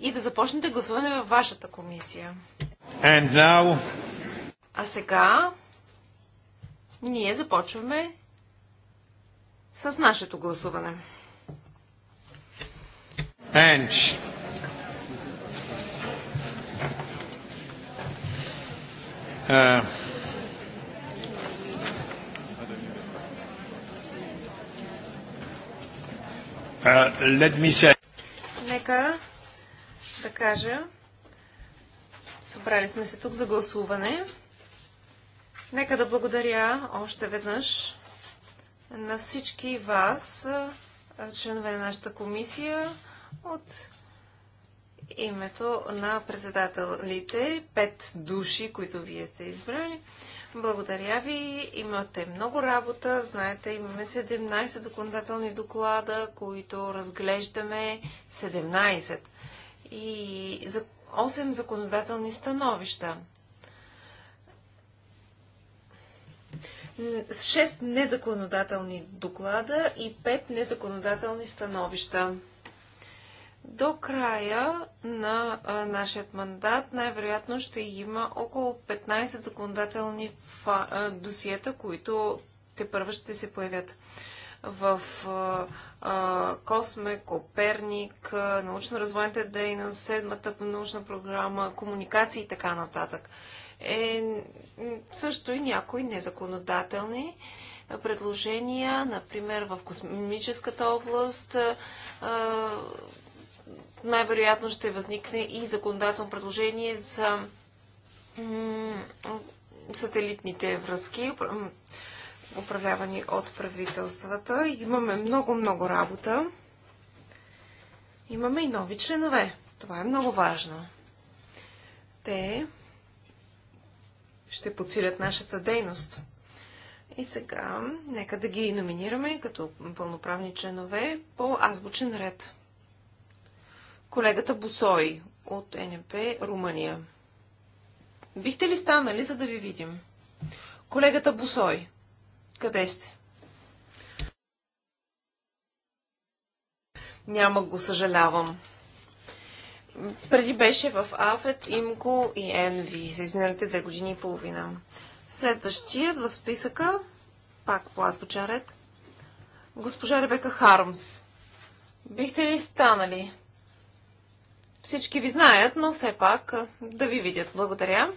и да започнете гласуване във вашата комисия. And now... А сега ние започваме с нашето гласуване. And... Uh... Uh, let me say... Нека да кажа, събрали сме се тук за гласуване. Нека да благодаря още веднъж на всички вас, членове на нашата комисия, от името на председателите, пет души, които вие сте избрали. Благодаря ви. Имате много работа. Знаете, имаме 17 законодателни доклада, които разглеждаме 17 и 8 законодателни становища. 6 незаконодателни доклада и 5 незаконодателни становища. До края на а, нашия мандат най-вероятно ще има около 15 законодателни фа, а, досиета, които те първа ще се появят в а, Косме, Коперник, научно-развойната дейност, седмата научна програма, комуникации и така нататък. Е, също и някои незаконодателни предложения, например в космическата област, а, най-вероятно ще възникне и законодателно предложение за сателитните връзки, управлявани от правителствата. Имаме много-много работа. Имаме и нови членове. Това е много важно. Те ще подсилят нашата дейност. И сега, нека да ги номинираме като пълноправни членове по азбучен ред колегата Босой от НП Румъния. Бихте ли станали, за да ви видим? Колегата Босой, къде сте? Няма го, съжалявам. Преди беше в АФЕТ, ИМКО и ЕНВИ за изминалите две години и половина. Следващият в списъка, пак по азбучен ред, госпожа Ребека Хармс. Бихте ли станали? Всички ви знаят, но все пак да ви видят. Благодаря.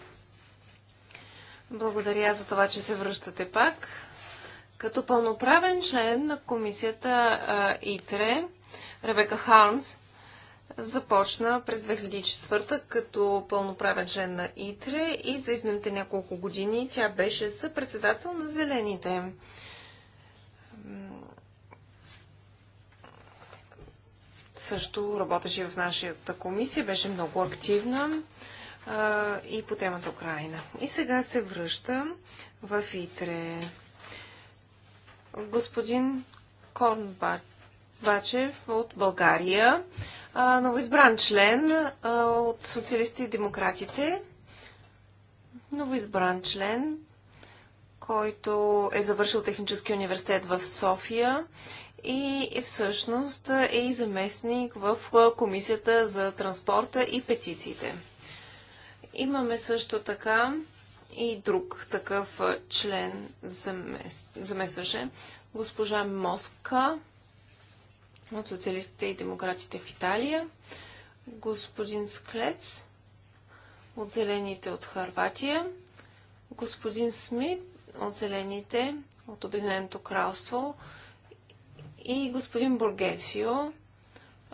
Благодаря за това, че се връщате пак. Като пълноправен член на комисията ИТРЕ, Ребека Хармс започна през 2004 като пълноправен член на ИТРЕ и за изминалите няколко години тя беше съпредседател на Зелените. също работеше в нашата комисия, беше много активна а, и по темата Украина. И сега се връща в Итре. Господин Корнбачев от България, а, новоизбран член а, от Социалисти и демократите, новоизбран член, който е завършил технически университет в София и всъщност е и заместник в Комисията за транспорта и петициите. Имаме също така и друг такъв член заместваше госпожа Моска от социалистите и демократите в Италия, господин Склец от зелените от Харватия, господин Смит от зелените от Обединеното кралство, и господин Бургесио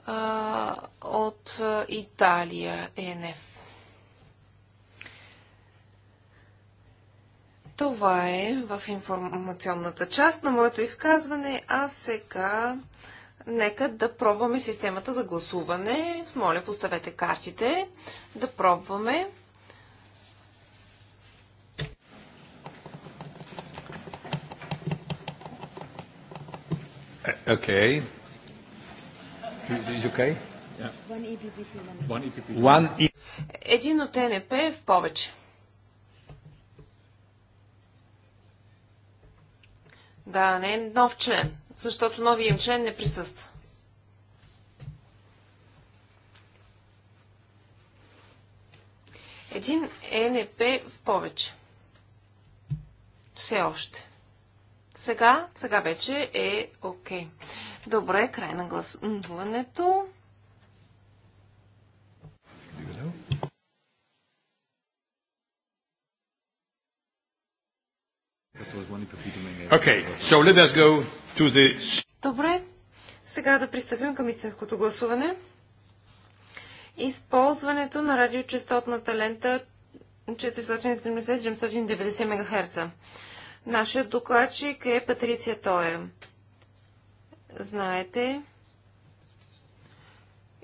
а, от Италия е ЕНФ. Това е в информационната част на моето изказване, а сега нека да пробваме системата за гласуване. Моля, поставете картите, да пробваме. Okay. Is okay? Yeah. One EPP. One EPP. One e Един от НП е в повече. Да, не е нов член, защото новият член не присъства. Един ЕНП в повече. Все още. Сега, сега вече е окей. Okay. Добре, край на гласуването. Okay, so let us go to the... Добре, сега да пристъпим към истинското гласуване. Използването на радиочастотната лента 470-790 МГц. Нашият докладчик е Патриция Тоя. Знаете,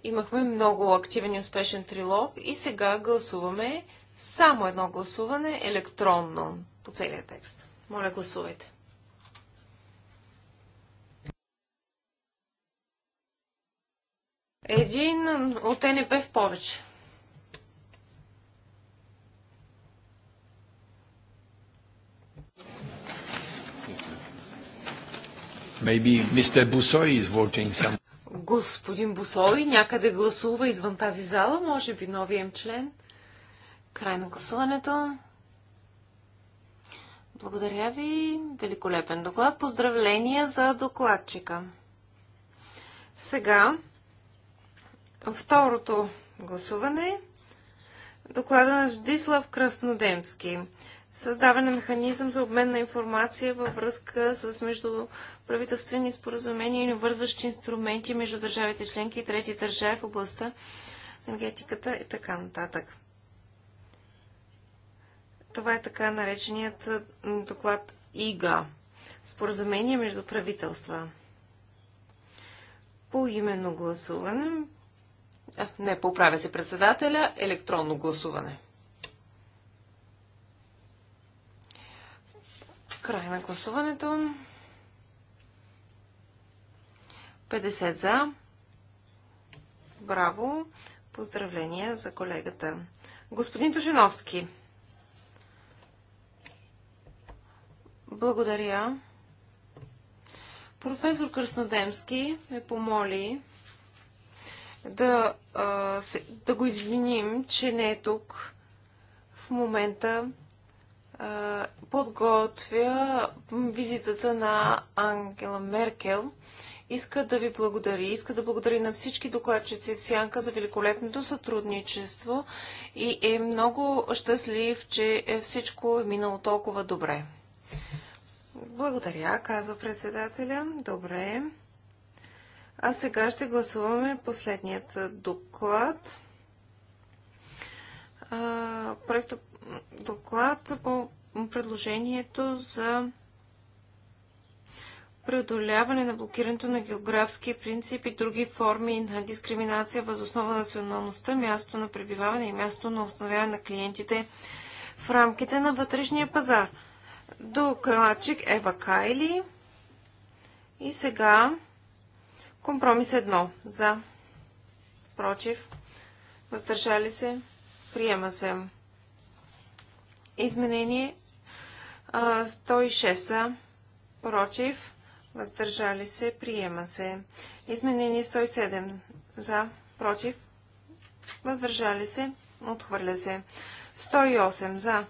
имахме много активен и успешен трилог и сега гласуваме само едно гласуване електронно по целия текст. Моля, гласувайте. Един от НП в повече. Maybe Mr. Busoy is some... Господин Бусой някъде гласува извън тази зала, може би новият член. Край на гласуването. Благодаря ви. Великолепен доклад. Поздравления за докладчика. Сега, второто гласуване. Доклада на Ждислав Краснодемски. Създаване на механизъм за обмен на информация във връзка с между правителствени споразумения или вързващи инструменти между държавите членки и трети държави в областта енергетиката и така нататък. Това е така нареченият доклад ИГА – споразумение между правителства. По именно гласуване, а, не, поправя се председателя, електронно гласуване. Край на гласуването. 50 за. Браво! Поздравления за колегата. Господин Тожиновски. Благодаря. Професор Кръснодемски ме помоли да, да го извиним, че не е тук в момента. Подготвя визитата на Ангела Меркел иска да ви благодари, иска да благодари на всички докладчици в Сянка за великолепното сътрудничество и е много щастлив, че е всичко е минало толкова добре. Благодаря, казва председателя. Добре. А сега ще гласуваме последният доклад. Проекто доклад по предложението за преодоляване на блокирането на географски принципи и други форми на дискриминация въз основа на националността, място на пребиваване и място на установяване на клиентите в рамките на вътрешния пазар. До кралачик Ева Кайли и сега компромис 1 за против въздържали се приема се изменение 106 против въздържали се, приема се. Изменение 107 за, против, въздържали се, отхвърля се. 108 за,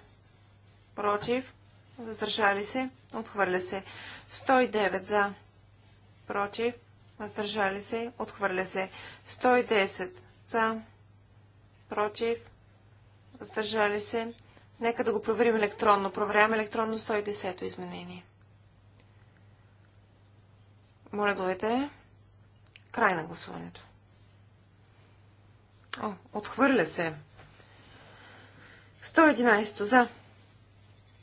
против, въздържали се, отхвърля се. 109 за, против, въздържали се, отхвърля се. 110 за, против, въздържали се. Нека да го проверим електронно. Проверяваме електронно 110 изменение. Моля, гласувайте. Край на гласуването. О, отхвърля се. 111 за.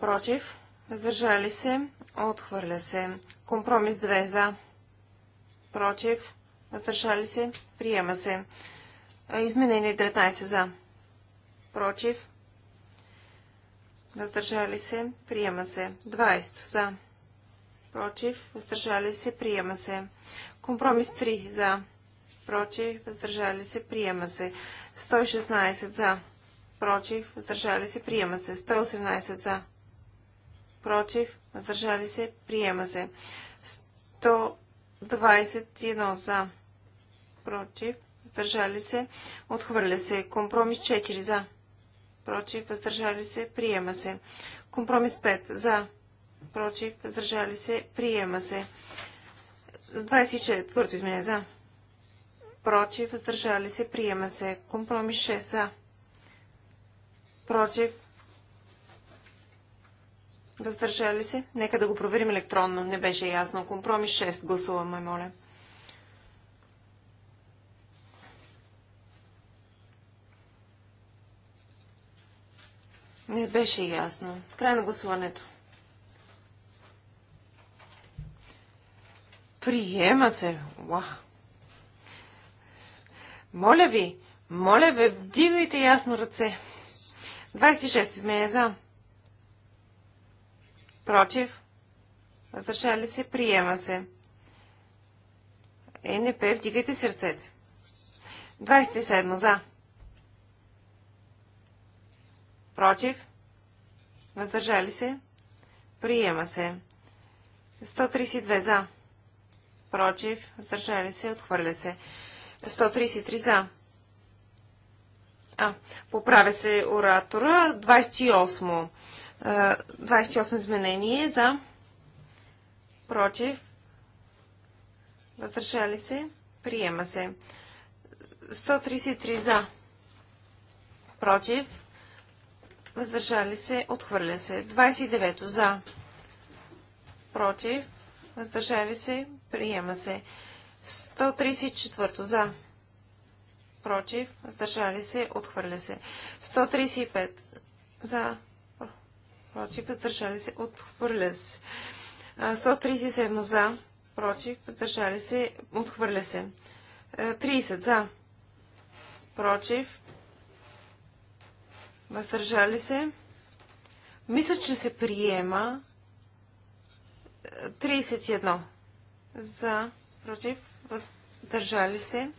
Против. Въздържали се. Отхвърля се. Компромис 2 за. Против. Въздържали се. Приема се. Изменение 19 за. Против. Въздържали се. Приема се. 20 за против, въздържали се, приема се. Компромис 3 за, против, въздържали се, приема се. 116 за, против, въздържали се, приема се. 118 за, против, въздържали се, приема се. 121 за, против, въздържали се, отхвърля се. Компромис 4 за, против, въздържали се, приема се. Компромис 5 за, против, въздържали се, приема се. 24-то изменение за, против, въздържали се, приема се. Компромис 6 за, против, въздържали се. Нека да го проверим електронно, не беше ясно. Компромис 6 гласуваме, моля. Не беше ясно. Край на гласуването. Приема се. Уа. Моля ви, моля ви, вдигайте ясно ръце. 26 е за. Против. ли се. Приема се. НП, вдигайте си ръцете. 27 за. Против. Въздържали се. Приема се. 132 е, за против, въздържали се, отхвърля се. 133 за. А, поправя се оратора. 28. 28 изменение за. Против. Въздържали се. Приема се. 133 за. Против. Въздържали се. Отхвърля се. 29 за. Против въздържали се, приема се. 134 за, против, въздържали се, отхвърля се. 135 за, против, въздържали се, отхвърля се. 137 за, против, въздържали се, отхвърля се. 30 за, против, въздържали се. Мисля, че се приема, 31 за, против, въздържали се,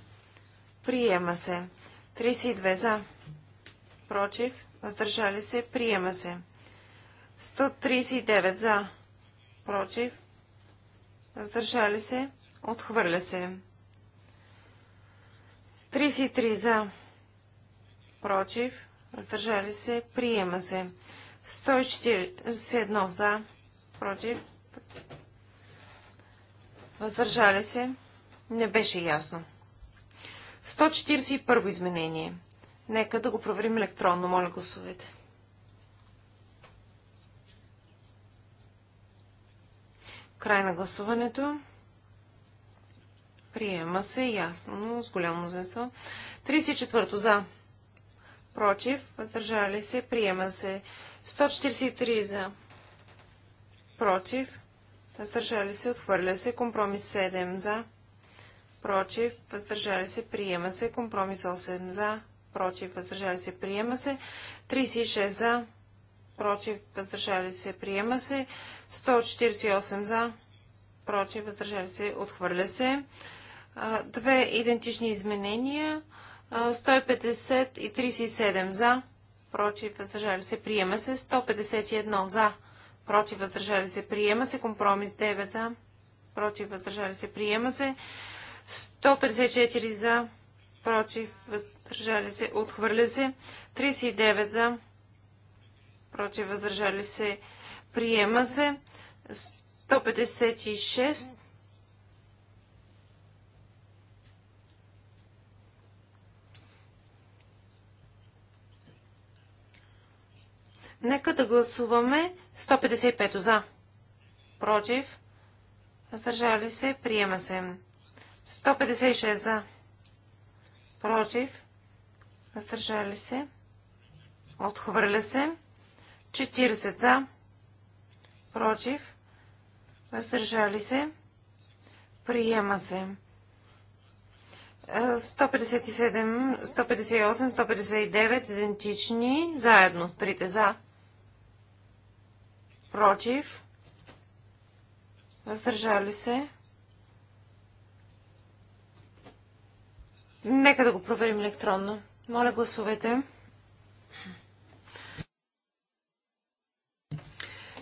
приема се. 32 за, против, въздържали се, приема се. 139 за, против, въздържали се, отхвърля се. 33 за, против, въздържали се, приема се. 141 за, против, Въздържали се? Не беше ясно. 141 изменение. Нека да го проверим електронно. Моля, гласовете. Край на гласуването. Приема се ясно, с голямо мнозинство. 34 за. Против. Въздържали се. Приема се. 143 за. Против въздържали се, отхвърля се. Компромис 7 за, против, въздържали се, приема се. Компромис 8 за, против, въздържали се, приема се. 36 за, против, въздържали се, приема се. 148 за, против, въздържали се, отхвърля се. Две идентични изменения. 150 и 37 за, против, въздържали се, приема се. 151 за, против, въздържали се, приема се. Компромис 9 за, против, въздържали се, приема се. 154 за, против, въздържали се, отхвърля се. 39 за, против, въздържали се, приема се. 156 Нека да гласуваме 155 за. Против. Въздържали се. Приема се. 156 за. Против. Въздържали се. Отхвърля се. 40 за. Против. Въздържали се. Приема се. 157, 158, 159 идентични, заедно, трите за, против, въздържали се. Нека да го проверим електронно. Моля, гласувайте.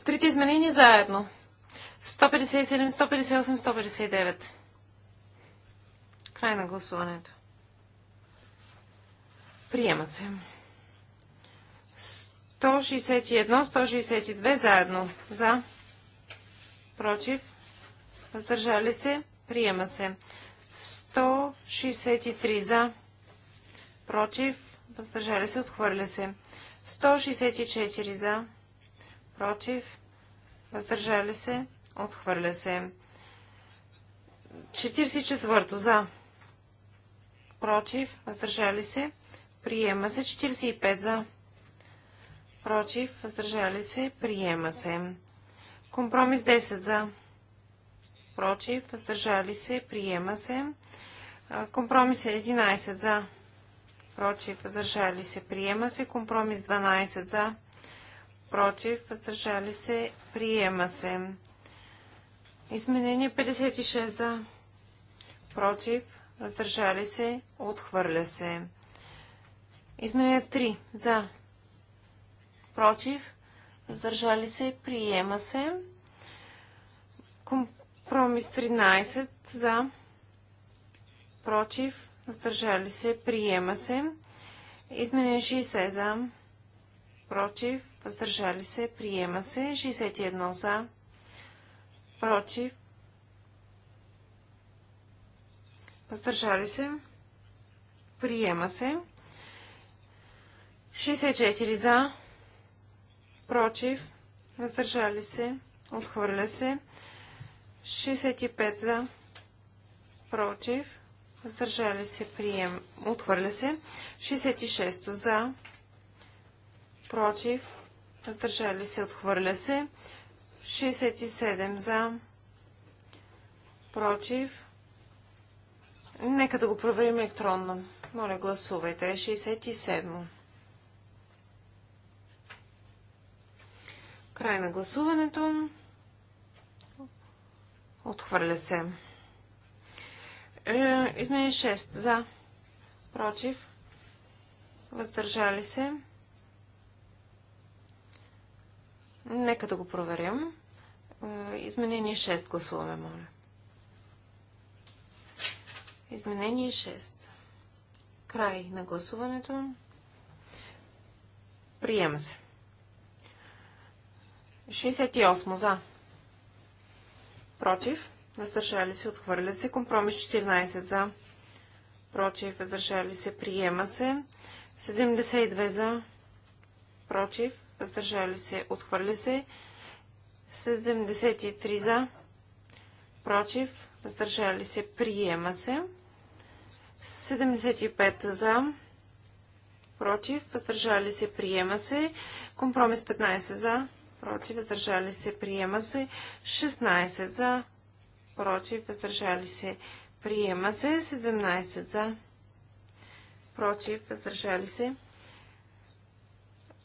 Трите изменения заедно. 157, 158, 159. Край на гласуването. Приема се. 161, 162 заедно. За. Против. Въздържали се. Приема се. 163 за. Против. Въздържали се. Отхвърля се. 164 за. Против. Въздържали се. Отхвърля се. 44 за. Против. Въздържали се. Приема се. 45 за против, въздържали се, приема се. Компромис 10 за, против, въздържали се, приема се. Компромис 11 за, против, въздържали се, приема се. Компромис 12 за, против, въздържали се, приема се. Изменение 56 за, против, въздържали се, отхвърля се. Изменение 3 за, против, въздържали се, приема се. Компромис 13 за, против, въздържали се, приема се. Изменен 60 за, против, въздържали се, приема се. 61 за, против, въздържали се, приема се. 64 за, против, въздържали се, отхвърля се. 65 за, против, въздържали се, прием, отхвърля се. 66 за, против, въздържали се, отхвърля се. 67 за, против. Нека да го проверим електронно. Моля, гласувайте. 67. Край на гласуването. Отхвърля се. Е, Измени 6. За. Против. Въздържали се. Нека да го проверим. Е, изменение 6 гласуваме, моля. Изменение 6. Край на гласуването. Приема се. 68 за. Против. Въздържали се. Отхвърля се. Компромис 14 за. Против. Въздържали се. Приема се. 72 за. Против. Въздържали се. Отхвърля се. 73 за. Против. Въздържали се. Приема се. 75 за. Против. Въздържали се. Приема се. Компромис 15 за против, въздържали се, приема се. 16 за, против, въздържали се, приема се. 17 за, против, въздържали се,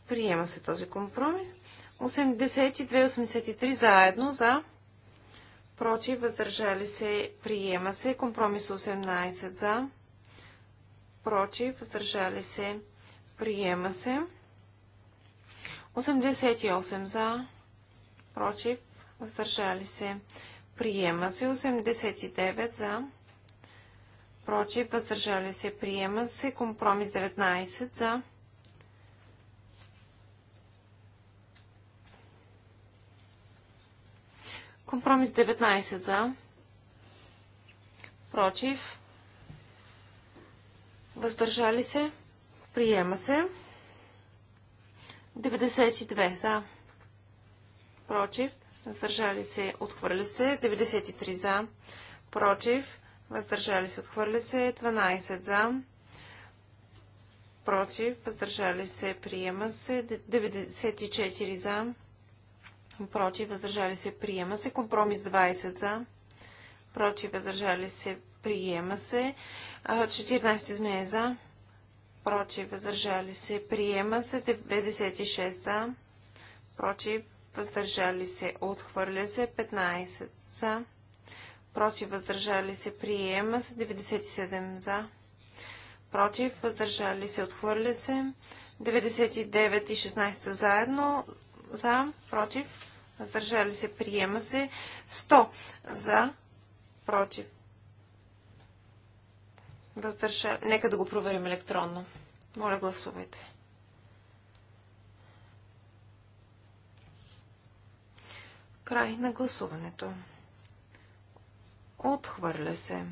приема се този компромис. 82-83 заедно за, против, въздържали се, приема се. Компромис 18 за, против, въздържали се, приема се. 88 за, против, въздържали се. Приема се 89 за, против, въздържали се. Приема се компромис 19 за. Компромис 19 за, против, въздържали се. Приема се. 92 за. Против. Въздържали се. Отхвърля се. 93 за. Против. Въздържали се. Отхвърля се. 12 за. Против. Въздържали се. Приема се. 94 за. Против. Въздържали се. Приема се. Компромис 20 за. Против. Въздържали се. Приема се. 14 измене за против, въздържали се, приема се 96 за, против, въздържали се, отхвърля се 15 за, против, въздържали се, приема се 97 за, против, въздържали се, отхвърля се 99 и 16 заедно за, против, въздържали се, приема се 100 за, против, Въздържа... Нека да го проверим електронно. Моля, гласувайте. Край на гласуването. Отхвърля се.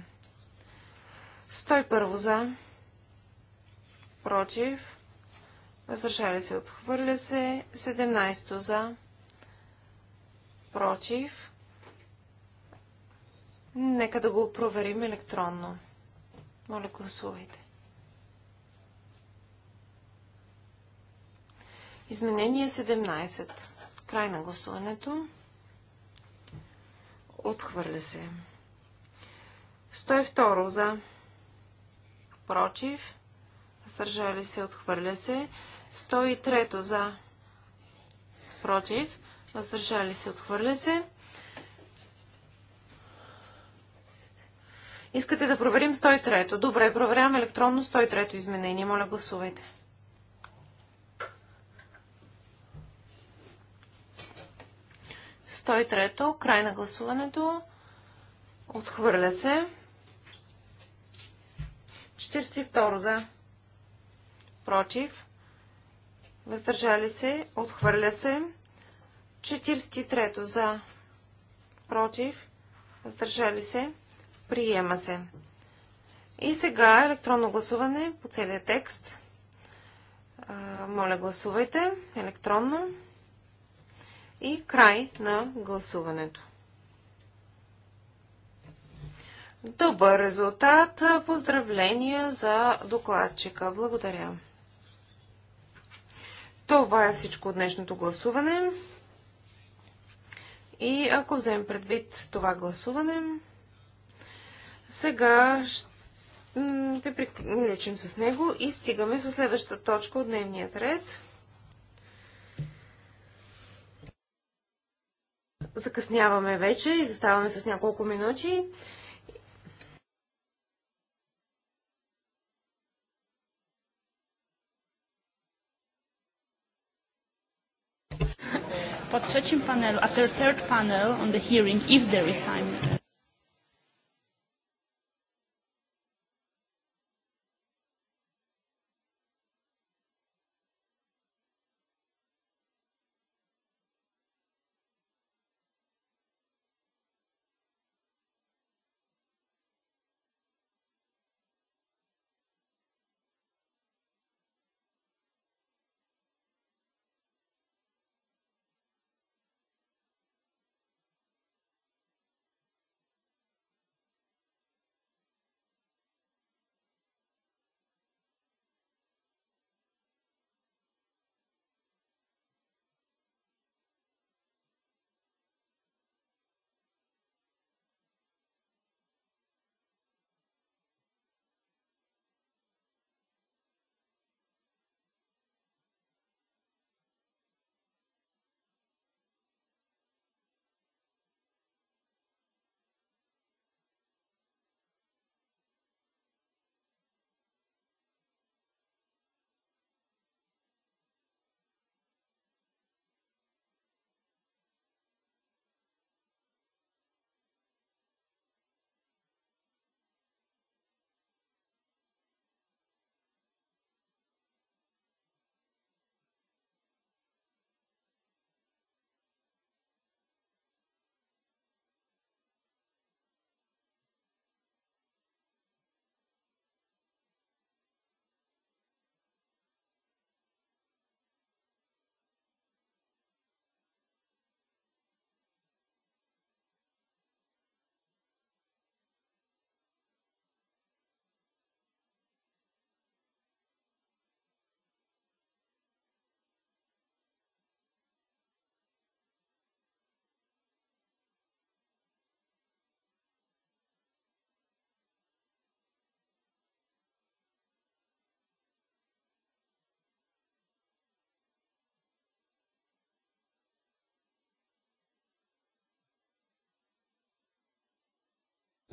101 за. Против. Въздържали се. Отхвърля се. 17 за. Против. Нека да го проверим електронно. Моля, гласувайте. Изменение 17. Край на гласуването. Отхвърля се. 102 за. Против. Съдържали се. Отхвърля се. 103 за. Против. Въздържали се. Отхвърля се. Искате да проверим 103-то. Добре, проверявам електронно 103-то изменение. Моля, гласувайте. Стой трето, край на гласуването. Отхвърля се. 42 за. Против. Въздържали се. Отхвърля се. 43 за. Против. Въздържали се. Приема се. И сега електронно гласуване по целия текст. Моля, гласувайте електронно. И край на гласуването. Добър резултат. Поздравления за докладчика. Благодаря. Това е всичко от днешното гласуване. И ако вземем предвид това гласуване, сега ще приключим с него и стигаме с следващата точка от дневният ред. Закъсняваме вече, изоставаме с няколко минути. po trzecim panelu, after third panel on the hearing, if there is time,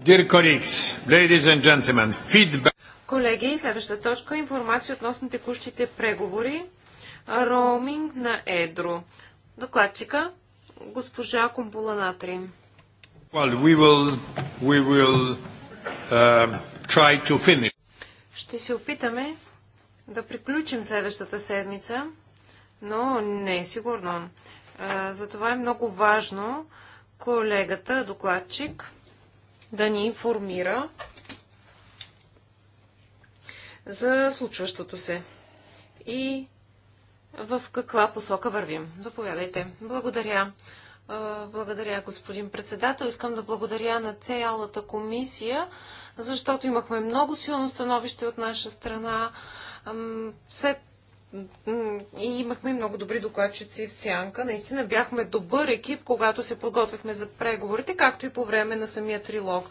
Dear colleagues, ladies and gentlemen, feedback... Колеги, следваща точка е информация относно текущите преговори. Роуминг на Едро. Докладчика, госпожа Компула Натри. Well, we will, we will, uh, try to finish. Ще се опитаме да приключим следващата седмица, но не е сигурно. Uh, затова е много важно колегата, докладчик, да ни информира за случващото се и в каква посока вървим. Заповядайте. Благодаря. Благодаря, господин председател. Искам да благодаря на цялата комисия, защото имахме много силно становище от наша страна. Все и имахме много добри докладчици в Сянка. Наистина бяхме добър екип, когато се подготвяхме за преговорите, както и по време на самия трилог.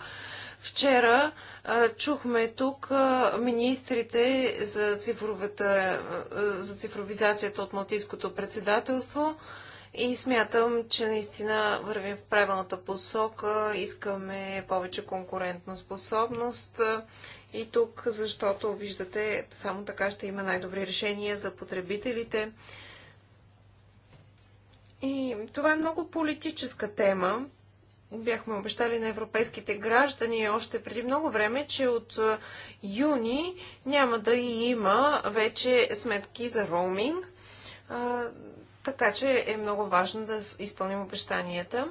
Вчера а, чухме тук а, министрите за, цифровата, а, за цифровизацията от Малтийското председателство и смятам, че наистина вървим в правилната посока. Искаме повече конкурентна способност и тук, защото виждате, само така ще има най-добри решения за потребителите. И това е много политическа тема. Бяхме обещали на европейските граждани още преди много време, че от юни няма да има вече сметки за роуминг. Така че е много важно да изпълним обещанията.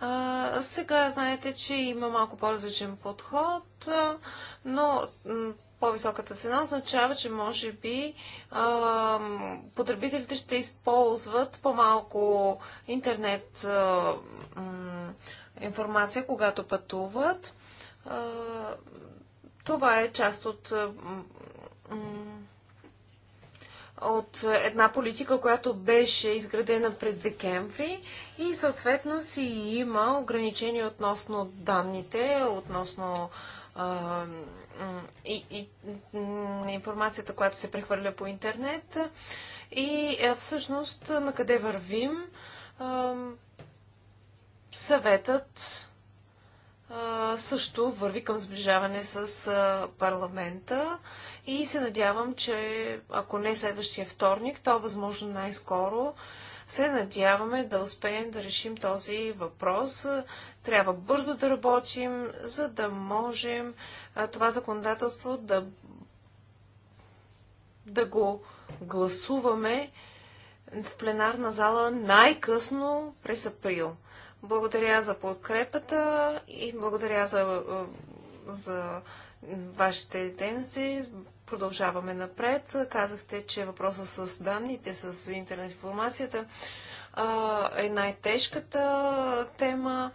А, сега знаете, че има малко по-различен подход, но по-високата цена означава, че може би а, потребителите ще използват по-малко интернет а, информация, когато пътуват. А, това е част от от една политика, която беше изградена през декември и съответно си има ограничения относно данните, относно а, и, и, информацията, която се прехвърля по интернет и всъщност на къде вървим. А, съветът също върви към сближаване с парламента и се надявам, че ако не следващия вторник, то възможно най-скоро се надяваме да успеем да решим този въпрос. Трябва бързо да работим, за да можем това законодателство да, да го гласуваме в пленарна зала най-късно през април. Благодаря за подкрепата и благодаря за, за вашите дейности. Продължаваме напред. Казахте, че въпроса с данните, с интернет информацията е най-тежката тема.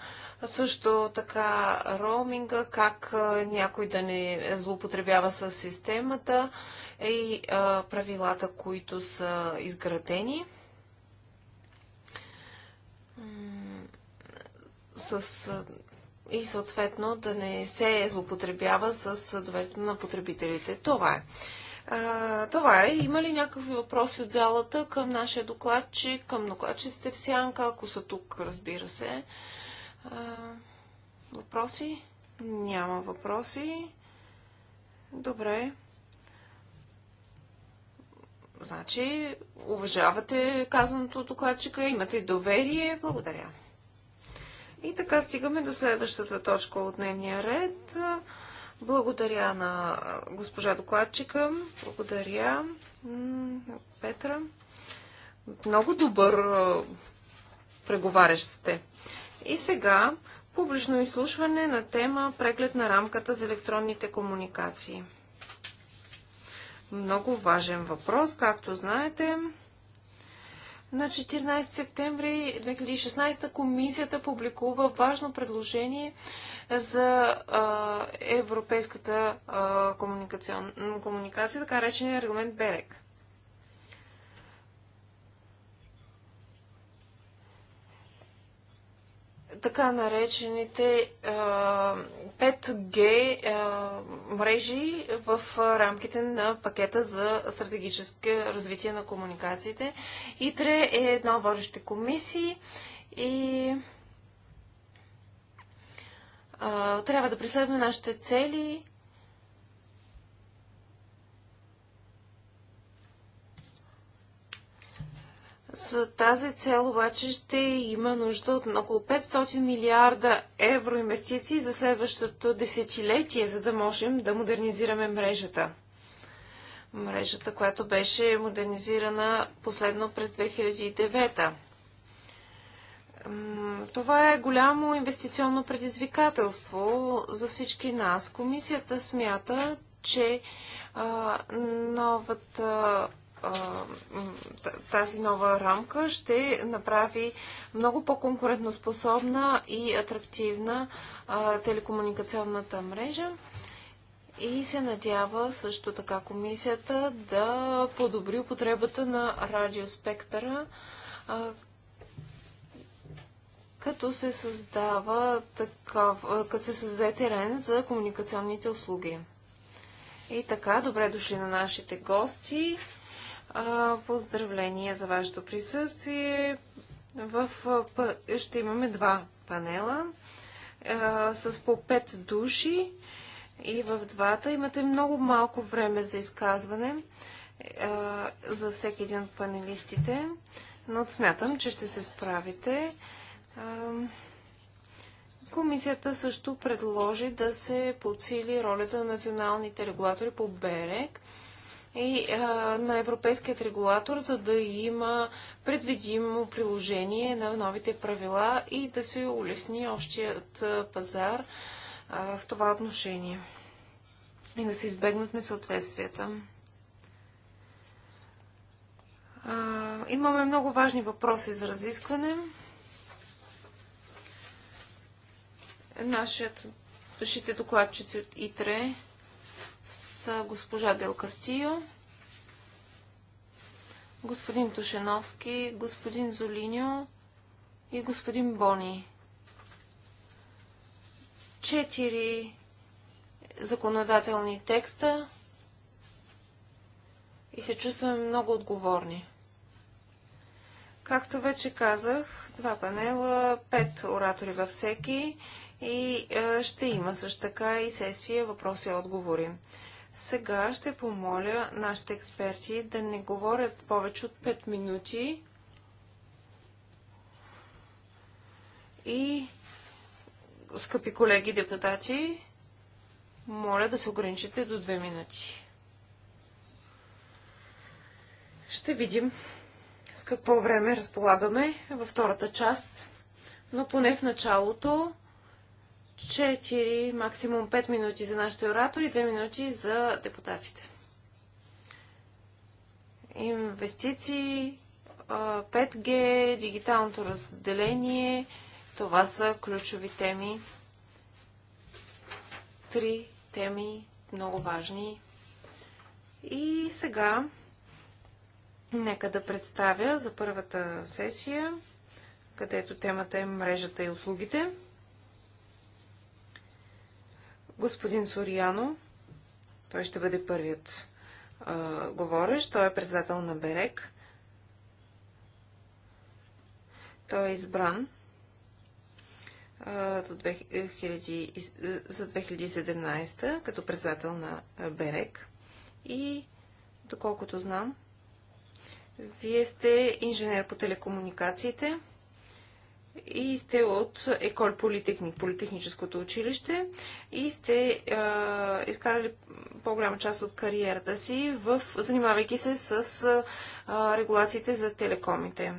Също така роуминга, как някой да не злоупотребява с системата и правилата, които са изградени. С и съответно да не се злоупотребява с доверието на потребителите. Това е. А, това е. Има ли някакви въпроси от залата към нашия докладчик, към докладчиците в сянка, ако са тук, разбира се? А, въпроси? Няма въпроси. Добре. Значи, уважавате казаното от докладчика, имате доверие. Благодаря. И така стигаме до следващата точка от дневния ред. Благодаря на госпожа докладчика, благодаря Петра. Много добър преговарящ сте. И сега публично изслушване на тема Преглед на рамката за електронните комуникации. Много важен въпрос, както знаете. На 14 септември 2016 комисията публикува важно предложение за а, европейската комуникация, така речения регламент БЕРЕК. Така наречените а, 5G е, мрежи в рамките на пакета за стратегическо развитие на комуникациите. ИТРЕ е една от водещите комисии и е, трябва да преследваме нашите цели За тази цел обаче ще има нужда от около 500 милиарда евро инвестиции за следващото десетилетие, за да можем да модернизираме мрежата. Мрежата, която беше модернизирана последно през 2009. Това е голямо инвестиционно предизвикателство за всички нас. Комисията смята, че новата тази нова рамка ще направи много по-конкурентоспособна и атрактивна телекомуникационната мрежа. И се надява също така комисията да подобри употребата на радиоспектъра, като се създава такав, като се създаде терен за комуникационните услуги. И така, добре дошли на нашите гости. Поздравления за вашето присъствие. В, ще имаме два панела с по пет души и в двата. Имате много малко време за изказване за всеки един от панелистите, но смятам, че ще се справите. Комисията също предложи да се подсили ролята на националните регулатори по БЕРЕК и а, на европейският регулатор, за да има предвидимо приложение на новите правила и да се улесни общият пазар а, в това отношение и да се избегнат несъответствията. А, имаме много важни въпроси за разискване. Нашият, нашите докладчици от ИТРЕ с госпожа Дел Кастио, господин Тушеновски, господин Золиньо и господин Бони. Четири законодателни текста и се чувстваме много отговорни. Както вече казах, два панела, пет оратори във всеки и е, ще има също така и сесия въпроси и отговори. Сега ще помоля нашите експерти да не говорят повече от 5 минути и скъпи колеги депутати, моля да се ограничите до 2 минути. Ще видим с какво време разполагаме във втората част, но поне в началото 4, максимум 5 минути за нашите оратори, 2 минути за депутатите. Инвестиции, 5G, дигиталното разделение, това са ключови теми. Три теми, много важни. И сега, нека да представя за първата сесия, където темата е мрежата и услугите господин Сориано. Той ще бъде първият а, говорещ. Той е председател на Берек. Той е избран а, за 2017 като председател на Берек. И, доколкото знам, вие сте инженер по телекомуникациите и сте от Еколь Политехник, Политехническото училище и сте е, изкарали по-голяма част от кариерата си, в, занимавайки се с а, регулациите за телекомите.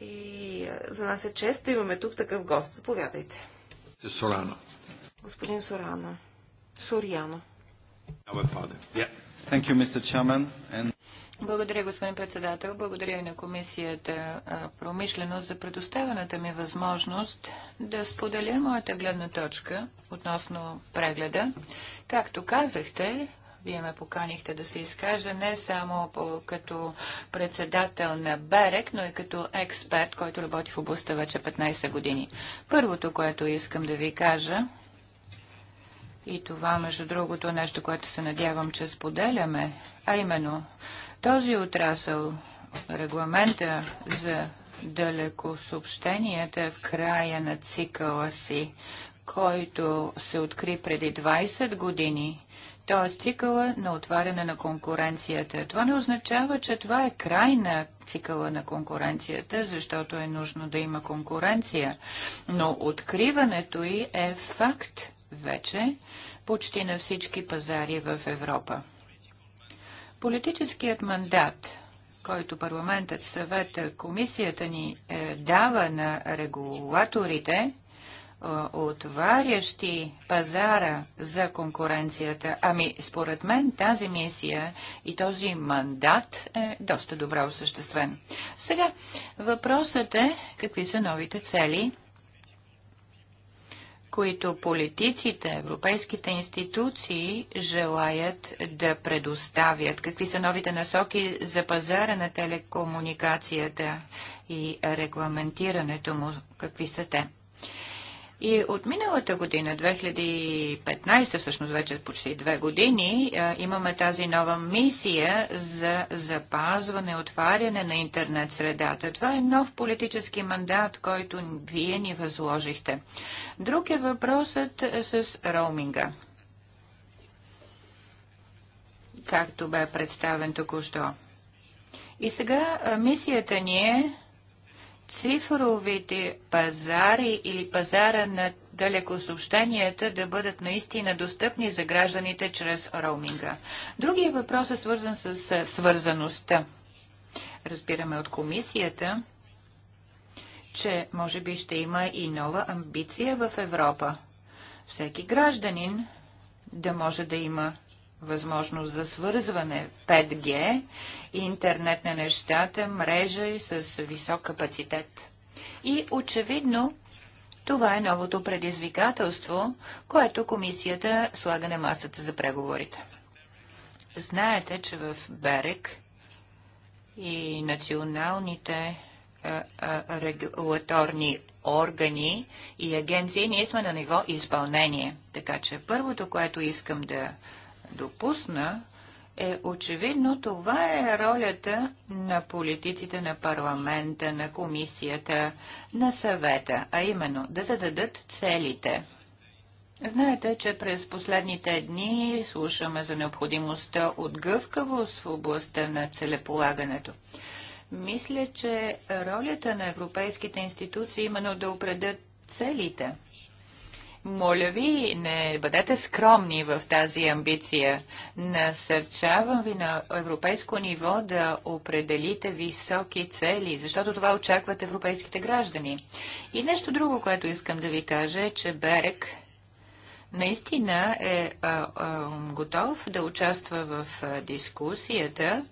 И а, за нас е чест да имаме тук такъв гост. Заповядайте. Сорано. Господин Сорано. Соряно. Yeah. And... Благодаря, господин председател. Благодаря и на комисията промишленост за предоставената ми възможност да споделя моята гледна точка относно прегледа. Както казахте, вие ме поканихте да се изкажа не само по, като председател на БЕРЕК, но и като експерт, който работи в областта вече 15 години. Първото, което искам да ви кажа, и това, между другото, е нещо, което се надявам, че споделяме, а именно този отрасъл, регламента за далеко съобщенията е в края на цикъла си, който се откри преди 20 години, т.е. цикъла на отваряне на конкуренцията. Това не означава, че това е край на цикъла на конкуренцията, защото е нужно да има конкуренция, но откриването й е факт вече почти на всички пазари в Европа. Политическият мандат, който парламентът, съветът, комисията ни е, дава на регулаторите, е, отварящи пазара за конкуренцията. Ами, според мен тази мисия и този мандат е доста добре осъществен. Сега, въпросът е какви са новите цели които политиците, европейските институции желаят да предоставят? Какви са новите насоки за пазара на телекомуникацията и регламентирането му? Какви са те? И от миналата година, 2015, всъщност вече почти две години, е, имаме тази нова мисия за запазване, отваряне на интернет средата. Това е нов политически мандат, който вие ни възложихте. Друг е въпросът е, с роуминга. Както бе представен току-що. И сега е, мисията ни е цифровите пазари или пазара на далекосъобщенията да бъдат наистина достъпни за гражданите чрез роуминга. Другия въпрос е свързан с свързаността. Разбираме от комисията, че може би ще има и нова амбиция в Европа. Всеки гражданин да може да има възможност за свързване 5G, интернет на нещата, мрежа и с висок капацитет. И очевидно това е новото предизвикателство, което комисията слага на масата за преговорите. Знаете, че в Берек и националните регулаторни органи и агенции ние сме на ниво изпълнение. Така че първото, което искам да допусна, е очевидно това е ролята на политиците на парламента, на комисията, на съвета, а именно да зададат целите. Знаете, че през последните дни слушаме за необходимостта от гъвкавост в областта на целеполагането. Мисля, че ролята на европейските институции е именно да определят целите – моля ви, не бъдете скромни в тази амбиция. Насърчавам ви на европейско ниво да определите високи цели, защото това очакват европейските граждани. И нещо друго, което искам да ви кажа е, че Берек наистина е а, а, готов да участва в а, дискусията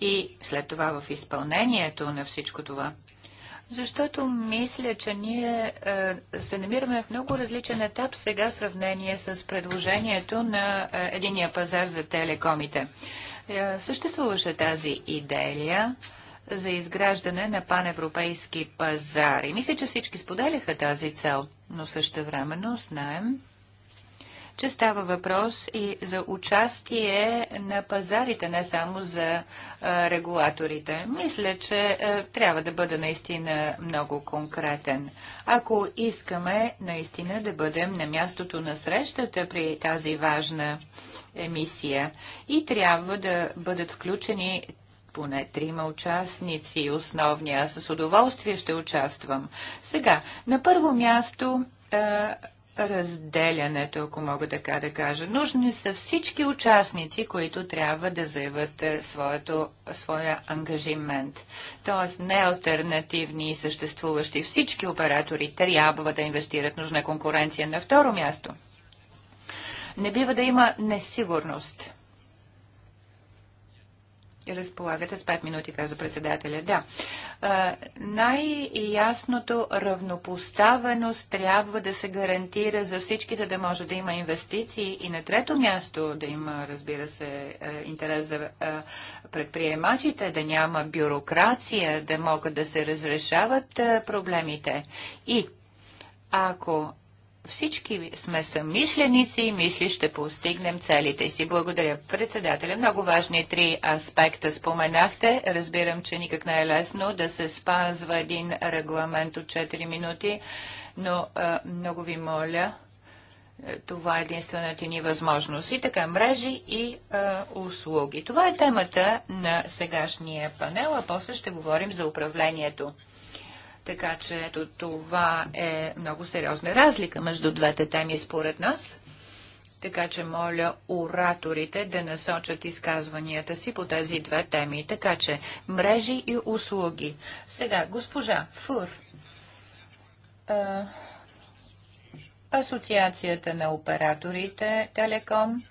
и след това в изпълнението на всичко това защото мисля, че ние е, се намираме в много различен етап сега в сравнение с предложението на е, единия пазар за телекомите. Е, съществуваше тази идея за изграждане на паневропейски пазари. мисля, че всички споделяха тази цел, но времено знаем, че става въпрос и за участие на пазарите, не само за регулаторите. Мисля, че трябва да бъда наистина много конкретен. Ако искаме наистина да бъдем на мястото на срещата при тази важна емисия и трябва да бъдат включени поне трима участници основни. Аз с удоволствие ще участвам. Сега, на първо място разделянето, ако мога така да кажа. Нужни са всички участници, които трябва да заявят е, своето, своя ангажимент. Тоест не альтернативни и съществуващи. Всички оператори трябва да инвестират нужна е конкуренция. На второ място. Не бива да има несигурност разполагате с 5 минути, каза председателя. Да. най-ясното равнопоставеност трябва да се гарантира за всички, за да може да има инвестиции и на трето място да има, разбира се, е, интерес за е, предприемачите, да няма бюрокрация, да могат да се разрешават е, проблемите. И ако всички сме съмишленици и мисли ще постигнем целите си. Благодаря, председателя. Много важни три аспекта споменахте. Разбирам, че никак не е лесно да се спазва един регламент от 4 минути, но а, много ви моля, това е единствената ни възможност. И така, мрежи и а, услуги. Това е темата на сегашния панел, а после ще говорим за управлението. Така че ето това е много сериозна разлика между двете теми според нас. Така че моля ораторите да насочат изказванията си по тези две теми. Така че мрежи и услуги. Сега, госпожа Фур, а, Асоциацията на операторите Телеком,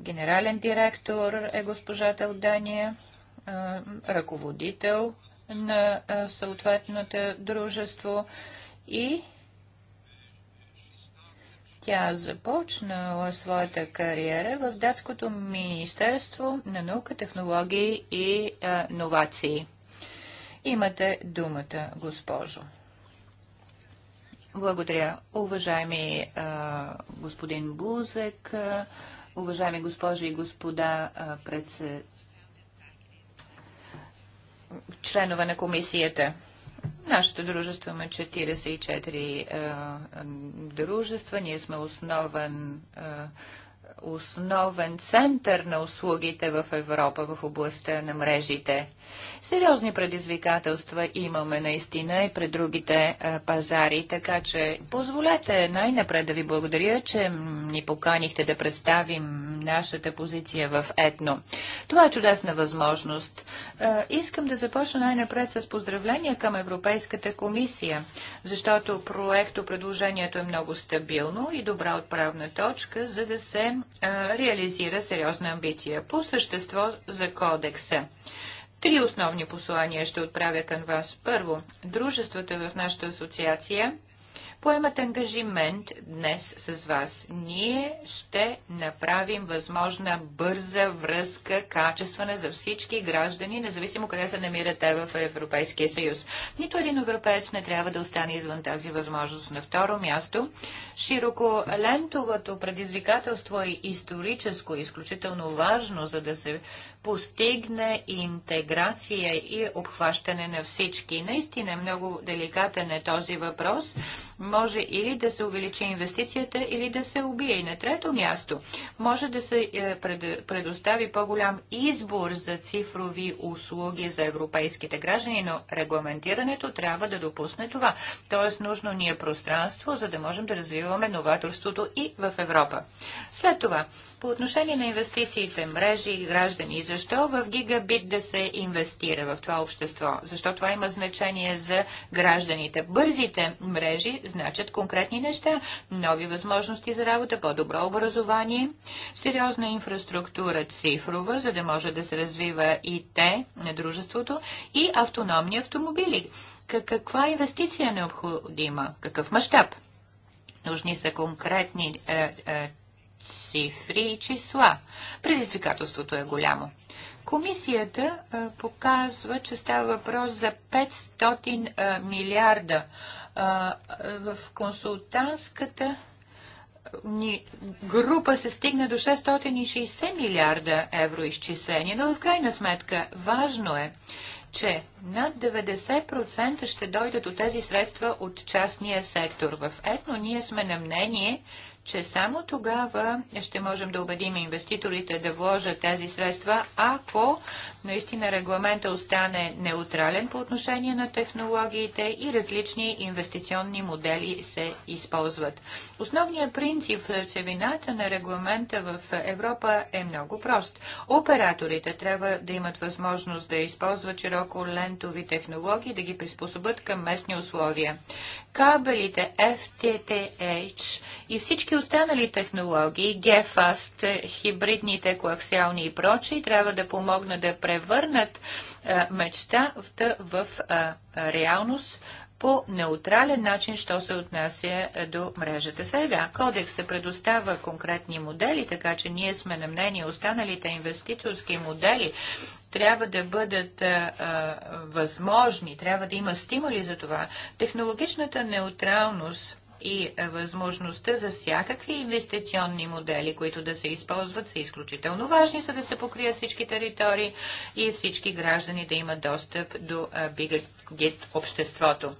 генерален директор е госпожа Талдания, ръководител на съответното дружество и тя започнала своята кариера в Датското Министерство на наука, технологии и новации. Имате думата, госпожо. Благодаря. Уважаеми господин Бузек, уважаеми госпожи и господа а, председатели, членове на комисията. Нашето дружество има 44 е, е, дружества. Ние сме основен, е, основен център на услугите в Европа в областта на мрежите. Сериозни предизвикателства имаме наистина и пред другите а, е, пазари, така че позволете най-напред да ви благодаря, че ни поканихте да представим нашата позиция в Етно. Това е чудесна възможност. А, е, искам да започна най-напред с поздравления към Европейската комисия, защото проекто предложението е много стабилно и добра отправна точка, за да се а, е, реализира сериозна амбиция. По същество за кодекса. Три основни послания ще отправя към вас. Първо, дружествата в нашата асоциация – поемат ангажимент днес с вас. Ние ще направим възможна бърза връзка, качествена за всички граждани, независимо къде се намирате в Европейския съюз. Нито един европеец не трябва да остане извън тази възможност. На второ място, широко лентовото предизвикателство е историческо, изключително важно, за да се постигне интеграция и обхващане на всички. Наистина е много деликатен е този въпрос може или да се увеличи инвестицията, или да се убие. И на трето място може да се е, предостави по-голям избор за цифрови услуги за европейските граждани, но регламентирането трябва да допусне това. Тоест нужно ни е пространство, за да можем да развиваме новаторството и в Европа. След това, по отношение на инвестициите, мрежи и граждани, защо в гигабит да се инвестира в това общество? Защо това има значение за гражданите? Бързите мрежи значат конкретни неща. Нови възможности за работа, по-добро образование, сериозна инфраструктура цифрова, за да може да се развива и те на дружеството и автономни автомобили. Каква инвестиция е необходима? Какъв мащаб? Нужни са конкретни е, е, цифри и числа. Предизвикателството е голямо. Комисията а, показва, че става въпрос за 500 а, милиарда. А, в консултантската ни група се стигна до 660 милиарда евро изчисление, но в крайна сметка важно е, че над 90% ще дойдат от тези средства от частния сектор. В Етно ние сме на мнение, че само тогава ще можем да убедим инвеститорите да вложат тези средства, ако наистина регламента остане неутрален по отношение на технологиите и различни инвестиционни модели се използват. Основният принцип в цевината на регламента в Европа е много прост. Операторите трябва да имат възможност да използват широко лентови технологии, да ги приспособят към местни условия. Кабелите FTTH и всички останали технологии, GFAST, хибридните коаксиални и прочи, трябва да помогнат да превърнат а, мечта в а, реалност по неутрален начин, що се отнася до мрежата. Сега кодекс се предоставя конкретни модели, така че ние сме на мнение останалите инвеститорски модели трябва да бъдат а, а, възможни, трябва да има стимули за това. Технологичната неутралност и е, възможността за всякакви инвестиционни модели, които да се използват, са изключително важни, за да се покрият всички територии и всички граждани да имат достъп до е, бигет обществото.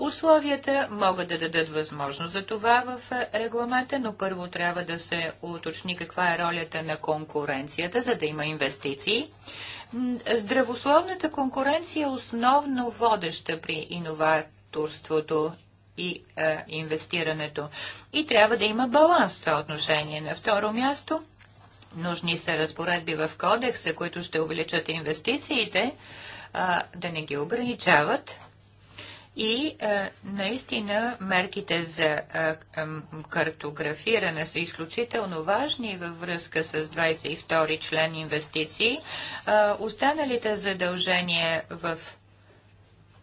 Условията могат да дадат възможност за това в е, регламента, но първо трябва да се уточни каква е ролята на конкуренцията, за да има инвестиции. Здравословната конкуренция е основно водеща при иноваторството и а, инвестирането. И трябва да има баланс в това отношение. На второ място, нужни са разпоредби в кодекса, които ще увеличат инвестициите, а, да не ги ограничават. И а, наистина мерките за а, картографиране са изключително важни във връзка с 22 член инвестиции. А, останалите задължения в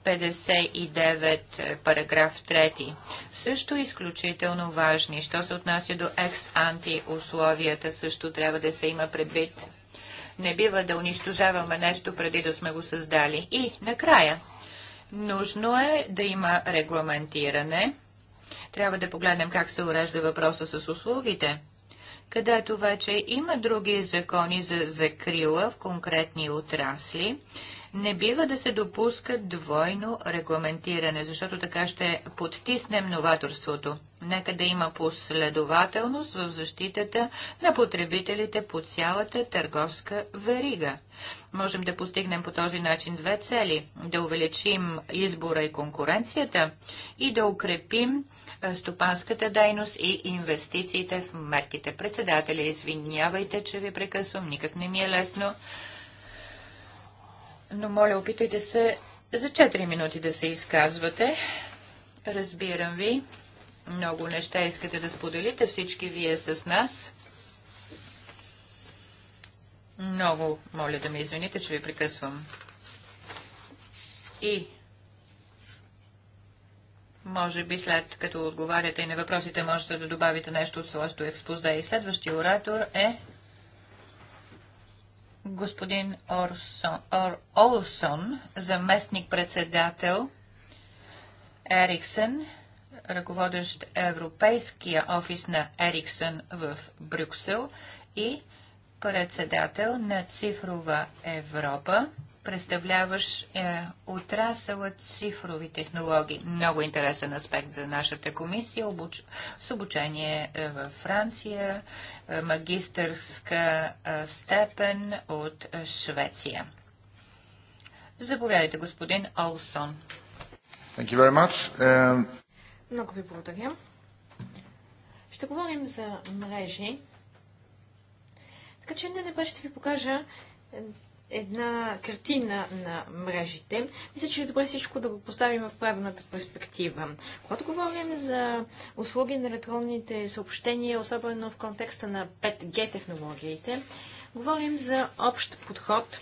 59, параграф 3. Също изключително важни. Що се отнася до екс-анти условията, също трябва да се има предвид. Не бива да унищожаваме нещо преди да сме го създали. И накрая, нужно е да има регламентиране. Трябва да погледнем как се урежда въпроса с услугите където вече има други закони за закрила в конкретни отрасли не бива да се допуска двойно регламентиране, защото така ще подтиснем новаторството. Нека да има последователност в защитата на потребителите по цялата търговска верига. Можем да постигнем по този начин две цели – да увеличим избора и конкуренцията и да укрепим стопанската дейност и инвестициите в мерките. Председателя, извинявайте, че ви прекъсвам, никак не ми е лесно но моля опитайте се за 4 минути да се изказвате. Разбирам ви. Много неща искате да споделите всички вие с нас. Много моля да ме извините, че ви прекъсвам. И може би след като отговаряте и на въпросите, можете да добавите нещо от своето експозе. И следващия оратор е господин Орсон, Олсон, заместник-председател Ериксен, ръководещ Европейския офис на Ериксен в Брюксел и председател на Цифрова Европа, представляваш е, отрасълът цифрови технологии. Много интересен аспект за нашата комисия. Обуч... С обучение е, във Франция, е, магистърска е, степен от е, Швеция. Заповядайте, господин Олсон. Thank you very much. Um... Много ви благодаря. Ще говорим за мрежи. Така че не, не ще ви покажа една картина на мрежите, мисля, че е добре всичко да го поставим в правилната перспектива. Когато говорим за услуги на електронните съобщения, особено в контекста на 5G технологиите, говорим за общ подход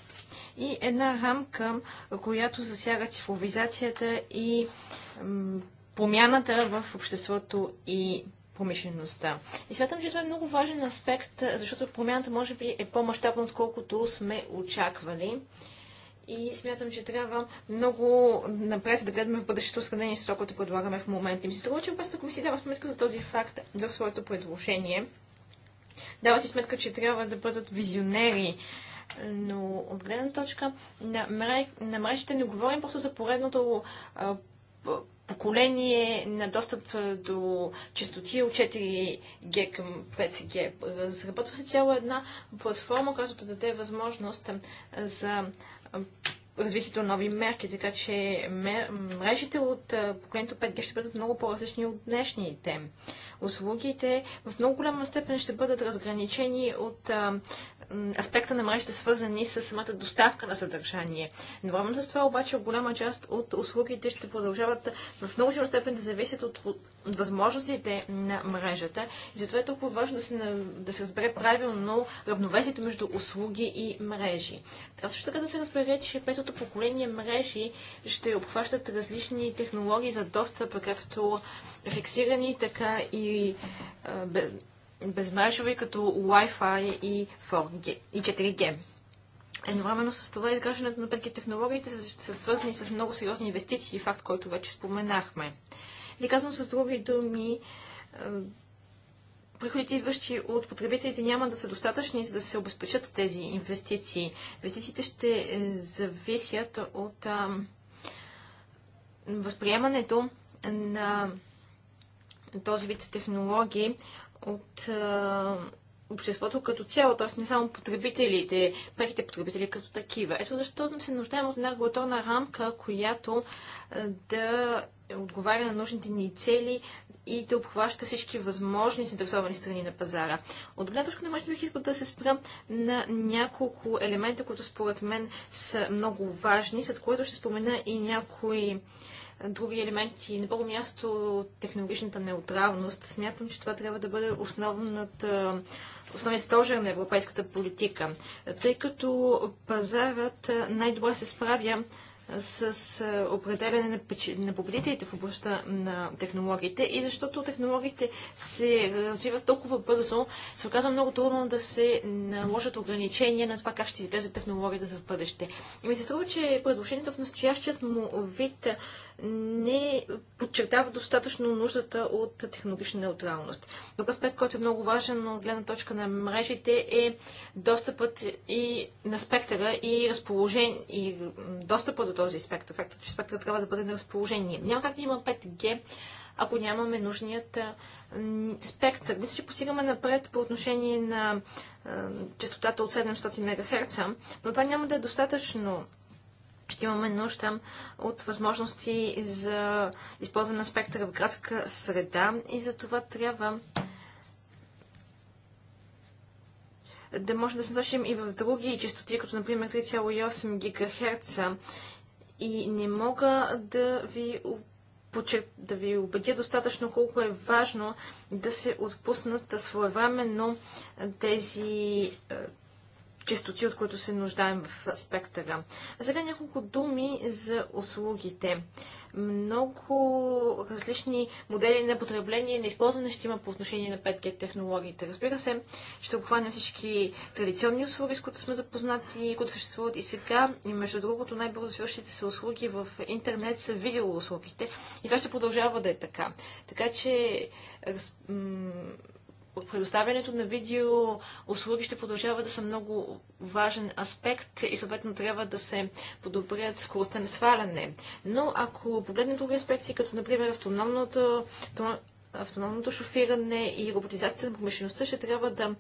и една рамка, която засяга цифровизацията и промяната в обществото и промишлеността. И смятам, че това е много важен аспект, защото промяната може би е по-масштабна, отколкото сме очаквали. И смятам, че трябва много напред да гледаме в бъдещето сравнение с това, което предлагаме в момента. И ми се струва, че Европейската комисия дава сметка за този факт в своето предложение. Дава си сметка, че трябва да бъдат визионери но от гледна точка на, мрежите не говорим просто за поредното а, поколение на достъп до частоти от 4G към 5G. Разработва се цяла една платформа, която да даде възможност за развитието на нови мерки, така че мрежите от поколението 5G ще бъдат много по-различни от днешните. Услугите в много голяма степен ще бъдат разграничени от аспекта на мрежите, свързани с самата доставка на съдържание. Едновременно с това обаче голяма част от услугите ще продължават в много силна степен да зависят от възможностите на мрежата. И затова е толкова важно да се, да се разбере правилно равновесието между услуги и мрежи. Трябва също така да се разбере, че петото поколение мрежи ще обхващат различни технологии за достъп, както фиксирани, така и безмрежови, като Wi-Fi и, 4G, и 4G. Едновременно с това изграждането на 5 технологиите са свързани с много сериозни инвестиции, факт, който вече споменахме. Или казвам с други думи, е, приходите, идващи от потребителите, няма да са достатъчни, за да се обезпечат тези инвестиции. Инвестициите ще е, зависят от е, възприемането на този вид технологии от обществото като цяло, т.е. не само потребителите, преките потребители като такива. Ето защо се нуждаем от една регулаторна рамка, която да отговаря на нужните ни цели и да обхваща всички възможни заинтересовани страни на пазара. От гледна точка на мрежата бих искал да се спра на няколко елемента, които според мен са много важни, след което ще спомена и някои други елементи. На първо място технологичната неутралност. Смятам, че това трябва да бъде основната основен стожер на европейската политика, тъй като пазарът най-добре се справя с е, определяне на, победителите в областта на технологиите и защото технологиите се развиват толкова бързо, се оказва много трудно да се наложат ограничения на това как ще изглежда технологията за в бъдеще. И ми се струва, че предложението в настоящият му вид не подчертава достатъчно нуждата от технологична неутралност. Друг аспект, който е много важен от гледна точка на мрежите е достъпът и на спектъра и разположение и достъпа до този спектър. Факта, че спектърът трябва да бъде на разположение. Няма как да има 5G, ако нямаме нужният спектър. Мисля, че посигаме напред по отношение на частотата от 700 МГц, но това няма да е достатъчно ще имаме нужда от възможности за използване на спектъра в градска среда и за това трябва да можем да се насочим и в други частоти, като например 3,8 ГГц. И не мога да ви почер... да ви убедя достатъчно колко е важно да се отпуснат своевременно тези е, чистоти, от които се нуждаем в спектъра. А сега няколко думи за услугите. Много различни модели на потребление, на използване ще има по отношение на 5G технологиите. Разбира се, ще обхванем всички традиционни услуги, с които сме запознати, които съществуват и сега. И между другото, най-бързо свършите се услуги в интернет са видеоуслугите. И това ще продължава да е така. Така че предоставянето на видео услуги ще продължава да са много важен аспект и съответно трябва да се подобрят скоростта на сваляне. Но ако погледнем други аспекти, като например автономното, автономното шофиране и роботизацията на промишлеността, ще трябва да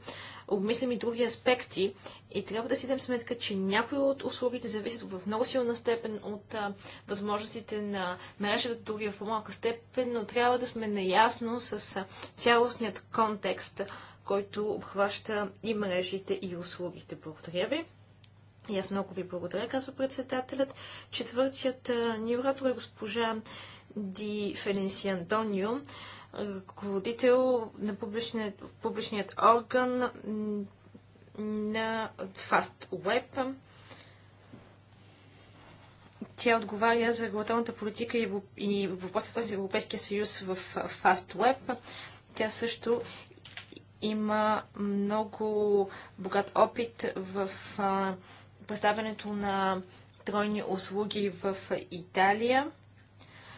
обмислим и други аспекти и трябва да си дадем сметка, че някои от услугите зависят в много силна степен от а, възможностите на мрежата, други в по-малка степен, но трябва да сме наясно с а, цялостният контекст, който обхваща и мрежите, и услугите. Благодаря ви. И аз много ви благодаря, казва председателят. Четвъртият ни оратор е госпожа Ди Фелинси Антонио ръководител на публичният, публичният орган на Web. Тя отговаря за регулаторната политика и, въпроса за Европейския съюз в Web. Тя също има много богат опит в представянето на тройни услуги в Италия.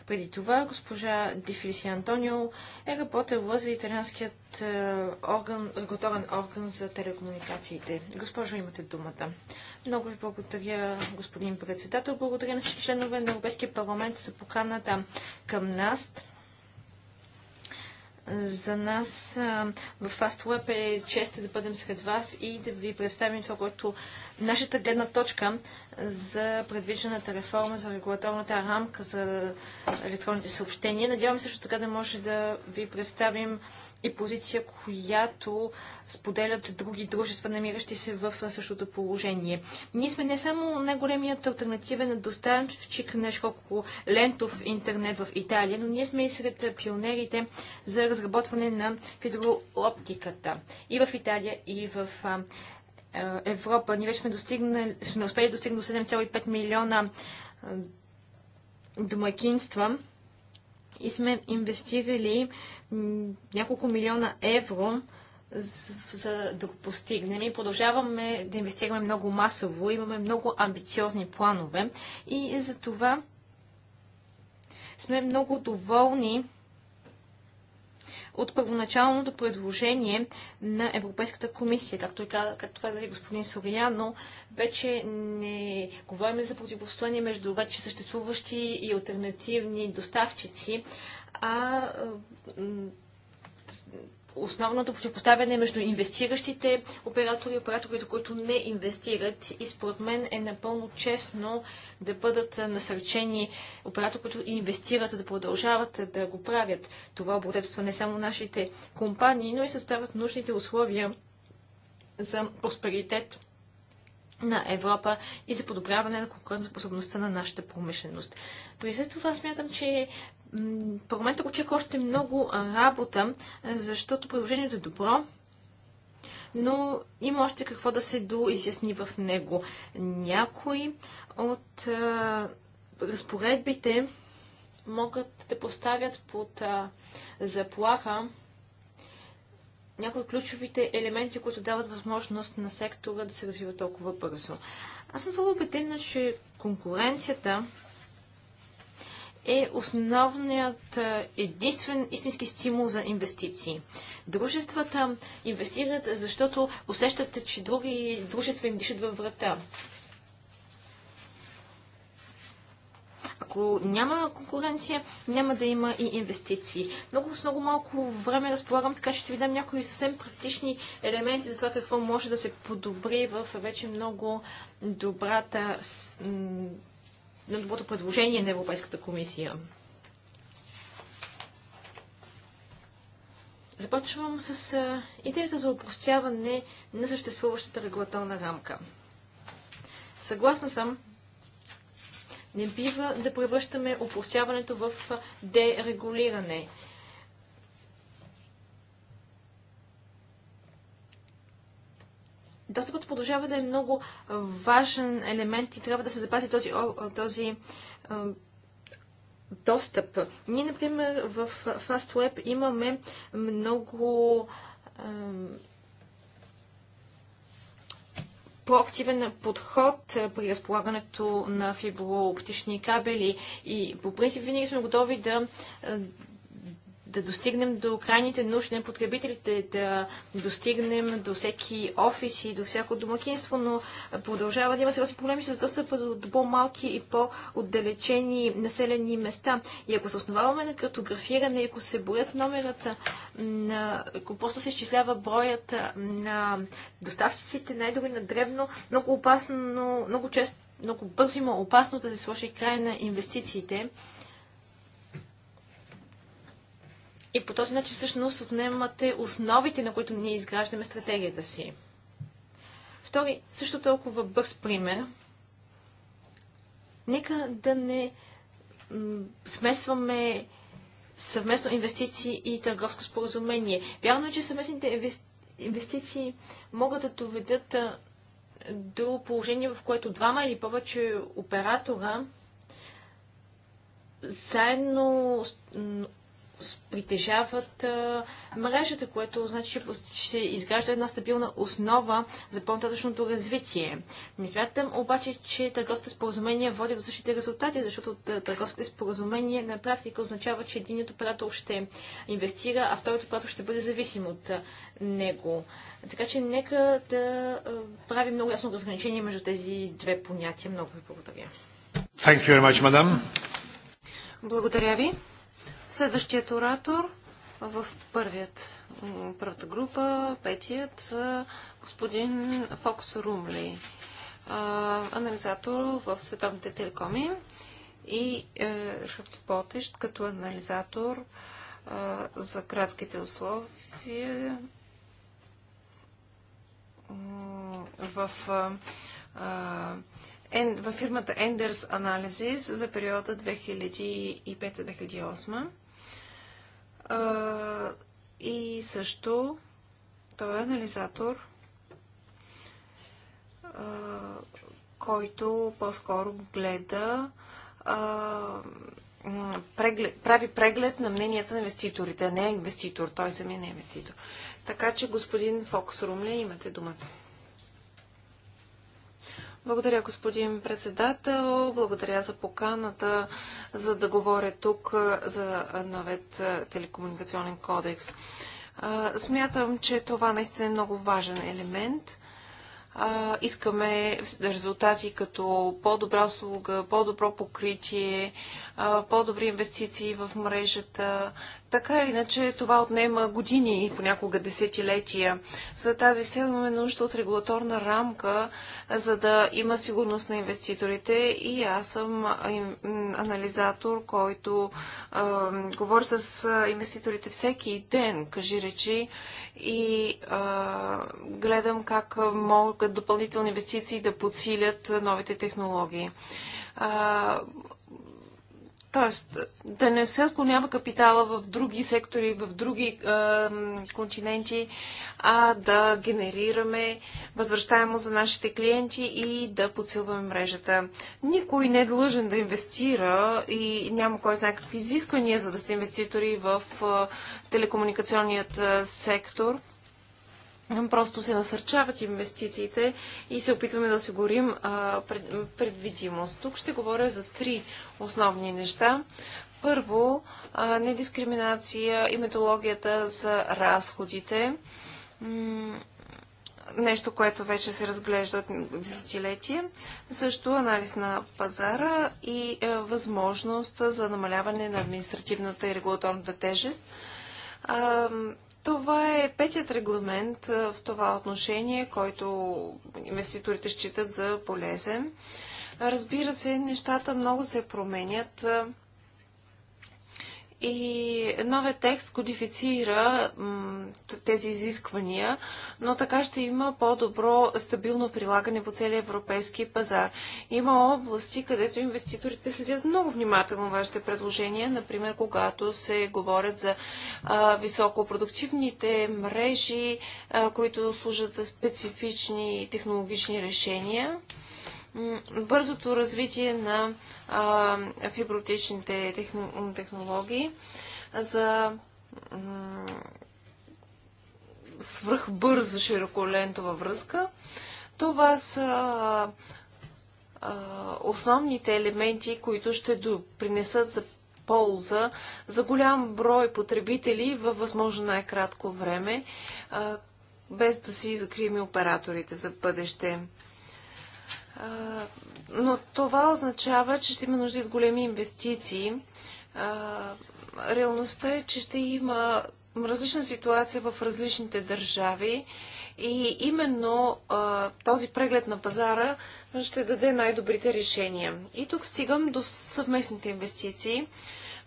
Преди това госпожа Дифилиси Антонио е работила за италианският е, орган, регуляторен орган за телекомуникациите. Госпожо, имате думата. Много ви благодаря, господин председател. Благодаря на всички членове на Европейския парламент за поканата към нас. За нас в FastWeb е чест да бъдем сред вас и да ви представим това, което нашата гледна точка за предвижданата реформа за регулаторната рамка за електронните съобщения. Надявам се също така да може да ви представим и позиция, която споделят други дружества, намиращи се в същото положение. Ние сме не само най-големият альтернативен доставчик на широко лентов интернет в Италия, но ние сме и сред пионерите за разработване на фидрооптиката и в Италия, и в Европа. Ние вече сме, достигнали, сме успели да достигнем до 7,5 милиона домакинства и сме инвестирали няколко милиона евро, за да го постигнем и продължаваме да инвестираме много масово, имаме много амбициозни планове и за това сме много доволни от първоначалното предложение на Европейската комисия. Както, както каза и господин Сория, но вече не говорим за противостояние между вече съществуващи и альтернативни доставчици, а основното противопоставяне между инвестиращите оператори и операторите, които не инвестират. И според мен е напълно честно да бъдат насърчени оператори, които инвестират, да продължават да го правят. Това обладетелство не само нашите компании, но и създават нужните условия за просперитет на Европа и за подобряване на конкурентоспособността на нашата промишленост. При след това смятам, че парламентът очаква още много работа, защото предложението е добро, но има още какво да се доизясни в него. Някои от разпоредбите могат да поставят под заплаха някои от ключовите елементи, които дават възможност на сектора да се развива толкова бързо. Аз съм много убедена, че конкуренцията е основният е, единствен истински стимул за инвестиции. Дружествата инвестират, защото усещат, че други дружества им дишат във врата. Ако няма конкуренция, няма да има и инвестиции. Много с много малко време разполагам, така че ще ви дам някои съвсем практични елементи за това какво може да се подобри в вече много добрата на доброто предложение на Европейската комисия. Започвам с идеята за упростяване на съществуващата регулаторна рамка. Съгласна съм, не бива да превръщаме упростяването в дерегулиране. достъпът продължава да е много важен елемент и трябва да се запази този, този достъп. Ние, например, в FastWeb имаме много проактивен подход при разполагането на фиброоптични кабели и по принцип винаги сме готови да да достигнем до крайните нужди на потребителите, да достигнем до всеки офис и до всяко домакинство, но продължава да има сериозни проблеми с достъпа до, до по-малки и по-отдалечени населени места. И ако се основаваме на картографиране, ако се борят номерата, на, ако просто се изчислява броят на доставчиците, най добри на древно, много опасно, много често много бързо има опасно да се сложи край на инвестициите. И по този начин всъщност отнемате основите, на които ние изграждаме стратегията си. Втори, също толкова бърз пример. Нека да не смесваме съвместно инвестиции и търговско споразумение. Вярно е, че съвместните инвестиции могат да доведат до положение, в което двама или повече оператора заедно притежават мрежата, което значи, че ще изгражда една стабилна основа за по-нататъчното развитие. Не смятам обаче, че търговските споразумения водят до същите резултати, защото търговските споразумения на практика означава, че единият оператор ще инвестира, а вторият оператор ще бъде зависим от него. Така че нека да правим много ясно разграничение между тези две понятия. Много ви благодаря. Thank you very much, madam. Благодаря ви. Следващият оратор в първият, първата група, петият, господин Фокс Румли, анализатор в световните телекоми и е, работещ като анализатор за градските условия в, в фирмата Enders Analysis за периода 2005-2008 и също той е анализатор, който по-скоро гледа преглед, прави преглед на мненията на инвеститорите. Не е инвеститор, той самия не е инвеститор. Така че, господин Фокс Румле, имате думата. Благодаря, господин председател. Благодаря за поканата, за да говоря тук за новият телекомуникационен кодекс. Смятам, че това наистина е много важен елемент. Искаме резултати като по-добра услуга, по-добро покритие, по-добри инвестиции в мрежата. Така или иначе това отнема години и понякога десетилетия. За тази цел имаме нужда от регулаторна рамка, за да има сигурност на инвеститорите и аз съм анализатор, който говори с инвеститорите всеки ден, кажи речи, и гледам как могат допълнителни инвестиции да подсилят новите технологии. Тоест, да не се отклонява капитала в други сектори, в други е, континенти, а да генерираме възвръщаемо за нашите клиенти и да подсилваме мрежата. Никой не е длъжен да инвестира и няма кой знае какви изисквания, за да сте инвеститори в е, телекомуникационният е, сектор – просто се насърчават инвестициите и се опитваме да осигурим предвидимост. Тук ще говоря за три основни неща. Първо, недискриминация и методологията за разходите. Нещо, което вече се разглежда десетилетие. Също анализ на пазара и е, възможност за намаляване на административната и регулаторната тежест това е петият регламент в това отношение, който инвеститорите считат за полезен. Разбира се, нещата много се променят. И новият текст кодифицира тези изисквания, но така ще има по-добро стабилно прилагане по целия европейски пазар. Има области, където инвеститорите следят много внимателно вашите предложения, например когато се говорят за а, високопродуктивните мрежи, а, които служат за специфични технологични решения бързото развитие на фибротичните технологии за свръхбърза широколентова връзка. Това са а, основните елементи, които ще допринесат за полза за голям брой потребители във възможно най-кратко време, а, без да си закриме операторите за бъдеще но това означава, че ще има нужда от големи инвестиции. Реалността е, че ще има различна ситуация в различните държави и именно този преглед на пазара ще даде най-добрите решения. И тук стигам до съвместните инвестиции.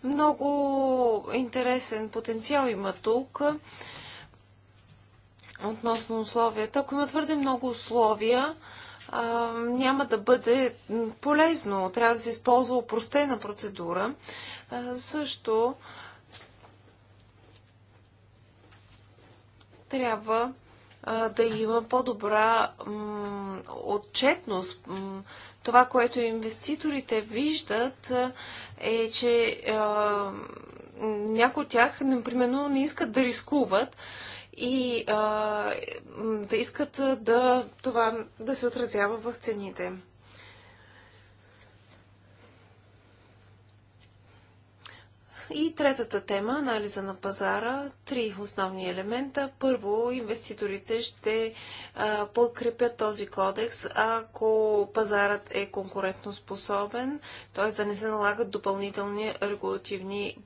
Много интересен потенциал има тук относно условията. Ако има твърде много условия, а, няма да бъде полезно. Трябва да се използва упростена процедура. А, също трябва а, да има по-добра отчетност. М, това, което инвеститорите виждат е, че някои от тях, например, не искат да рискуват, и а, да искат да, това да се отразява в цените. И третата тема анализа на пазара три основни елемента. Първо, инвеститорите ще а, подкрепят този кодекс, ако пазарът е конкурентоспособен, т.е. да не се налагат допълнителни регулативни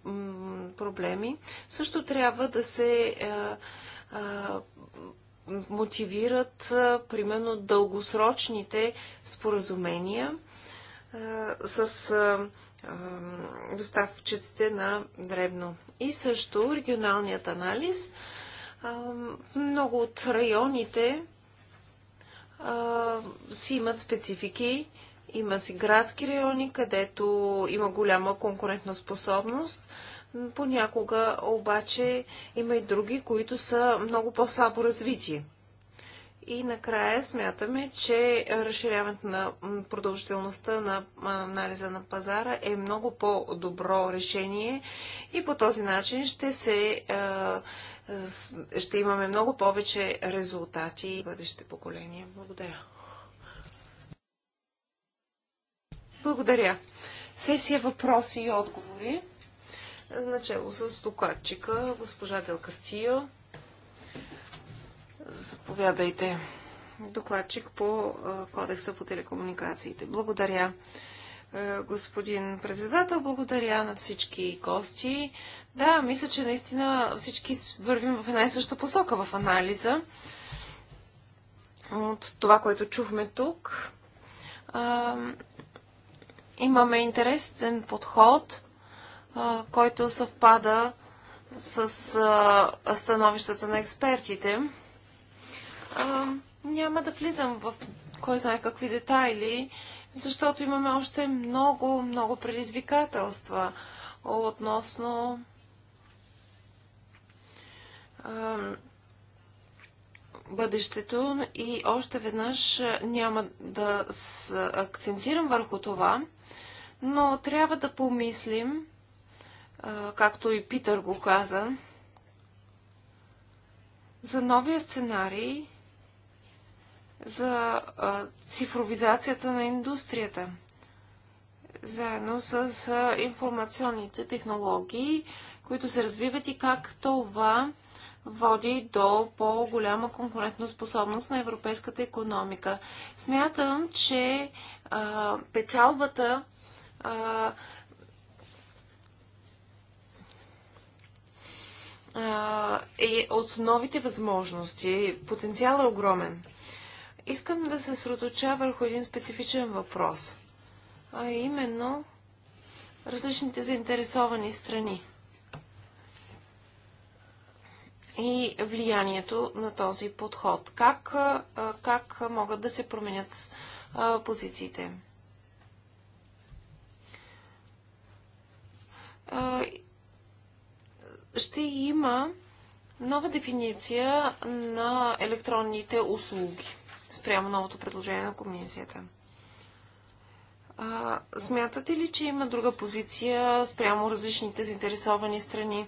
проблеми. Също трябва да се а, а, мотивират, а, примерно, дългосрочните споразумения а, с а, доставчиците на дребно. И също регионалният анализ. Много от районите си имат специфики. Има си градски райони, където има голяма конкурентна способност – Понякога обаче има и други, които са много по-слабо развити. И накрая смятаме, че разширяването на продължителността на анализа на пазара е много по-добро решение и по този начин ще, се, ще имаме много повече резултати в бъдещите поколения. Благодаря. Благодаря. Сесия въпроси и отговори начало с докладчика, госпожа Дел Кастио. Заповядайте. Докладчик по Кодекса по телекомуникациите. Благодаря, господин председател. Благодаря на всички гости. Да, мисля, че наистина всички вървим в една и съща посока в анализа от това, което чухме тук. Имаме интересен подход който съвпада с становищата на експертите. Няма да влизам в кой знае какви детайли, защото имаме още много, много предизвикателства относно бъдещето и още веднъж няма да акцентирам върху това, но трябва да помислим както и Питър го каза. За новия сценарий за цифровизацията на индустрията, заедно с информационните технологии, които се развиват и как това води до по-голяма конкурентоспособност на европейската економика. Смятам, че а, печалбата а, е от новите възможности. потенциал е огромен. Искам да се сроточа върху един специфичен въпрос, а именно различните заинтересовани страни и влиянието на този подход. Как, как могат да се променят позициите? ще има нова дефиниция на електронните услуги спрямо новото предложение на комисията. А, смятате ли, че има друга позиция спрямо различните заинтересовани страни?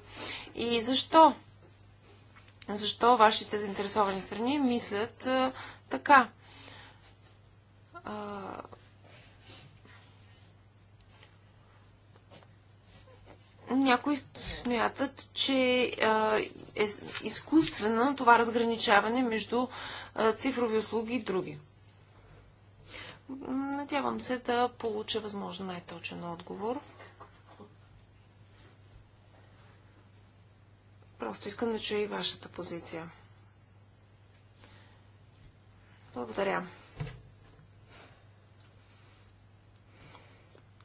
И защо? Защо вашите заинтересовани страни мислят а, така? А, Някои смятат, че е изкуствено това разграничаване между цифрови услуги и други. Надявам се да получа възможно най-точен отговор. Просто искам да чуя и вашата позиция. Благодаря.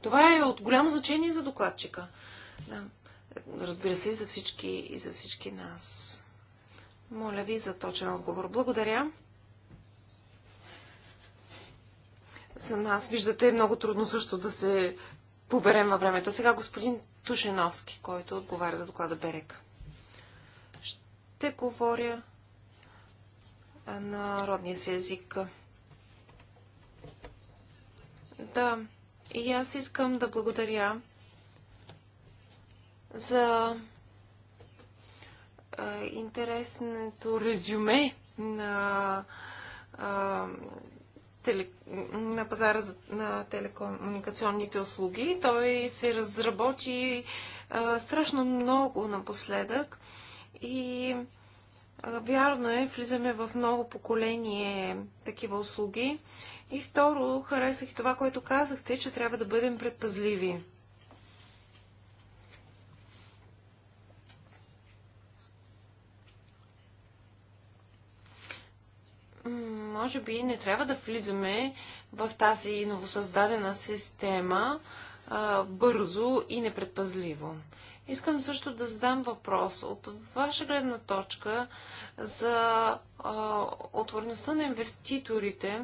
Това е от голямо значение за докладчика. Да. Разбира се и за всички, и за всички нас. Моля ви за точен отговор. Благодаря. За нас, виждате, е много трудно също да се поберем във времето. Сега господин Тушеновски, който отговаря за доклада Берек. Ще говоря на родния си език. Да, и аз искам да благодаря за а, интересното резюме на, а, теле, на пазара за, на телекомуникационните услуги. Той се разработи а, страшно много напоследък и а, вярно е, влизаме в ново поколение такива услуги. И второ, харесах и това, което казахте, че трябва да бъдем предпазливи. може би не трябва да влизаме в тази новосъздадена система а, бързо и непредпазливо. Искам също да задам въпрос от ваша гледна точка за а, отворността на инвеститорите.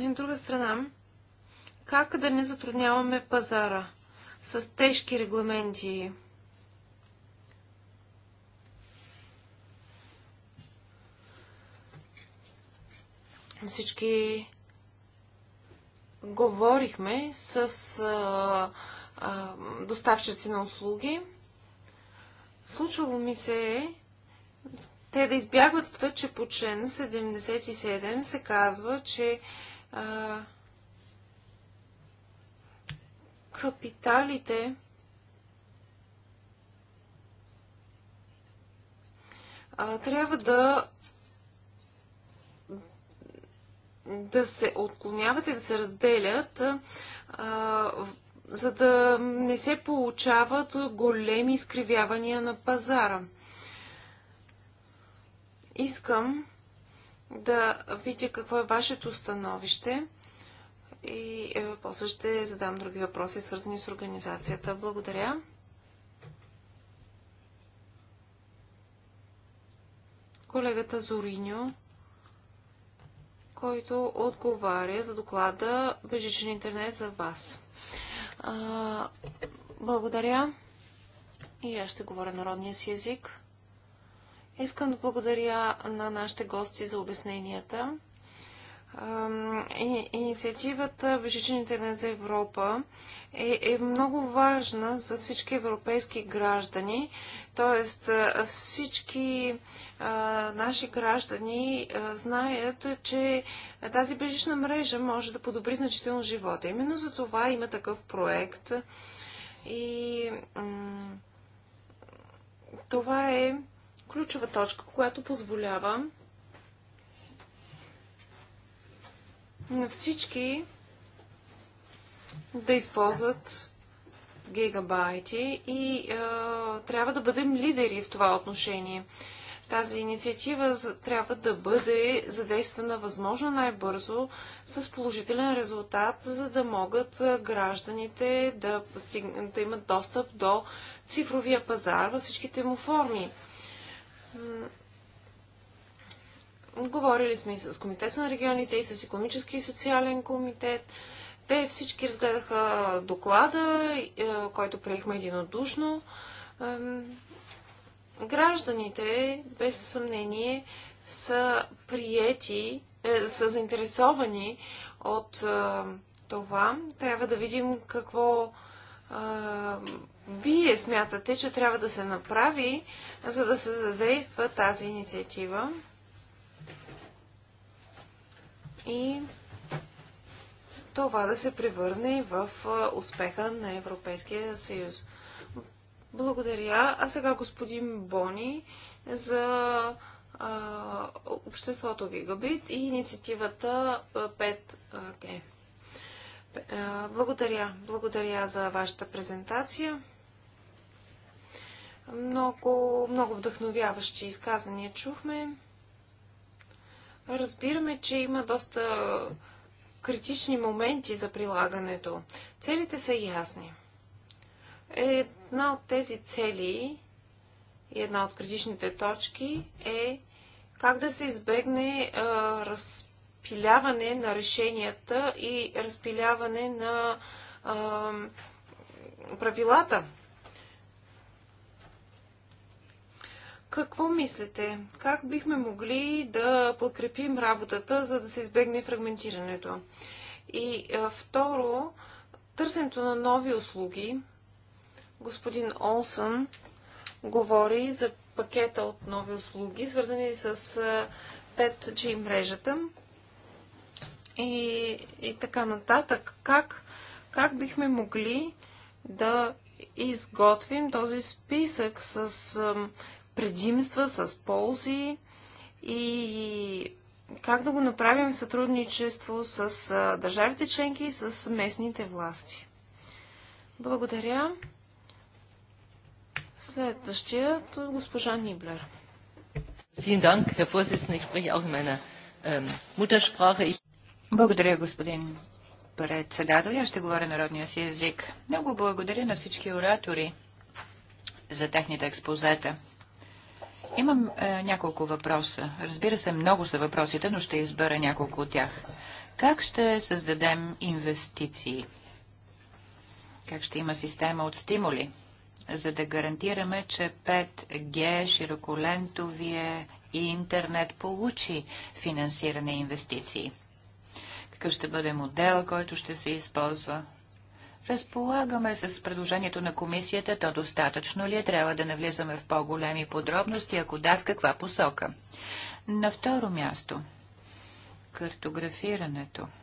И от друга страна, как да не затрудняваме пазара с тежки регламенти? всички говорихме с а, а, доставчици на услуги. Случвало ми се е те да избягват в че по член 77 се казва, че а, капиталите а, трябва да да се отклоняват и да се разделят, за да не се получават големи изкривявания на пазара. Искам да видя какво е вашето становище и е, после ще задам други въпроси, свързани с организацията. Благодаря. Колегата Зориньо който отговаря за доклада Бежичен интернет за вас. А, благодаря. И аз ще говоря народния си език. Искам да благодаря на нашите гости за обясненията. Инициативата Бежичен интернет за Европа е, е много важна за всички европейски граждани, т.е. всички наши граждани знаят, че тази бежична мрежа може да подобри значително живота. Именно за това има такъв проект. И това е ключова точка, която позволява на всички да използват гигабайти и а, трябва да бъдем лидери в това отношение. Тази инициатива трябва да бъде задействана възможно най-бързо с положителен резултат, за да могат гражданите да, да имат достъп до цифровия пазар във всичките му форми. Говорили сме и с Комитета на регионите, и с Економически и социален комитет. Те всички разгледаха доклада, който приехме единодушно. Гражданите, без съмнение, са приети, е, са заинтересовани от е, това. Трябва да видим какво е, вие смятате, че трябва да се направи, за да се задейства тази инициатива. И това да се превърне в е, успеха на Европейския съюз. Благодаря. А сега господин Бони за а, обществото Гигабит и инициативата 5G. Благодаря. Благодаря за вашата презентация. Много, много вдъхновяващи изказания чухме. Разбираме, че има доста критични моменти за прилагането. Целите са ясни. Е една от тези цели и една от критичните точки е как да се избегне разпиляване на решенията и разпиляване на правилата. Какво мислите? Как бихме могли да подкрепим работата, за да се избегне фрагментирането? И второ, търсенето на нови услуги, господин Олсън говори за пакета от нови услуги, свързани с 5G мрежата и, и така нататък. Как, как бихме могли да изготвим този списък с предимства, с ползи и как да го направим в сътрудничество с държавите членки и с местните власти. Благодаря. Следващият госпожа Ниблер. Ähm, благодаря, господин председател. Я ще говоря народния си език. Много благодаря на всички оратори за техните експозета. Имам е, няколко въпроса. Разбира се, много са въпросите, но ще избера няколко от тях. Как ще създадем инвестиции? Как ще има система от стимули? за да гарантираме, че 5G, широколентовие и интернет получи финансиране и инвестиции? Какъв ще бъде модела, който ще се използва? Разполагаме с предложението на комисията, то достатъчно ли е? Трябва да навлизаме в по-големи подробности, ако да, в каква посока? На второ място – картографирането –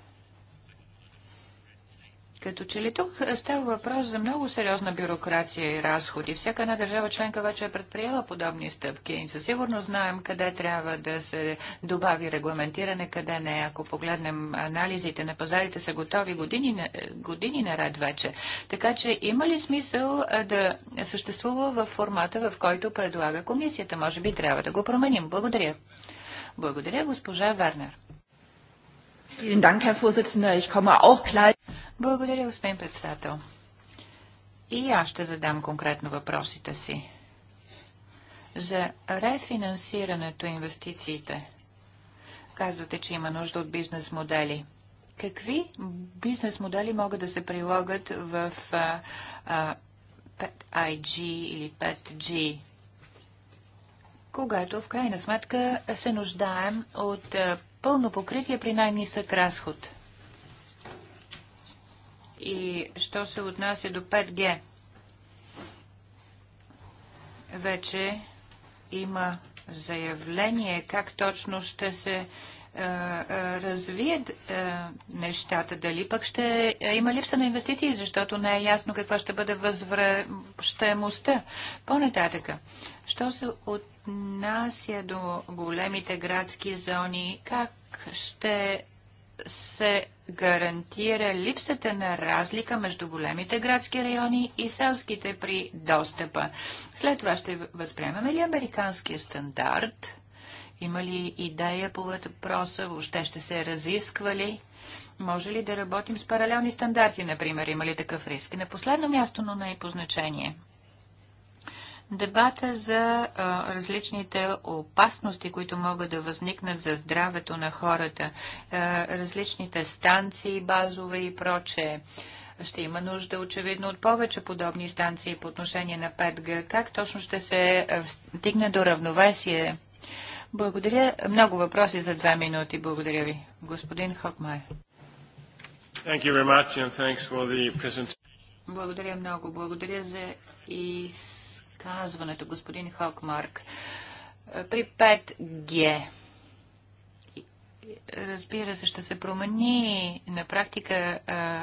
като че ли тук става въпрос за много сериозна бюрокрация и разходи. Всяка една държава членка вече е предприела подобни стъпки. Със сигурно знаем къде трябва да се добави регламентиране, къде не. Ако погледнем анализите на пазарите са готови години, години наред вече. Така че има ли смисъл да съществува в формата, в който предлага комисията? Може би трябва да го променим. Благодаря. Благодаря, госпожа Вернер. Благодаря, господин председател. И аз ще задам конкретно въпросите си. За рефинансирането инвестициите. Казвате, че има нужда от бизнес модели. Какви бизнес модели могат да се прилагат в 5IG или 5G? когато в крайна сметка се нуждаем от пълно покритие при най-нисък разход. И що се отнася до 5G? Вече има заявление как точно ще се развие нещата, дали пък ще има липса на инвестиции, защото не е ясно каква ще бъде възвръщаемостта. По-нататъка, що се отнася до големите градски зони, как ще се гарантира липсата на разлика между големите градски райони и селските при достъпа. След това ще възприемаме ли американския стандарт – има ли идея по въпроса? Въобще ще се разисква ли? Може ли да работим с паралелни стандарти, например? Има ли такъв риск? на последно място, но не и по значение. Дебата за а, различните опасности, които могат да възникнат за здравето на хората, а, различните станции, базове и прочее. Ще има нужда очевидно от повече подобни станции по отношение на 5G. Как точно ще се стигне до равновесие? Благодаря. Много въпроси за две минути. Благодаря ви. Господин Хокмай. Благодаря много. Благодаря за изказването, господин Хокмарк. При 5G разбира се, ще се промени на практика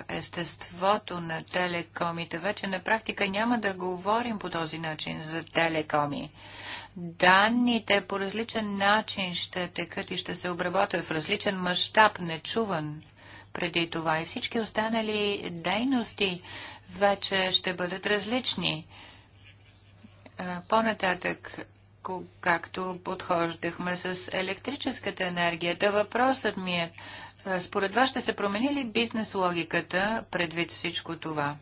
естеството на телекомите. Вече на практика няма да говорим по този начин за телекоми данните по различен начин ще текат и ще се обработят в различен мащаб, нечуван преди това. И всички останали дейности вече ще бъдат различни. По-нататък, както подхождахме с електрическата енергия, да въпросът ми е, според вас ще се промени ли бизнес логиката предвид всичко това?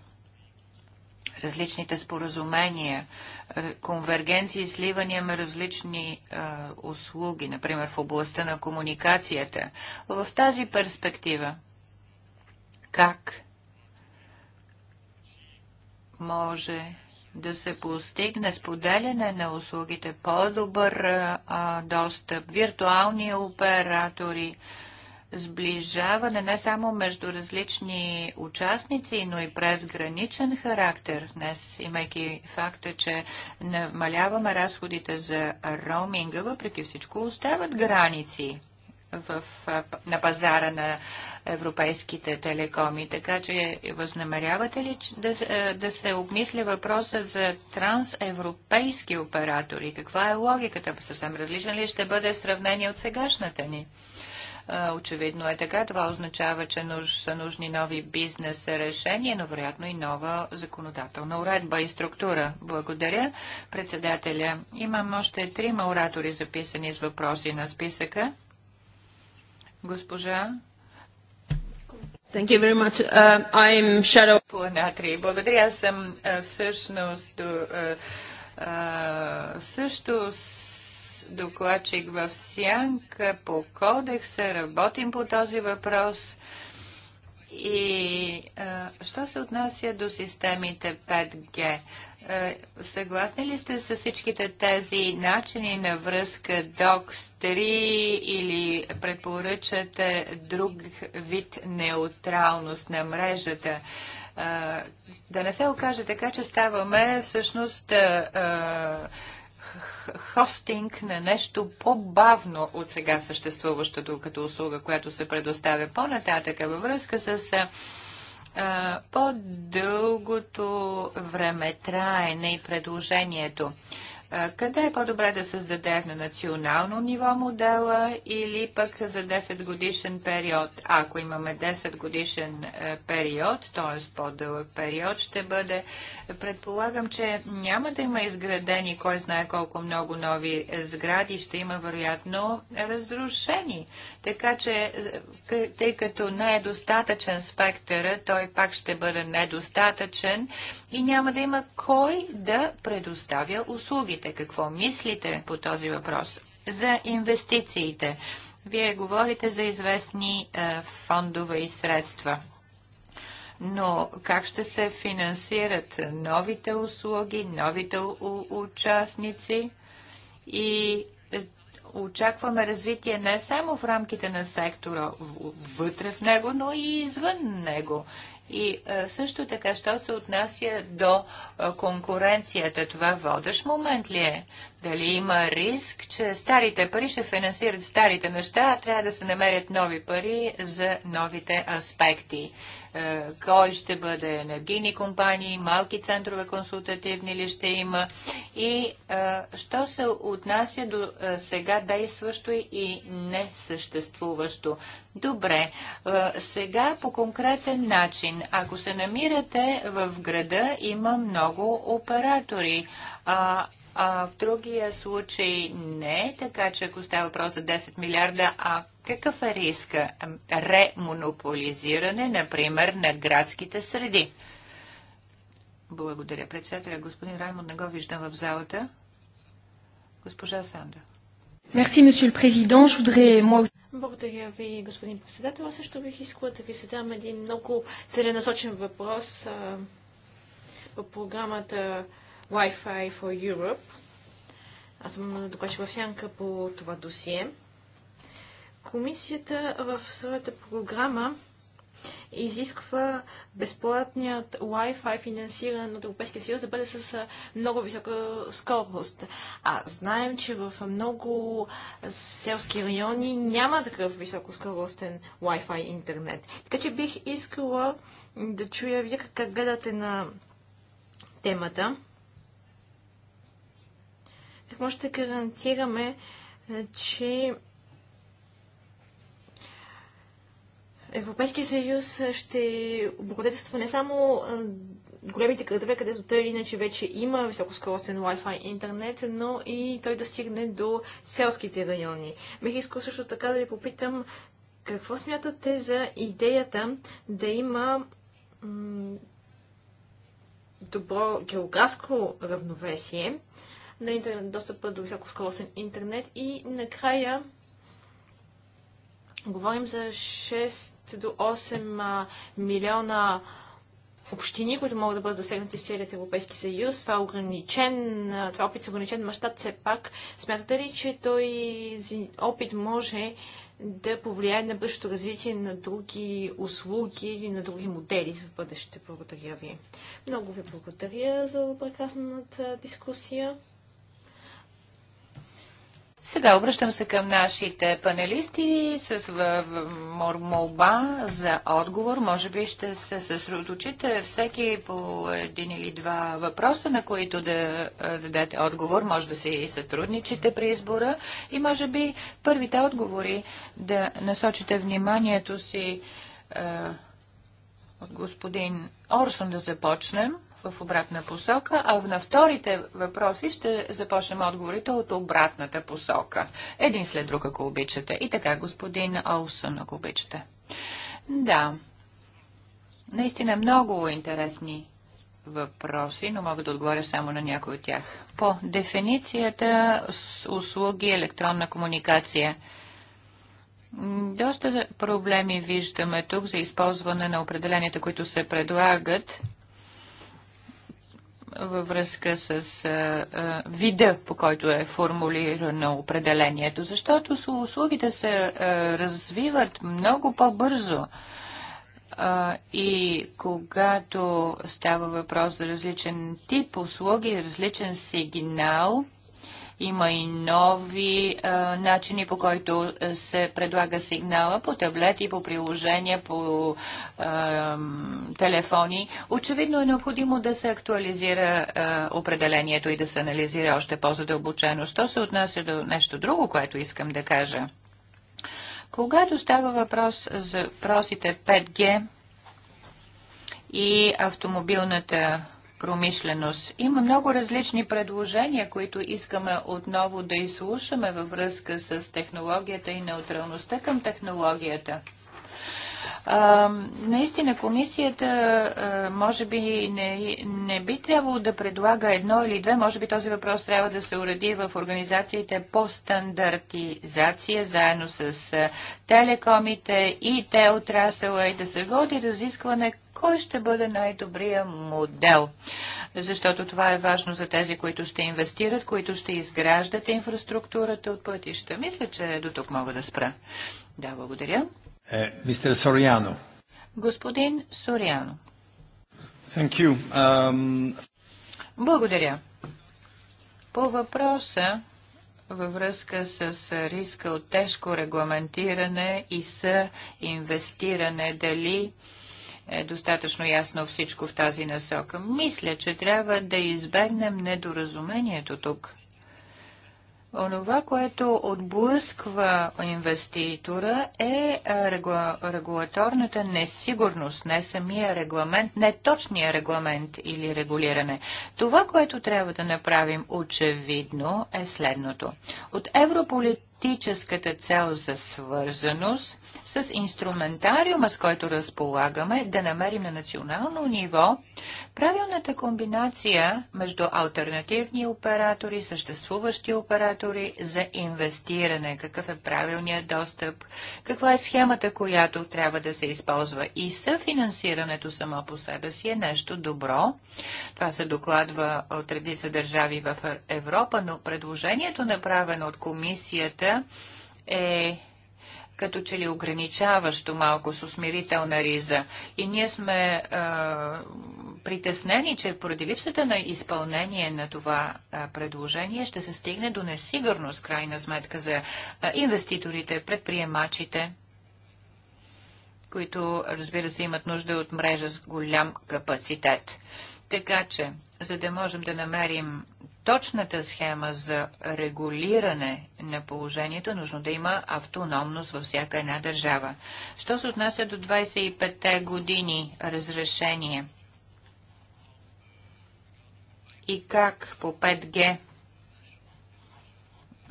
Различните споразумения, е, конвергенции и сливания на различни а, е, услуги, например в областта на комуникацията. В тази перспектива, как може да се постигне споделяне на услугите, по-добър е, достъп, виртуални оператори, сближаване не само между различни участници, но и през граничен характер. Днес, имайки факта, че намаляваме разходите за роуминга, въпреки всичко остават граници в, на пазара на европейските телекоми. Така че възнамерявате ли да, да се обмисли въпроса за трансевропейски оператори? Каква е логиката? Съвсем различна ли ще бъде в сравнение от сегашната ни? Очевидно е така. Това означава, че нуж, са нужни нови бизнес решения, но вероятно и нова законодателна уредба и структура. Благодаря, председателя. Имам още трима оратори записани с въпроси на списъка. Госпожа Thank you very much. Uh, I'm Shadow. Благодаря. Аз съм всъщност до, също с докладчик в Сянка по кодекса, работим по този въпрос. И а, що се отнася до системите 5G? А, съгласни ли сте с всичките тези начини на връзка DOCS-3 или предпоръчате друг вид неутралност на мрежата? А, да не се окаже така, че ставаме всъщност а, а, хостинг на нещо по-бавно от сега съществуващото като услуга, която се предоставя по-нататъка във връзка с по-дългото време траене и предложението. Къде е по-добре да създаде на национално ниво модела или пък за 10 годишен период? Ако имаме 10 годишен е, период, т.е. по-дълъг период, ще бъде, предполагам, че няма да има изградени, кой знае колко много нови сгради, ще има вероятно разрушени така че, е, е, тъй като не е достатъчен спектъра, той пак ще бъде недостатъчен и няма да има кой да предоставя услугите. Какво мислите по този въпрос? За инвестициите. Вие говорите за известни е, фондове и средства. Но как ще се финансират новите услуги, новите участници и очакваме развитие не само в рамките на сектора, вътре в него, но и извън него. И е, също така, що се отнася до е, конкуренцията, това водещ момент ли е? Дали има риск, че старите пари ще финансират старите неща, а трябва да се намерят нови пари за новите аспекти? Е, кой ще бъде енергийни компании, малки центрове консултативни ли ще има. И е, що се отнася до е, сега действащо и несъществуващо. Добре, сега по конкретен начин, ако се намирате в града, има много оператори. А, в другия случай не, така че ако става въпрос за 10 милиарда, а какъв е риска? Ремонополизиране, например, на градските среди. Благодаря, председателя. Господин Раймон, не го виждам в залата. Госпожа Сандра. Мерси, месье президент. мой... Благодаря ви, господин председател. Аз също бих искала да ви задам един много целенасочен въпрос а, по програмата Wi-Fi for Europe. Аз съм докладчик в сянка по това досие. Комисията в своята програма изисква безплатният Wi-Fi финансиран от Европейския съюз да бъде с много висока скорост. А знаем, че в много селски райони няма такъв високоскоростен Wi-Fi интернет. Така че бих искала да чуя вие как гледате на темата. Как може да гарантираме, че Европейския съюз ще облагодетелства не само големите градове, където той или иначе вече има високоскоростен Wi-Fi интернет, но и той да стигне до селските райони. Бих искал също така да ви попитам какво смятате за идеята да има добро географско равновесие на интернет, достъпа до високоскоростен интернет и накрая Говорим за 6 до 8 милиона общини, които могат да бъдат засегнати в целият Европейски съюз. Това е ограничен, това е опит с ограничен мащаб все пак. Смятате ли, че той опит може да повлияе на бъдещето развитие на други услуги или на други модели в бъдеще? Благодаря ви. Много ви благодаря за прекрасната дискусия. Сега обръщам се към нашите панелисти с молба за отговор. Може би ще се съсредоточите всеки по един или два въпроса, на които да дадете отговор. Може да се и сътрудничите при избора и може би първите отговори да насочите вниманието си от господин Орсон да започнем в обратна посока, а на вторите въпроси ще започнем отговорите от обратната посока. Един след друг, ако обичате. И така, господин Олсън, ако обичате. Да, наистина много интересни въпроси, но мога да отговоря само на някои от тях. По дефиницията с услуги електронна комуникация. Доста проблеми виждаме тук за използване на определенията, които се предлагат във връзка с а, а, вида, по който е формулирано определението, защото услугите се а, развиват много по-бързо. И когато става въпрос за различен тип услуги, различен сигнал, има и нови а, начини, по който се предлага сигнала по таблети, по приложения, по а, телефони. Очевидно е необходимо да се актуализира а, определението и да се анализира още по-задълбочено. Що се отнася до нещо друго, което искам да кажа? Когато става въпрос за просите 5G и автомобилната промишленост. Има много различни предложения, които искаме отново да изслушаме във връзка с технологията и неутралността към технологията. А, наистина комисията а, може би не, не би трябвало да предлага едно или две. Може би този въпрос трябва да се уреди в организациите по стандартизация, заедно с а, телекомите и те отрасъла и да се води разискване кой ще бъде най-добрия модел. Защото това е важно за тези, които ще инвестират, които ще изграждат инфраструктурата от пътища. Мисля, че до тук мога да спра. Да, благодаря. Мистер eh, Сориано. Господин Сориано. Um... Благодаря. По въпроса във връзка с риска от тежко регламентиране и с инвестиране, дали е достатъчно ясно всичко в тази насока. Мисля, че трябва да избегнем недоразумението тук. Онова, което отблъсква инвеститора е регу... регулаторната несигурност, не самия регламент, не точния регламент или регулиране. Това, което трябва да направим очевидно е следното. От Европолит практическата цел за свързаност с инструментариума, с който разполагаме, да намерим на национално ниво правилната комбинация между альтернативни оператори, съществуващи оператори за инвестиране, какъв е правилният достъп, каква е схемата, която трябва да се използва и съфинансирането само по себе си е нещо добро. Това се докладва от редица държави в Европа, но предложението направено от комисията пазара е като че ли ограничаващо малко с усмирителна риза. И ние сме е, притеснени, че поради липсата на изпълнение на това е, предложение ще се стигне до несигурност, крайна сметка, за е, инвеститорите, предприемачите, които, разбира се, имат нужда от мрежа с голям капацитет. Така че, за да можем да намерим точната схема за регулиране на положението, е нужно да има автономност във всяка една държава. Що се отнася до 25-те години разрешение и как по 5G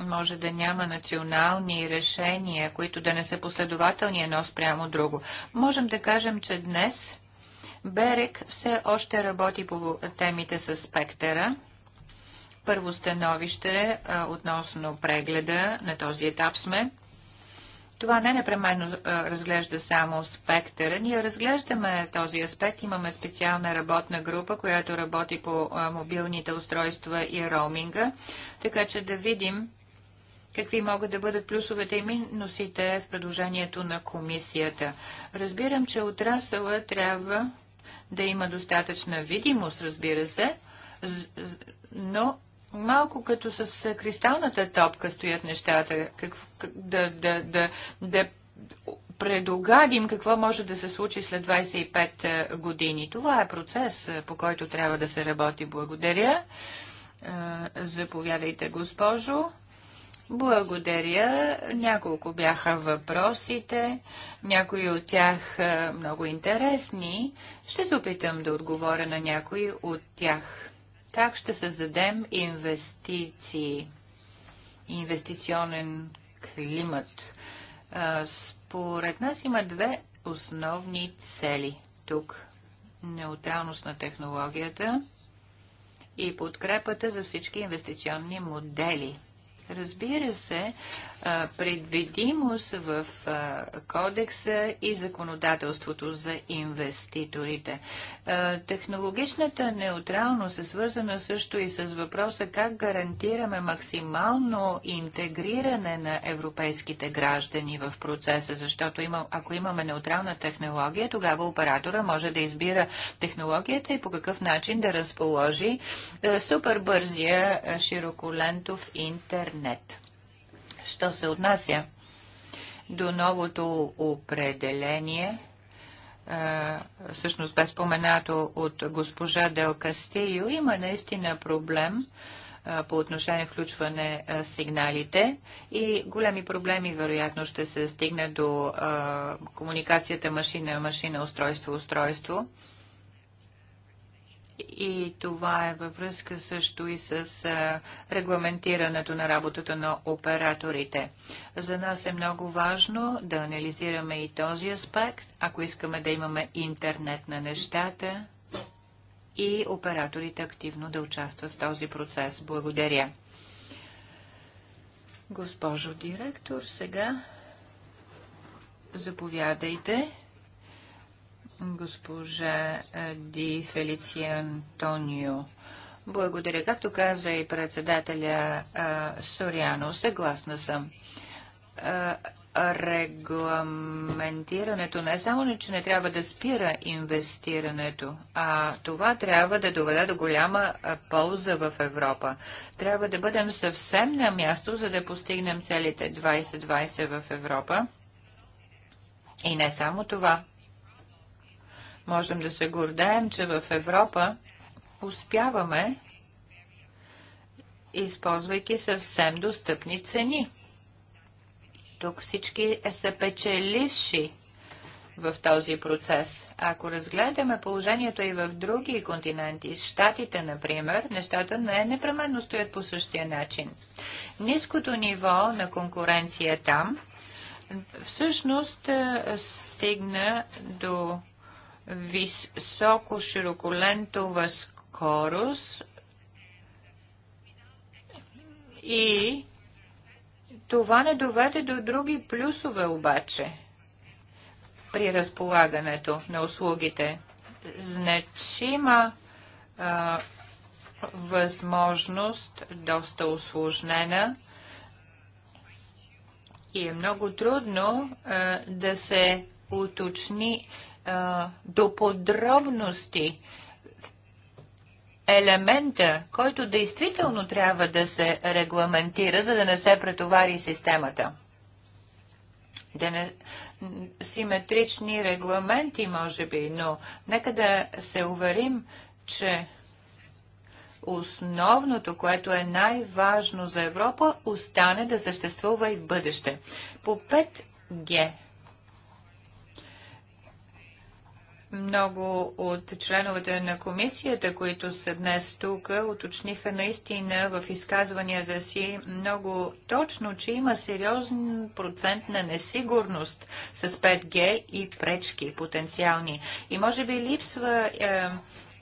може да няма национални решения, които да не са последователни едно спрямо друго. Можем да кажем, че днес Берек все още работи по темите с спектъра първо становище а, е, относно прегледа на този етап сме. Това не непременно е, разглежда само спектъра. Ние разглеждаме този аспект. Имаме специална работна група, която работи по е, мобилните устройства и роуминга, така че да видим какви могат да бъдат плюсовете и минусите в предложението на комисията. Разбирам, че отрасъла трябва да има достатъчна видимост, разбира се, но малко като с кристалната топка стоят нещата. Как, да, да, да, да предогадим какво може да се случи след 25 е, години. Това е процес, е, по който трябва да се работи. Благодаря. Е, заповядайте, госпожо. Благодаря. Няколко бяха въпросите, някои от тях много интересни. Ще се опитам да отговоря на някои от тях. Как ще създадем инвестиции, инвестиционен климат? Според нас има две основни цели тук. Неутралност на технологията и подкрепата за всички инвестиционни модели. Разбира се, предвидимост в кодекса и законодателството за инвеститорите. Технологичната неутралност е свързана също и с въпроса как гарантираме максимално интегриране на европейските граждани в процеса, защото има, ако имаме неутрална технология, тогава оператора може да избира технологията и по какъв начин да разположи супербързия широколентов интернет. Що се отнася до новото определение, е, всъщност бе споменато от госпожа Дел Кастио, има наистина проблем е, по отношение включване е, сигналите и големи проблеми вероятно ще се стигне до комуникацията машина-машина, устройство-устройство. Машина, устройство и това е във връзка също и с регламентирането на работата на операторите. За нас е много важно да анализираме и този аспект, ако искаме да имаме интернет на нещата и операторите активно да участват в този процес. Благодаря. Госпожо директор, сега заповядайте госпожа Ди Фелиция Антонио. Благодаря. Както каза и председателя Соряно, съгласна съм. регламентирането не е само, че не трябва да спира инвестирането, а това трябва да доведе до голяма полза в Европа. Трябва да бъдем съвсем на място, за да постигнем целите 2020 в Европа. И не само това можем да се гордеем, че в Европа успяваме, използвайки съвсем достъпни цени. Тук всички са печеливши в този процес. Ако разгледаме положението и в други континенти, щатите, например, нещата не непременно стоят по същия начин. Ниското ниво на конкуренция там всъщност е, стигна до високо широколентова скорост и това не доведе до други плюсове обаче при разполагането на услугите. Значима а, възможност, доста осложнена и е много трудно а, да се уточни до подробности елемента, който действително трябва да се регламентира, за да не се претовари системата. Да не симетрични регламенти, може би, но нека да се уверим, че основното, което е най-важно за Европа, остане да съществува и в бъдеще. По 5G Много от членовете на комисията, които са днес тук, уточниха наистина в изказванията си много точно, че има сериозен процент на несигурност с 5G и пречки потенциални. И може би липсва е,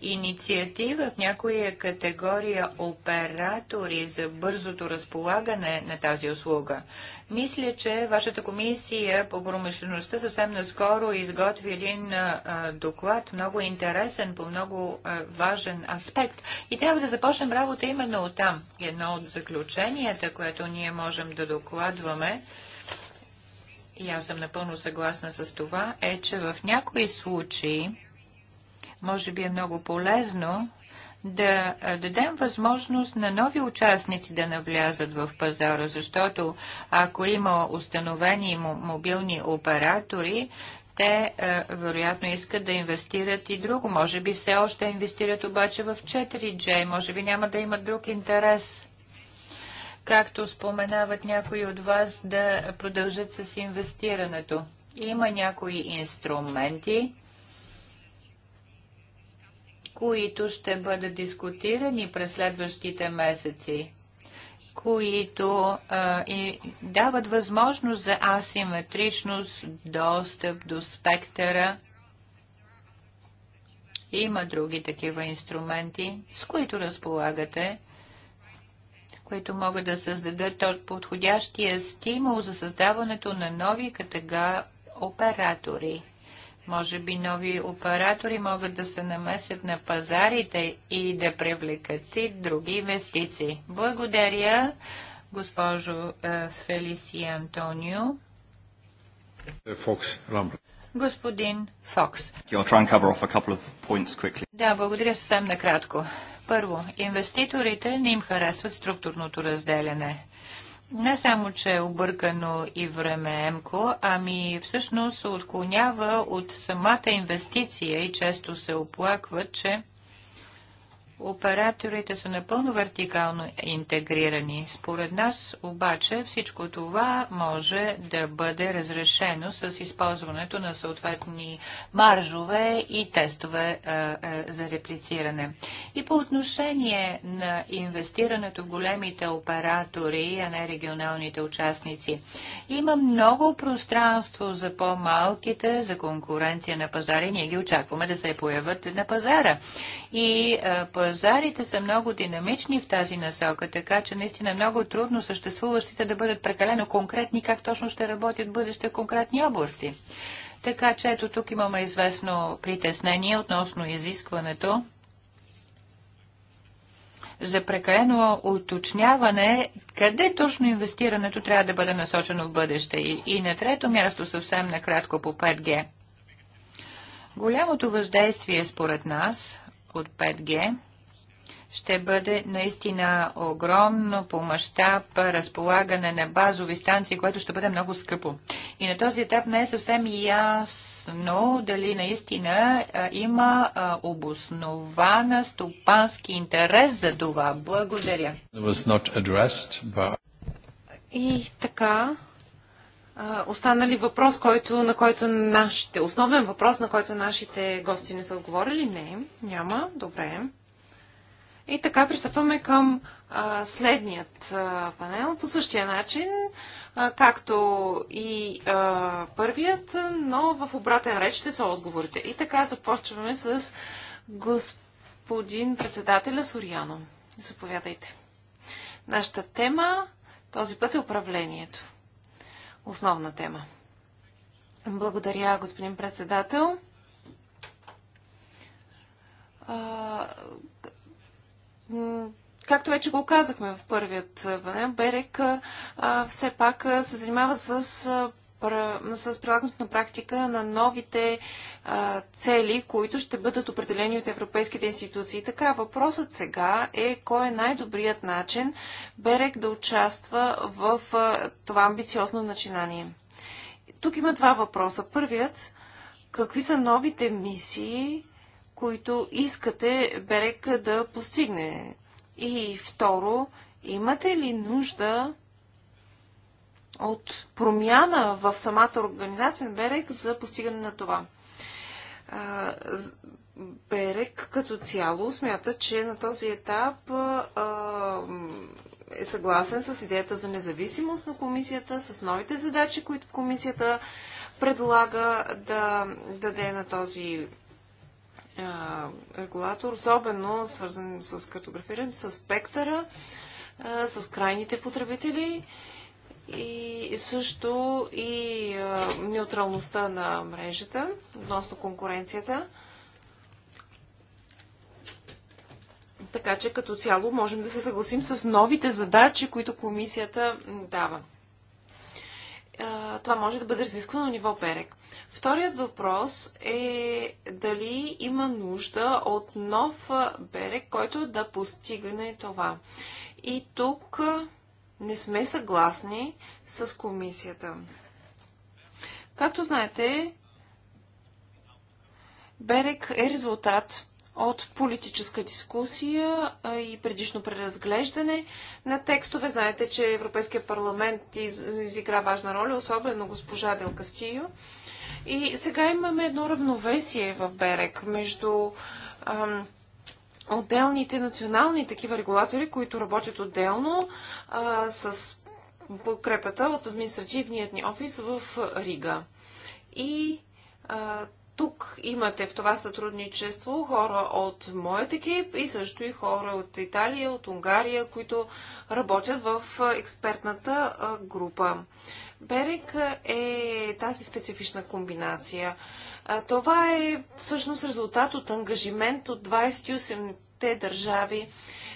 инициатива в някоя категория оператори за бързото разполагане на тази услуга. Мисля, че вашата комисия по промишлеността съвсем наскоро изготви един а, доклад, много интересен, по много а, важен аспект. И трябва да започнем работа именно от там. Едно от заключенията, което ние можем да докладваме, и аз съм напълно съгласна с това, е, че в някои случаи може би е много полезно да дадем възможност на нови участници да навлязат в пазара, защото ако има установени мобилни оператори, те вероятно искат да инвестират и друго. Може би все още инвестират обаче в 4G, може би няма да имат друг интерес. Както споменават някои от вас, да продължат с инвестирането. Има някои инструменти, които ще бъдат дискутирани през следващите месеци, които а, и дават възможност за асиметричност, достъп до спектъра. Има други такива инструменти, с които разполагате които могат да създадат подходящия стимул за създаването на нови катега оператори. Може би нови оператори могат да се намесят на пазарите и да привлекат и други инвестиции. Благодаря, госпожо е, Фелиси Антонио. Фокс Господин Фокс. Да, благодаря съвсем накратко. Първо, инвеститорите не им харесват структурното разделяне не само, че е объркано и времеемко, ами всъщност се отклонява от самата инвестиция и често се оплакват, че Операторите са напълно вертикално интегрирани. Според нас обаче всичко това може да бъде разрешено с използването на съответни маржове и тестове е, е, за реплициране. И по отношение на инвестирането в големите оператори, а не регионалните участници, има много пространство за по-малките, за конкуренция на пазара и ние ги очакваме да се появят на пазара. И е, пазарите са много динамични в тази насока, така че наистина много трудно съществуващите да бъдат прекалено конкретни как точно ще работят бъдеще конкретни области. Така че ето тук имаме известно притеснение относно изискването за прекалено уточняване къде точно инвестирането трябва да бъде насочено в бъдеще. И, и на трето място съвсем накратко по 5G. Голямото въздействие според нас от 5G ще бъде наистина огромно по мащаб разполагане на базови станции, което ще бъде много скъпо. И на този етап не е съвсем ясно дали наистина има обоснована стопански интерес за това. Благодаря. И така, Останали въпрос, който, на който нашите, основен въпрос, на който нашите гости не са отговорили? Не, няма. Добре. И така пристъпваме към а, следният а, панел по същия начин, а, както и а, първият, но в обратен реч ще са отговорите. И така започваме с господин председателя Сориано. Заповядайте. Нашата тема този път е управлението. Основна тема. Благодаря, господин председател както вече го казахме в първият вариант, Берек а, все пак се занимава с с прилагането на практика на новите а, цели, които ще бъдат определени от европейските институции. Така, въпросът сега е кой е най-добрият начин Берек да участва в а, това амбициозно начинание. Тук има два въпроса. Първият, какви са новите мисии, които искате Берек да постигне? И второ, имате ли нужда от промяна в самата организация на Берек за постигане на това? Берек като цяло смята, че на този етап е съгласен с идеята за независимост на комисията, с новите задачи, които комисията предлага да даде на този регулатор, особено свързан с картографирането, с спектъра, а, с крайните потребители и също и а, неутралността на мрежата относно конкуренцията. Така че като цяло можем да се съгласим с новите задачи, които комисията дава това може да бъде разисквано ниво Берек. Вторият въпрос е дали има нужда от нов Берек, който да постигне това. И тук не сме съгласни с комисията. Както знаете, Берек е резултат от политическа дискусия и предишно преразглеждане на текстове. Знаете, че Европейския парламент изигра важна роля, особено госпожа Дел Кастио. И сега имаме едно равновесие в Берек между ам, отделните национални такива регулатори, които работят отделно а, с подкрепата от административният ни офис в Рига. И а, тук имате в това сътрудничество хора от моят екип и също и хора от Италия, от Унгария, които работят в експертната група. Берек е тази специфична комбинация. Това е всъщност резултат от ангажимент от 28-те държави.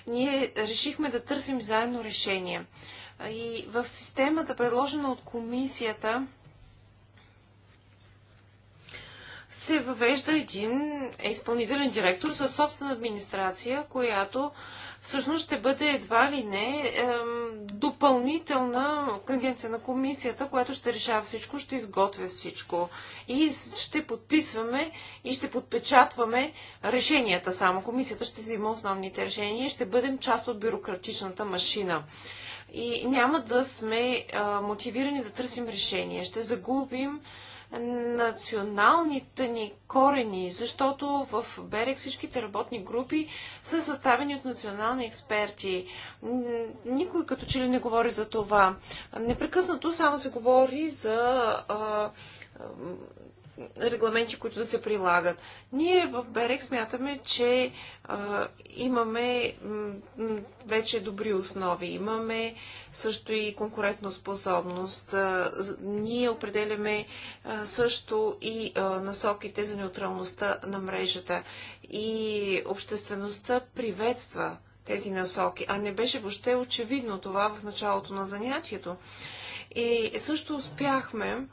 Ние решихме да търсим заедно решение. И в системата, предложена от комисията, се въвежда един изпълнителен директор със собствена администрация, която всъщност ще бъде едва ли не е, допълнителна агенция на комисията, която ще решава всичко, ще изготвя всичко. И ще подписваме и ще подпечатваме решенията само. Комисията ще взима основните решения и ще бъдем част от бюрократичната машина. И няма да сме е, мотивирани да търсим решение. Ще загубим националните ни корени, защото в Берег всичките работни групи са съставени от национални експерти. Никой като че ли не говори за това. Непрекъснато само се говори за а, регламенти, които да се прилагат. Ние в Берек смятаме, че а, имаме вече добри основи. Имаме също и конкурентна способност. А, ние определяме а, също и а, насоките за неутралността на мрежата. И обществеността приветства тези насоки, а не беше въобще очевидно това в началото на занятието. И също успяхме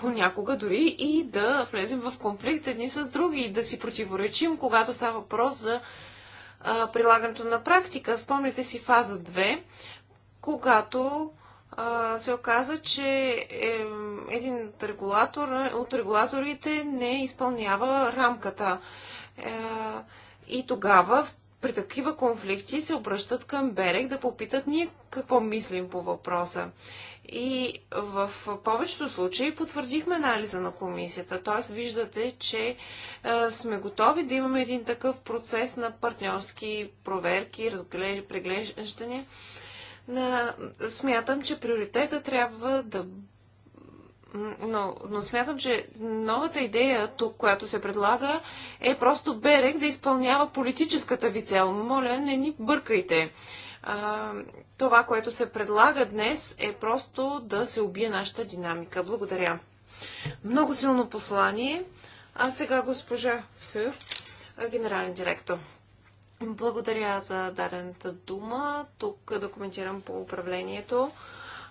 понякога дори и да влезем в конфликт едни с други и да си противоречим, когато става въпрос за а, прилагането на практика. Спомните си фаза 2, когато а, се оказа, че е, един от, регулатор, е, от регулаторите не изпълнява рамката. Е, и тогава при такива конфликти се обръщат към Берег да попитат ние какво мислим по въпроса. И в повечето случаи потвърдихме анализа на комисията. Т.е. виждате, че е, сме готови да имаме един такъв процес на партньорски проверки, разглеж, преглеждане. На... Смятам, че приоритета трябва да. Но, но смятам, че новата идея тук, която се предлага, е просто Берег да изпълнява политическата ви цел. Моля, не ни бъркайте това, което се предлага днес, е просто да се убие нашата динамика. Благодаря. Много силно послание. А сега госпожа Фюр, генерален директор. Благодаря за дадената дума. Тук да коментирам по управлението.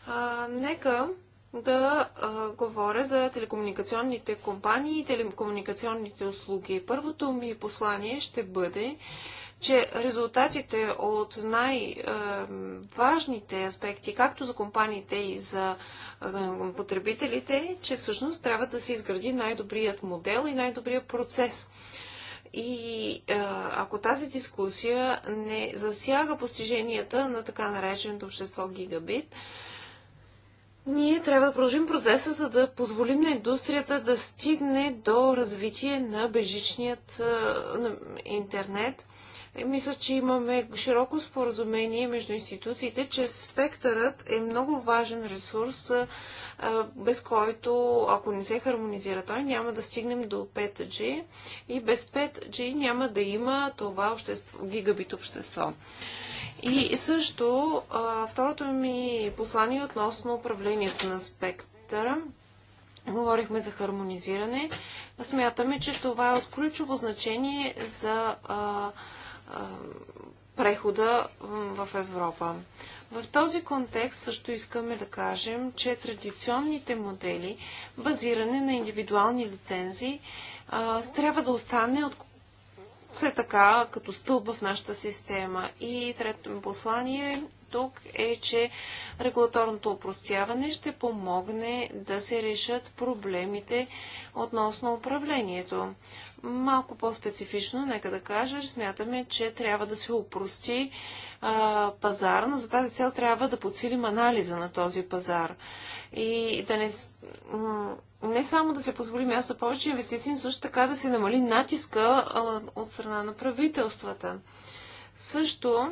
А, нека да а, говоря за телекомуникационните компании и телекомуникационните услуги. Първото ми послание ще бъде, че резултатите от най-важните аспекти, както за компаниите и за е, потребителите, че всъщност трябва да се изгради най-добрият модел и най-добрият процес. И е, ако тази дискусия не засяга постиженията на така нареченото общество гигабит, ние трябва да продължим процеса, за да позволим на индустрията да стигне до развитие на бежичният е, интернет мисля, че имаме широко споразумение между институциите, че спектърът е много важен ресурс, без който, ако не се хармонизира той, няма да стигнем до 5G и без 5G няма да има това общество, гигабит общество. И също второто ми послание е относно управлението на спектъра. Говорихме за хармонизиране. Смятаме, че това е от ключово значение за а, прехода в Европа. В този контекст също искаме да кажем, че традиционните модели, базиране на индивидуални лицензии, трябва да остане от все така като стълб в нашата система. И третото ми послание тук е, че регулаторното упростяване ще помогне да се решат проблемите относно управлението. Малко по-специфично, нека да кажа, смятаме, че трябва да се упрости а, пазар, но за тази цел трябва да подсилим анализа на този пазар. И да не, не само да се позволи място повече инвестиции, но също така да се намали натиска а, от страна на правителствата. Също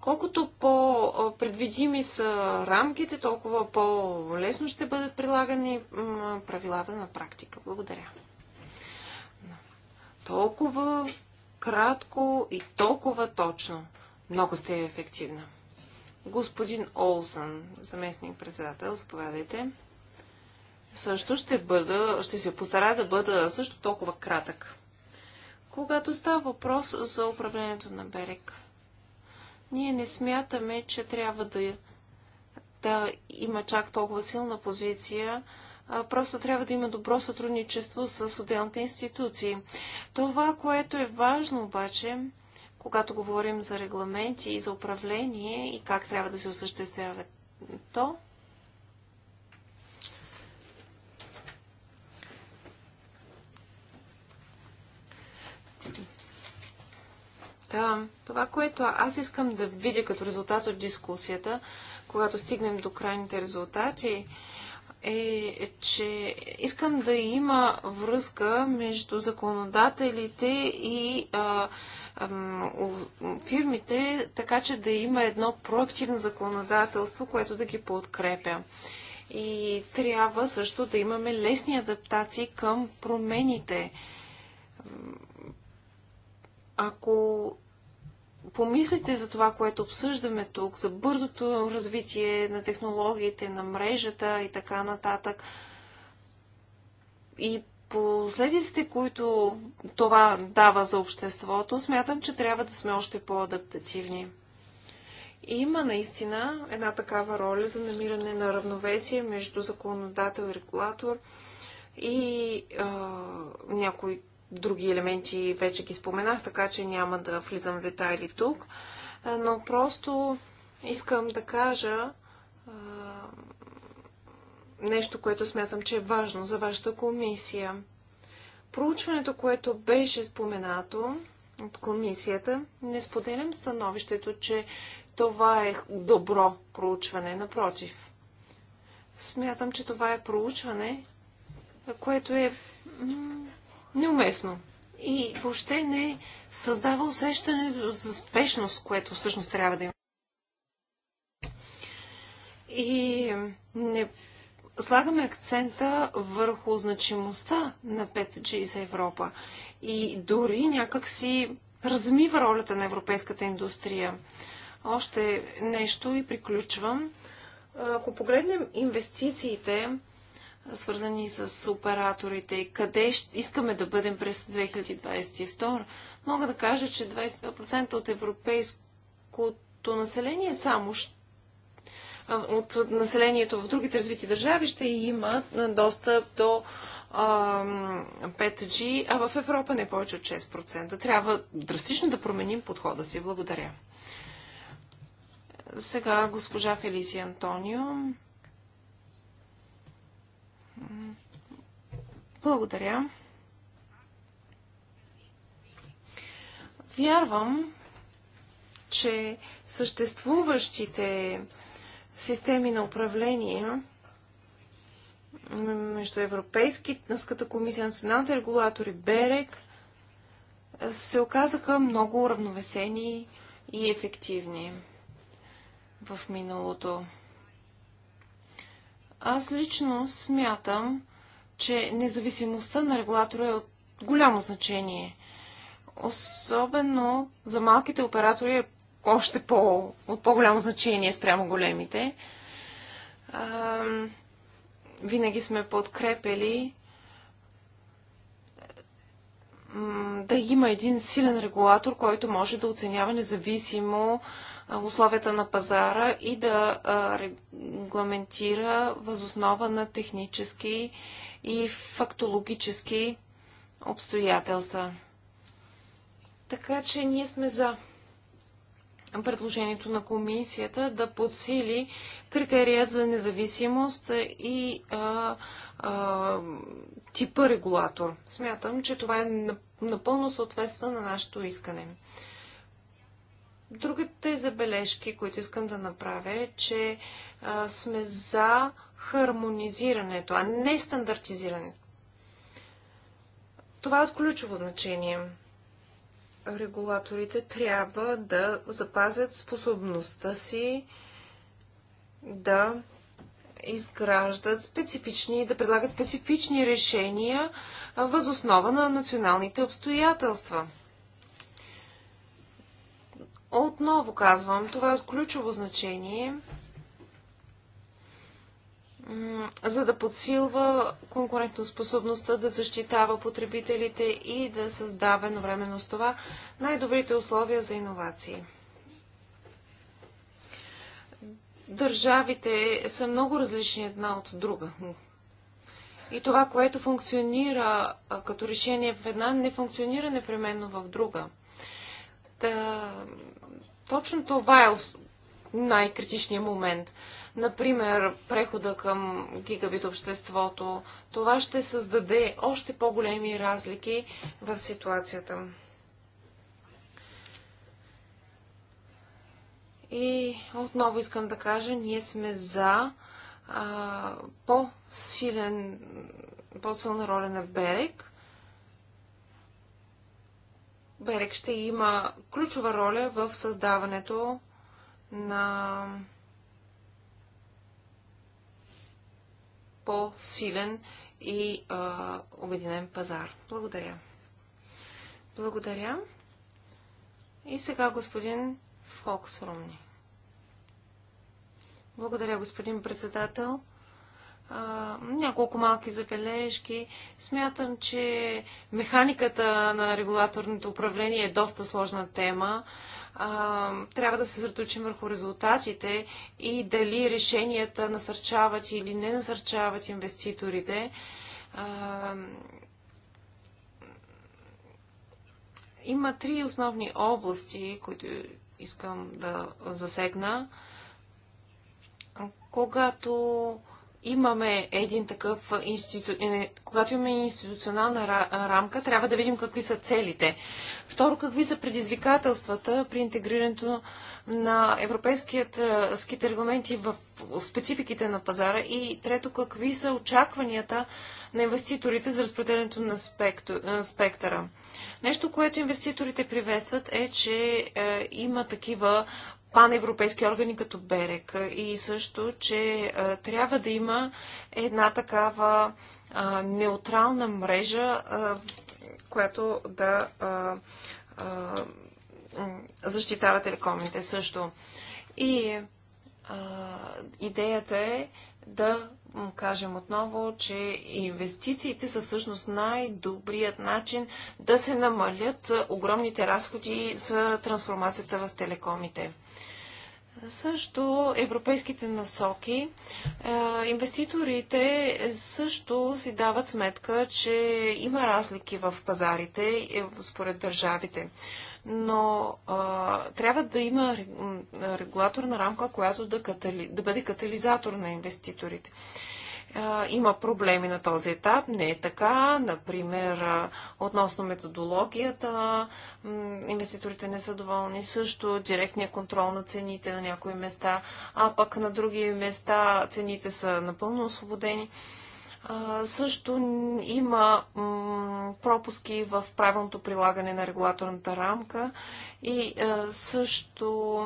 Колкото по-предвидими са рамките, толкова по-лесно ще бъдат прилагани правилата на практика. Благодаря толкова кратко и толкова точно. Много сте ефективна. Господин Олсън, заместник председател, заповядайте. Също ще бъда, ще се постара да бъда също толкова кратък. Когато става въпрос за управлението на Берег, ние не смятаме, че трябва да, да има чак толкова силна позиция просто трябва да има добро сътрудничество с отделните институции. Това, което е важно обаче, когато говорим за регламенти и за управление и как трябва да се осъществява то, Да, това, което аз искам да видя като резултат от дискусията, когато стигнем до крайните резултати, е, че искам да има връзка между законодателите и а, фирмите, така че да има едно проактивно законодателство, което да ги подкрепя. И трябва също да имаме лесни адаптации към промените. Ако помислите за това, което обсъждаме тук, за бързото развитие на технологиите, на мрежата и така нататък. И последиците, които това дава за обществото, смятам, че трябва да сме още по-адаптативни. Има наистина една такава роля за намиране на равновесие между законодател и регулатор и а, някои Други елементи вече ги споменах, така че няма да влизам в детайли тук. Но просто искам да кажа нещо, което смятам, че е важно за вашата комисия. Проучването, което беше споменато от комисията, не споделям становището, че това е добро проучване. Напротив, смятам, че това е проучване, което е неуместно и въобще не създава усещането за спешност, което всъщност трябва да има. И не слагаме акцента върху значимостта на 5G за Европа и дори някак си размива ролята на европейската индустрия. Още нещо и приключвам. Ако погледнем инвестициите свързани с операторите и къде искаме да бъдем през 2022, мога да кажа, че 22% от европейското население само от населението в другите развити държави ще имат достъп до 5G, а в Европа не повече от 6%. Трябва драстично да променим подхода си. Благодаря. Сега госпожа Фелисия Антонио. Благодаря. Вярвам, че съществуващите системи на управление между Европейски, Наската комисия, националните регулатори, БЕРЕК се оказаха много уравновесени и ефективни в миналото. Аз лично смятам, че независимостта на регулатора е от голямо значение. Особено за малките оператори е още по, от по-голямо значение спрямо големите. А, винаги сме подкрепили да има един силен регулатор, който може да оценява независимо условията на пазара и да регламентира възоснова на технически и фактологически обстоятелства. Така че ние сме за предложението на комисията да подсили критерият за независимост и а, а, типа регулатор. Смятам, че това е напълно съответства на нашето искане. Другите забележки, които искам да направя е, че а, сме за хармонизирането, а не стандартизиране. Това е от ключово значение. Регулаторите трябва да запазят способността си да изграждат специфични, да предлагат специфични решения възоснова на националните обстоятелства. Отново казвам, това е от ключово значение, за да подсилва конкурентоспособността, да защитава потребителите и да създава едновременно с това най-добрите условия за иновации. Държавите са много различни една от друга. И това, което функционира като решение в една, не функционира непременно в друга. Та, точно това е най-критичният момент. Например, прехода към гигабит обществото, това ще създаде още по-големи разлики в ситуацията. И отново искам да кажа, ние сме за по-силен, по-силна роля на Берег Берек ще има ключова роля в създаването на по-силен и а, обединен пазар. Благодаря. Благодаря. И сега господин Фокс Румни. Благодаря, господин председател а, няколко малки забележки. Смятам, че механиката на регулаторното управление е доста сложна тема. А, трябва да се съсредоточим върху резултатите и дали решенията насърчават или не насърчават инвеститорите. А, има три основни области, които искам да засегна. Когато имаме един такъв институ... Е, когато имаме институционална рамка, трябва да видим какви са целите. Второ, какви са предизвикателствата при интегрирането на европейският е, ските регламенти в спецификите на пазара и трето, какви са очакванията на инвеститорите за разпределението на е, спектъра. Нещо, което инвеститорите приветстват е, че е, има такива паневропейски органи като БЕРЕК и също, че трябва да има една такава неутрална мрежа, която да защитава телекомите също. И идеята е да кажем отново, че инвестициите са всъщност най-добрият начин да се намалят огромните разходи за трансформацията в телекомите. Също европейските насоки, е, инвеститорите също си дават сметка, че има разлики в пазарите според държавите. Но а, е, трябва да има регулаторна рамка, която да, катали... да бъде катализатор на инвеститорите има проблеми на този етап. Не е така. Например, относно методологията, инвеститорите не са доволни също, директния контрол на цените на някои места, а пък на други места цените са напълно освободени. Също има пропуски в правилното прилагане на регулаторната рамка и също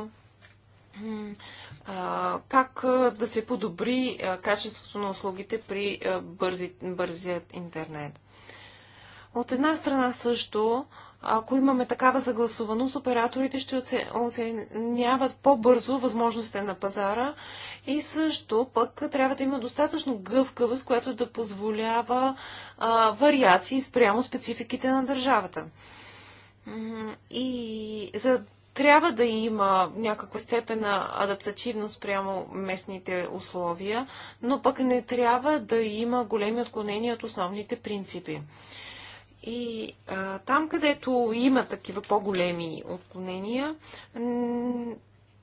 как да се подобри качеството на услугите при бързи, бързият интернет. От една страна също, ако имаме такава съгласуваност, операторите ще оценяват по-бързо възможностите на пазара и също пък трябва да има достатъчно гъвкавост, която да позволява а, вариации спрямо спецификите на държавата. И за трябва да има някаква степен на адаптативност прямо местните условия, но пък не трябва да има големи отклонения от основните принципи. И а, там, където има такива по-големи отклонения,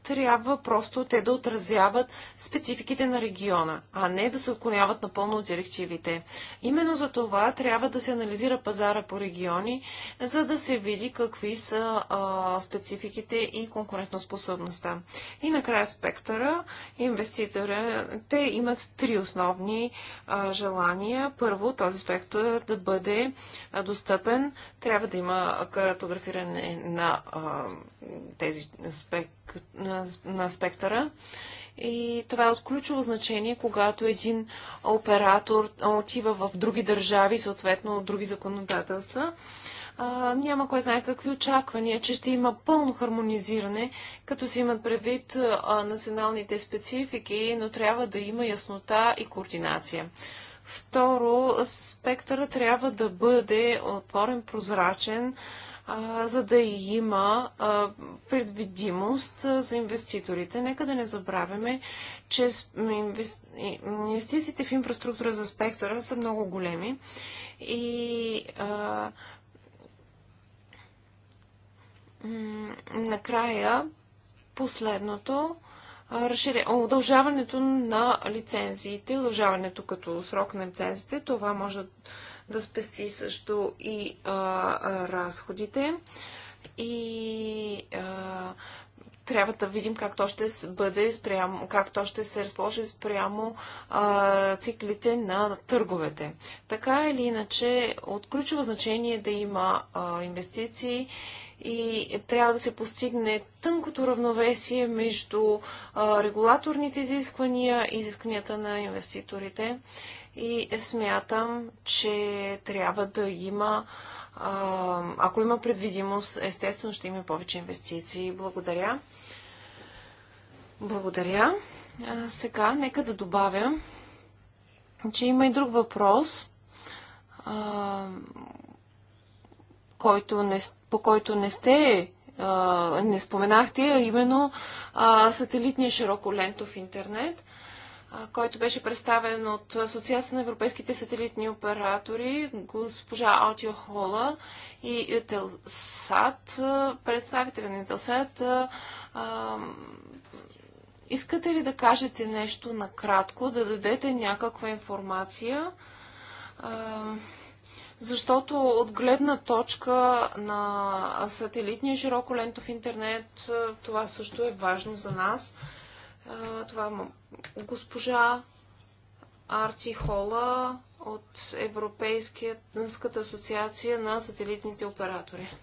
трябва просто те да отразяват спецификите на региона, а не да се отклоняват напълно от директивите. Именно за това трябва да се анализира пазара по региони, за да се види какви са а, спецификите и конкурентоспособността. И накрая спектъра, инвеститорите имат три основни а, желания. Първо, този спектър да бъде а, достъпен, трябва да има картографиране на а, тези спектър на, на спектъра. И това е от ключово значение, когато един оператор отива в други държави, съответно от други законодателства. А, няма кой знае какви очаквания, че ще има пълно хармонизиране, като се имат предвид а, националните специфики, но трябва да има яснота и координация. Второ, спектъра трябва да бъде отворен, прозрачен, а, за да има а, предвидимост за инвеститорите. Нека да не забравяме, че инвестициите в инфраструктура за спектъра са много големи и а, накрая последното удължаването на лицензиите, удължаването като срок на лицензите, това може да спести също и а, а, разходите. И а, трябва да видим как то ще бъде спрямо, как то ще се разположи спрямо а, циклите на търговете. Така или иначе, от ключово значение е да има а, инвестиции и трябва да се постигне тънкото равновесие между а, регулаторните изисквания и изискванията на инвеститорите и смятам, че трябва да има, ако има предвидимост, естествено ще има повече инвестиции. Благодаря. Благодаря. Сега нека да добавя, че има и друг въпрос, който не, по който не сте не споменахте, а именно сателитния широколентов интернет който беше представен от Асоциация на европейските сателитни оператори, госпожа Аутио Хола и Ютелсат, представителя на Ютелсат. Искате ли да кажете нещо накратко, да дадете някаква информация? защото от гледна точка на сателитния широколентов интернет това също е важно за нас това госпожа Арти Хола от Европейската асоциация на сателитните оператори.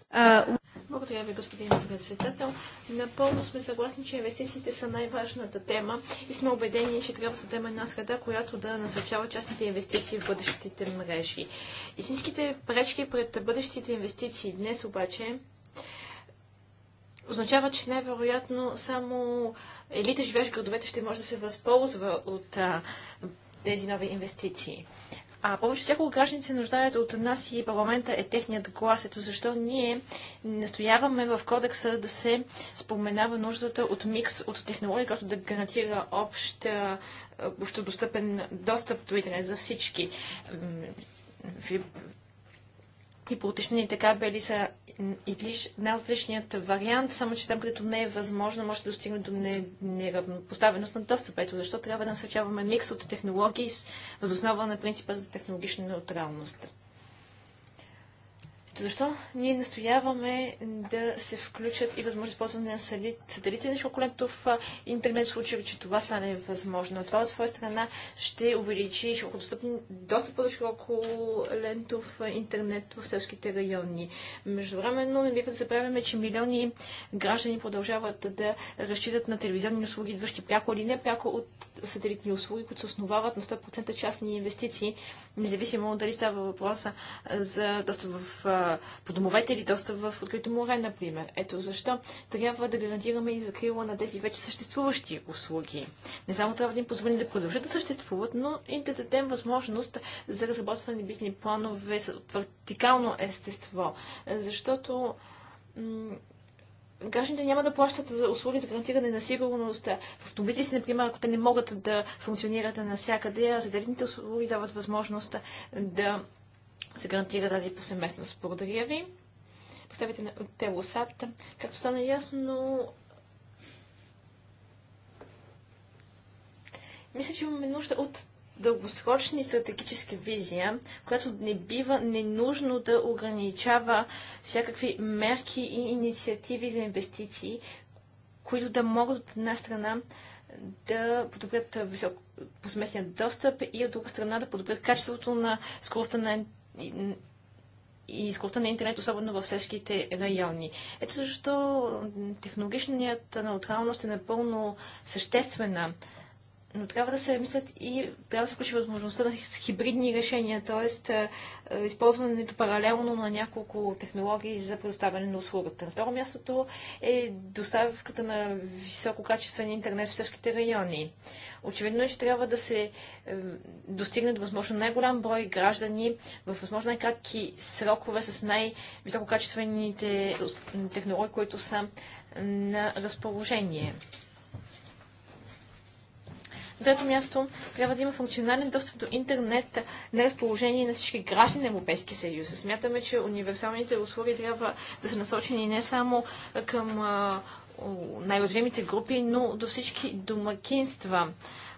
Благодаря ви, господин председател. Напълно сме съгласни, че инвестициите са най-важната тема и сме убедени, че трябва да има една среда, която да насърчава частните инвестиции в бъдещите мрежи. Истинските пречки пред бъдещите инвестиции днес обаче означава, че най-вероятно само елита, живееш в градовете, ще може да се възползва от а, тези нови инвестиции. А повече всяко граждани се нуждаят от нас и парламента е техният глас. Ето защо ние настояваме в кодекса да се споменава нуждата от микс от технологии, който да гарантира обща, общо достъпен достъп до интернет за всички и така кабели са най-отличният вариант, само че там, където не е възможно, може да достигне до неравнопоставеност на достъп. Ето защо трябва да насърчаваме микс от технологии, възоснова на принципа за технологична неутралност. Защо ние настояваме да се включат и възможно използване на сателите на в интернет в случай, че това стане възможно. Това от своя страна ще увеличи доста по до в интернет в селските райони. Междувременно не бива да забравяме, че милиони граждани продължават да разчитат на телевизионни услуги, идващи пряко или не пряко от сателитни услуги, които се основават на 100% частни инвестиции, независимо дали става въпроса за достъп в по домовете или достъп в открито море, например. Ето защо трябва да гарантираме и закрила на тези вече съществуващи услуги. Не само трябва да им позволим да продължат да съществуват, но и да дадем възможност за разработване на бизнес планове с вертикално естество. Защото гражданите няма да плащат за услуги за гарантиране на сигурност. В автомобилите си, например, ако те не могат да функционират навсякъде, а заделените услуги дават възможност да се гарантира тази повсеместност. Благодаря ви. Поставите на Телосат. Както стана ясно, мисля, че имаме нужда от дългосрочни стратегически визия, която не бива ненужно да ограничава всякакви мерки и инициативи за инвестиции, които да могат от една страна да подобрят високо посместният достъп и от друга страна да подобрят качеството на скоростта на и скоростта на интернет, особено в селските райони. Ето защо технологичният неутралност е напълно съществена но трябва да се мислят и трябва да се включи възможността на хибридни решения, т.е. Е, е, използването паралелно на няколко технологии за предоставяне на услугата. На второ мястото е доставката на висококачествен интернет в селските райони. Очевидно е, че трябва да се е, достигнат възможно най-голям брой граждани в възможно най-кратки срокове с най-висококачествените технологии, които са на разположение. На трето място трябва да има функционален достъп до интернет на разположение на всички граждани на Европейския съюз. Смятаме, че универсалните услуги трябва да са насочени не само към най-уязвимите групи, но до всички домакинства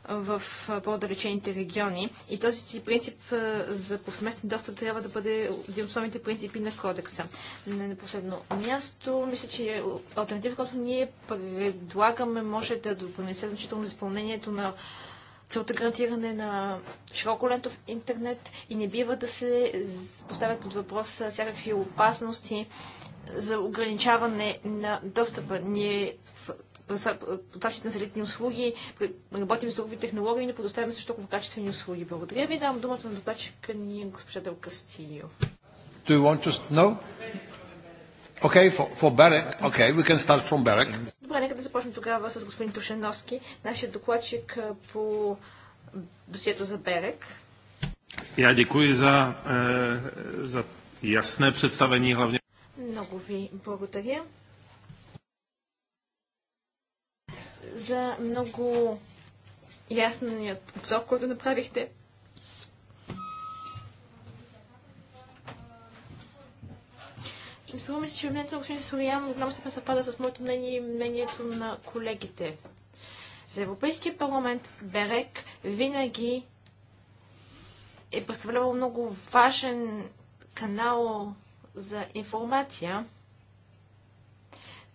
в по-далечените региони. И този принцип за повсеместен достъп трябва да бъде един от основните принципи на кодекса. на последно място, мисля, че альтернатива, която ние предлагаме, може да допринесе значително изпълнението на целта гарантиране на широко лентов интернет и не бива да се поставят под въпрос всякакви опасности за ограничаване на достъпа. Ние доставчиците на салитни услуги, работим с други технологии, но предоставяме също толкова качествени услуги. Благодаря ви. Давам думата на докладчика ни, госпожа Дел Кастио. Do you want to know? Okay, for, for Berek. Okay, we can start from Berek. Добре, нека да започнем тогава с господин Тушеновски, нашия докладчик по досието за Берек. Я дякую за, е, за ясне представение, главně. Много ви благодаря. за много ясният обзор, който направихте. Струва се, че мнението на господин Сориан голяма степен съвпада с моето мнение и мнението на колегите. За Европейския парламент Берек винаги е представлявал много важен канал за информация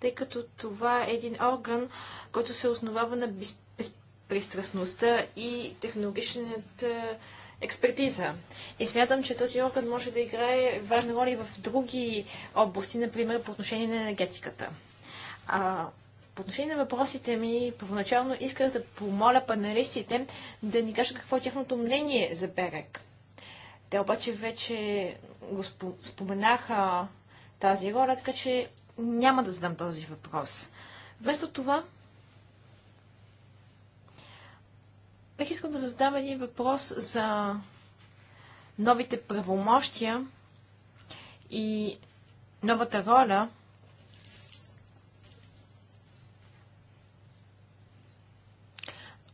тъй като това е един орган, който се основава на безпристрастността и технологичната експертиза. И смятам, че този орган може да играе важна роля и в други области, например по отношение на енергетиката. А, по отношение на въпросите ми, първоначално исках да помоля панелистите да ни кажат какво е тяхното мнение за Берек. Те обаче вече го споменаха тази роля, така че няма да задам този въпрос. Вместо това, бих искал да задам един въпрос за новите правомощия и новата роля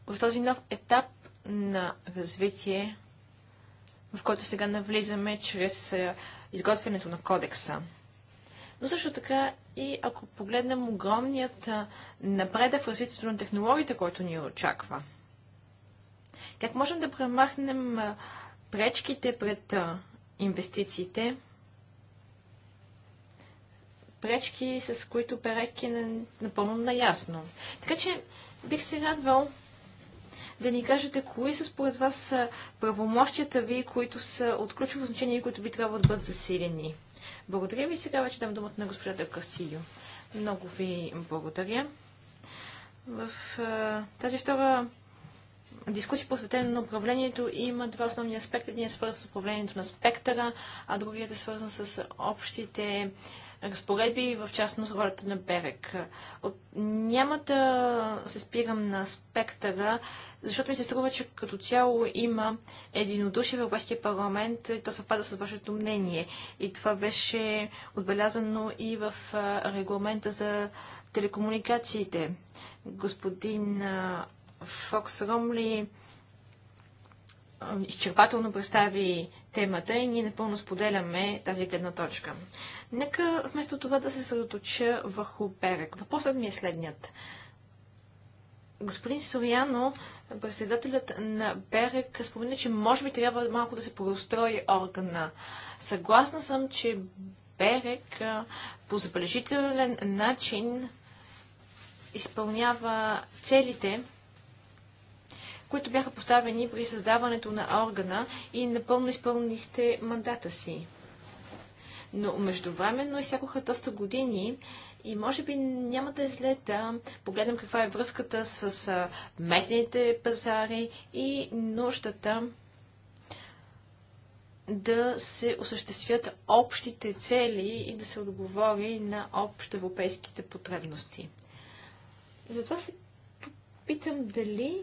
в този нов етап на развитие, в който сега навлизаме чрез е, изготвянето на кодекса но също така и ако погледнем огромният напредък в развитието на технологиите, който ни очаква. Как можем да премахнем пречките пред инвестициите? Пречки, с които Перек е напълно наясно. Така че бих се радвал да ни кажете кои са според вас правомощията ви, които са от ключово значение и които би трябвало да бъдат засилени. Благодаря ви. Сега вече дам думата на госпожата Кастио. Много ви благодаря. В тази втора дискусия, посветена на управлението, има два основни аспекта. Един е свързан с управлението на спектъра, а другият е свързан с общите разпоредби, в частност ролята на Берек. От... Няма да се спирам на спектъра, защото ми се струва, че като цяло има единодушие в Европейския парламент и то съвпада с вашето мнение. И това беше отбелязано и в регламента за телекомуникациите. Господин Фокс Ромли изчерпателно представи темата и ние напълно споделяме тази гледна точка. Нека вместо това да се съдоточа върху Перек. Въпросът ми е следният. Господин Сориано, председателят на БЕРЕК спомена, че може би трябва малко да се преустрои органа. Съгласна съм, че БЕРЕК по забележителен начин изпълнява целите които бяха поставени при създаването на органа и напълно изпълнихте мандата си. Но междувременно изсякоха доста години и може би няма да е зле да погледнем каква е връзката с местните пазари и нуждата да се осъществят общите цели и да се отговори на общо европейските потребности. Затова се питам дали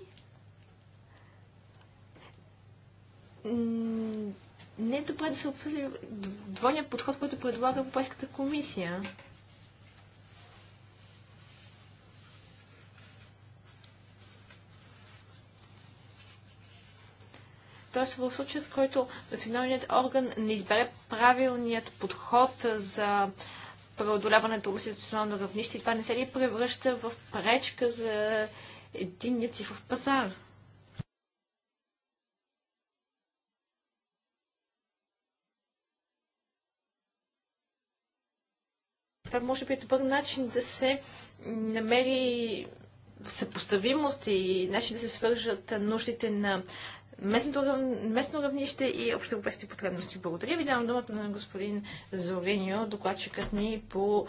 не е добре да се обсъди двойният подход, който предлага Европейската комисия. Тоест в случая, в който националният орган не избере правилният подход за преодоляването на институционално равнище, това не се ли превръща в пречка за единния цифров пазар? това може би е добър начин да се намери съпоставимост и начин да се свържат нуждите на местното, местно равнище и общоевропейските потребности. Благодаря ви. Давам думата на господин Зориньо, докладчикът ни по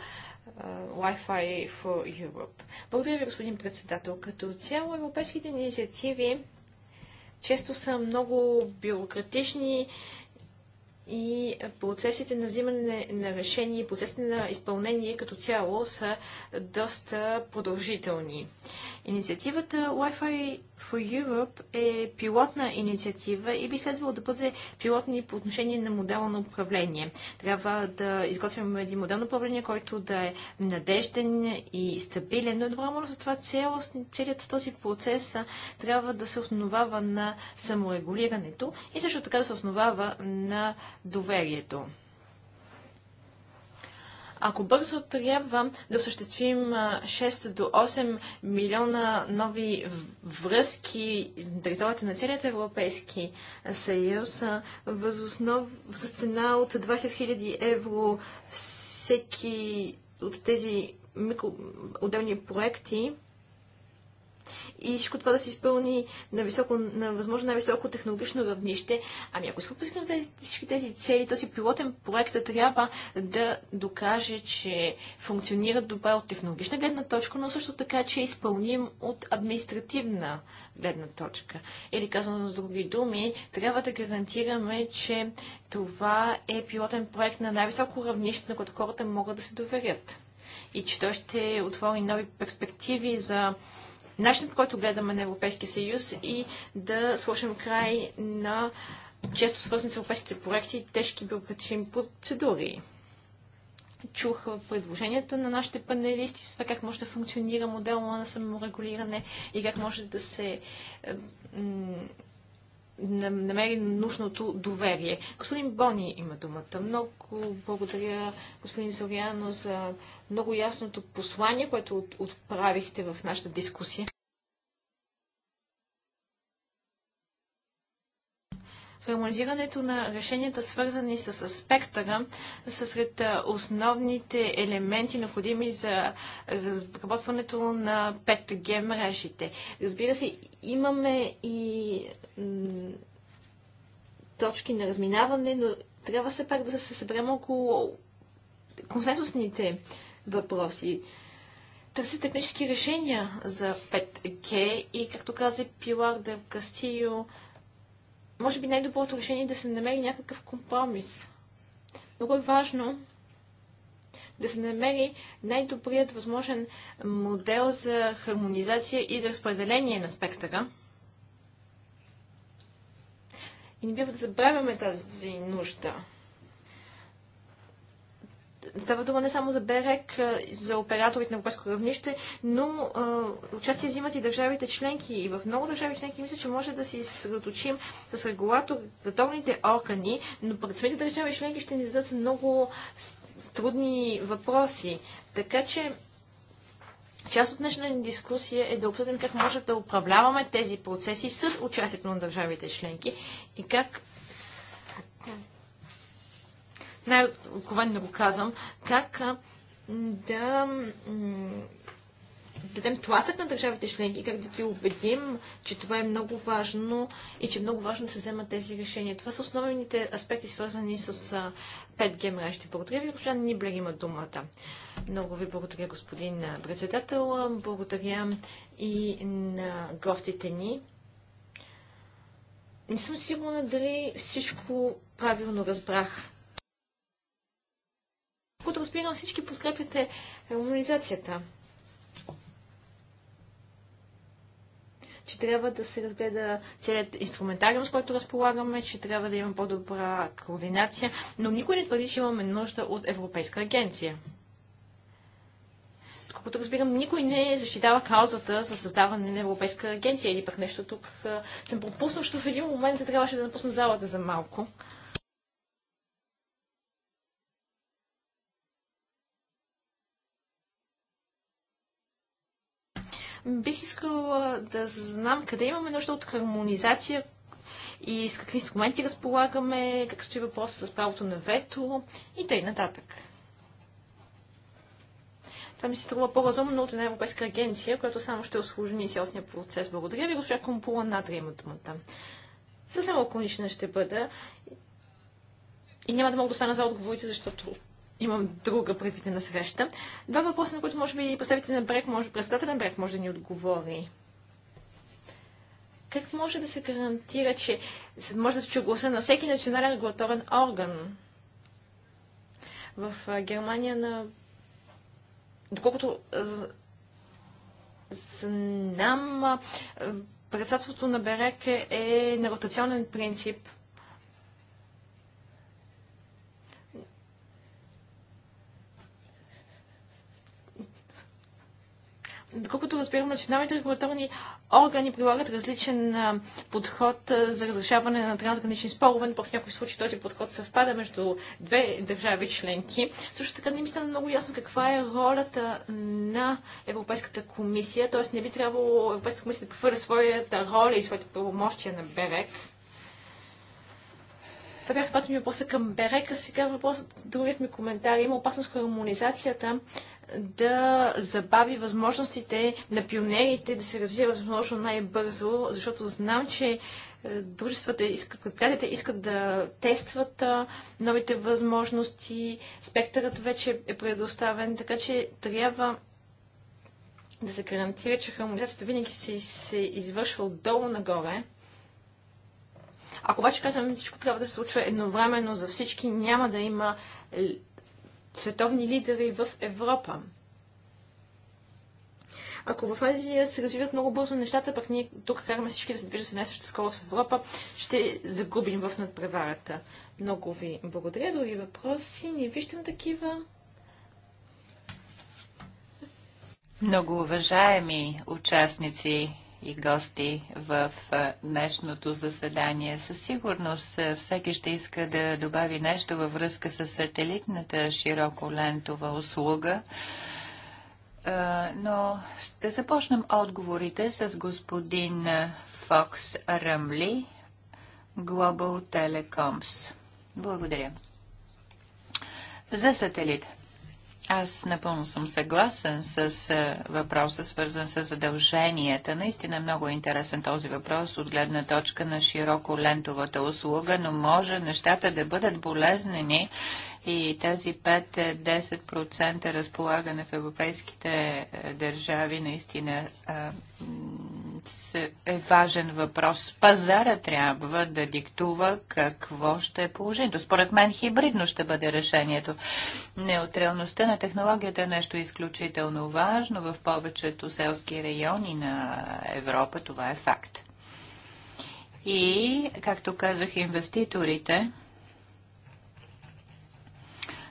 Wi-Fi for Europe. Благодаря ви, господин председател. Като цяло европейските инициативи често са много бюрократични и процесите на взимане на решение процесите на изпълнение като цяло са доста продължителни. Инициативата Wi-Fi for Europe е пилотна инициатива и би следвало да бъде пилотни по отношение на модела на управление. Трябва да изготвим един модел на управление, който да е надежден и стабилен, но едновременно за това целият този процес трябва да се основава на саморегулирането и също така да се основава на доверието. Ако бързо трябва да осъществим 6 до 8 милиона нови връзки на територията на целият Европейски съюз, възоснов с цена от 20 000 евро всеки от тези микро... отделни проекти, и всичко това да се изпълни на, високо, на възможно най-високо технологично равнище. Ами ако искам постигнем тези, всички тези цели, този пилотен проект трябва да докаже, че функционира добре от технологична гледна точка, но също така, че е изпълним от административна гледна точка. Или казано с други думи, трябва да гарантираме, че това е пилотен проект на най-високо равнище, на което хората могат да се доверят и че той ще отвори нови перспективи за начинът по който гледаме на Европейския съюз и да сложим край на често свързани с европейските проекти тежки бюрократични процедури. Чух предложенията на нашите панелисти с това как може да функционира модела на саморегулиране и как може да се намери нужното доверие. Господин Бони има думата. Много благодаря, господин Зоряно, за много ясното послание, което отправихте в нашата дискусия. хармонизирането на решенията, свързани с спектъра, са сред основните елементи, необходими за разработването на 5G мрежите. Разбира се, имаме и точки на разминаване, но трябва все пак да се съберем около консенсусните въпроси. Търси технически решения за 5G и, както каза Пилар Дъркастио, Кастио, може би най-доброто решение е да се намери някакъв компромис. Много е важно да се намери най-добрият възможен модел за хармонизация и за разпределение на спектъра. И не бива да забравяме тази нужда. Става дума не само за БЕРЕК, за операторите на европейско равнище, но участие взимат и държавите членки. И в много държави членки мисля, че може да се съсредоточим с регулаторните органи, но пред самите държави членки ще ни зададат много трудни въпроси. Така че Част от днешната ни дискусия е да обсъдим как може да управляваме тези процеси с участието на държавите членки и как най-откровенно го казвам, как да дадем тласък на държавите членки, как да ги убедим, че това е много важно и че е много важно да се вземат тези решения. Това са основните аспекти, свързани с 5G мрежите. Благодаря ви, госпожа Ниблер има думата. Много ви благодаря, господин председател. Благодаря и на гостите ни. Не съм сигурна дали всичко правилно разбрах. Доколкото разбирам, всички подкрепяте хармонизацията. Е, че трябва да се разгледа целият инструментариум, с който разполагаме, че трябва да има по-добра координация, но никой не твърди, че имаме нужда от Европейска агенция. Колкото разбирам, никой не защитава каузата за създаване на Европейска агенция или пък нещо тук. Е, съм пропуснал, защото в един момент трябваше да напусна залата за малко. бих искала да знам къде имаме нужда от хармонизация и с какви инструменти разполагаме, как стои въпрос с правото на вето и тъй нататък. Това ми се струва по-разумно от една европейска агенция, която само ще осложни цялостния процес. Благодаря ви, госпожа Компула Натри има думата. Съвсем лаконична ще бъда. И няма да мога да стана за отговорите, защото имам друга предвидена среща. Два въпроса, на които може би представителя на Брек, може, председателя на Брек може да ни отговори. Как може да се гарантира, че може да се чу гласа на всеки национален регулаторен орган? В Германия на... Доколкото знам, председателството на Берек е на ротационен принцип – Доколкото разбирам, националните регулаторни органи прилагат различен подход за разрешаване на трансгранични спорове, но в някои случаи този подход съвпада между две държави членки. Също така не ми стана много ясно каква е ролята на Европейската комисия, т.е. не би трябвало Европейската комисия да прехвърля своята роля и своите правомощия на БЕРЕК. Това бяха двата ми въпроса към Берека. Сега въпросът, другият ми коментар. Има опасност хармонизацията да забави възможностите на пионерите да се развиват възможно най-бързо, защото знам, че е, дружествата, искат, предприятията искат да тестват е, новите възможности, спектърът вече е предоставен, така че трябва да се гарантира, че хармонизацията винаги се, се извършва отдолу нагоре. Ако обаче казваме, всичко трябва да се случва едновременно за всички, няма да има е, световни лидери в Европа. Ако в Азия се развиват много бързо нещата, пък ние тук караме всички да се движат с една съща скорост в Европа, ще загубим в надпреварата. Много ви благодаря. Други въпроси? Не виждам такива. Много уважаеми участници и гости в днешното заседание. Със сигурност всеки ще иска да добави нещо във връзка с сателитната широколентова услуга. Но ще започнем отговорите с господин Фокс Ръмли, Global Telecoms. Благодаря. За сателит. Аз напълно съм съгласен с е, въпроса, свързан с задълженията. Наистина е много е интересен този въпрос от гледна точка на широко лентовата услуга, но може нещата да бъдат болезнени и тези 5-10% е, разполагане в европейските държави наистина е важен въпрос. Пазара трябва да диктува какво ще е положението. Според мен хибридно ще бъде решението. Неутралността на технологията е нещо изключително важно в повечето селски райони на Европа. Това е факт. И, както казах, инвеститорите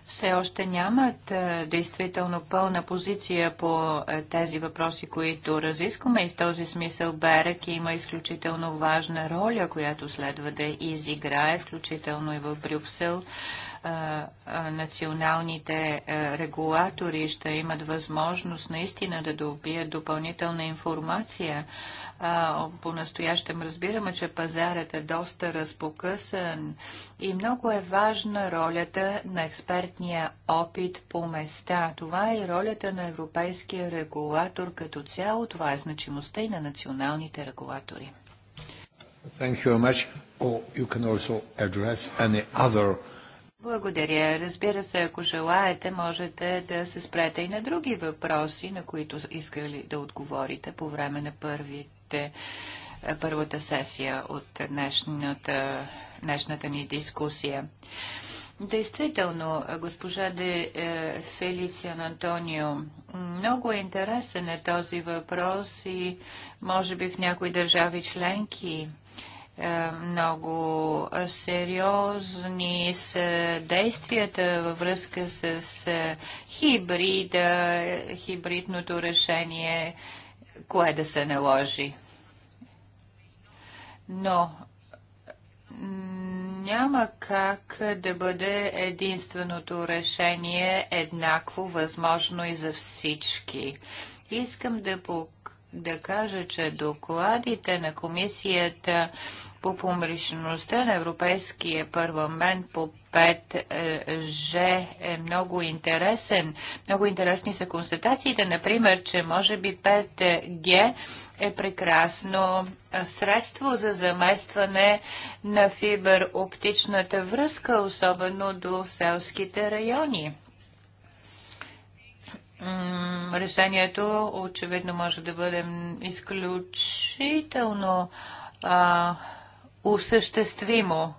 все още нямат е, действително пълна позиция по е, тези въпроси, които разискваме и в този смисъл Берек има изключително важна роля, която следва да изиграе, включително и в Брюксел. Е, националните регулатори ще имат възможност наистина да добият допълнителна информация по-настоящем разбираме, че пазарът е доста разпокъсан и много е важна ролята на експертния опит по места. Това е и ролята на европейския регулатор като цяло. Това е значимостта и на националните регулатори. Thank you very much. Or you can also address any other благодаря. Разбира се, ако желаете, можете да се спрете и на други въпроси, на които искали да отговорите по време на първият първите, е, първата сесия от днешната, днешната ни дискусия. Действително, госпожа де е, Фелициан Антонио, много е интересен е този въпрос и може би в някои държави членки е, много сериозни са действията във връзка с хибрида, хибридното решение, кое да се наложи но няма как да бъде единственото решение еднакво възможно и за всички. Искам да, по, да кажа, че докладите на комисията по помрешеността на Европейския парламент по 5G е, е много интересен. Много интересни са констатациите, например, че може би 5G е прекрасно средство за заместване на фибероптичната връзка, особено до селските райони. Решението очевидно може да бъде изключително а, осъществимо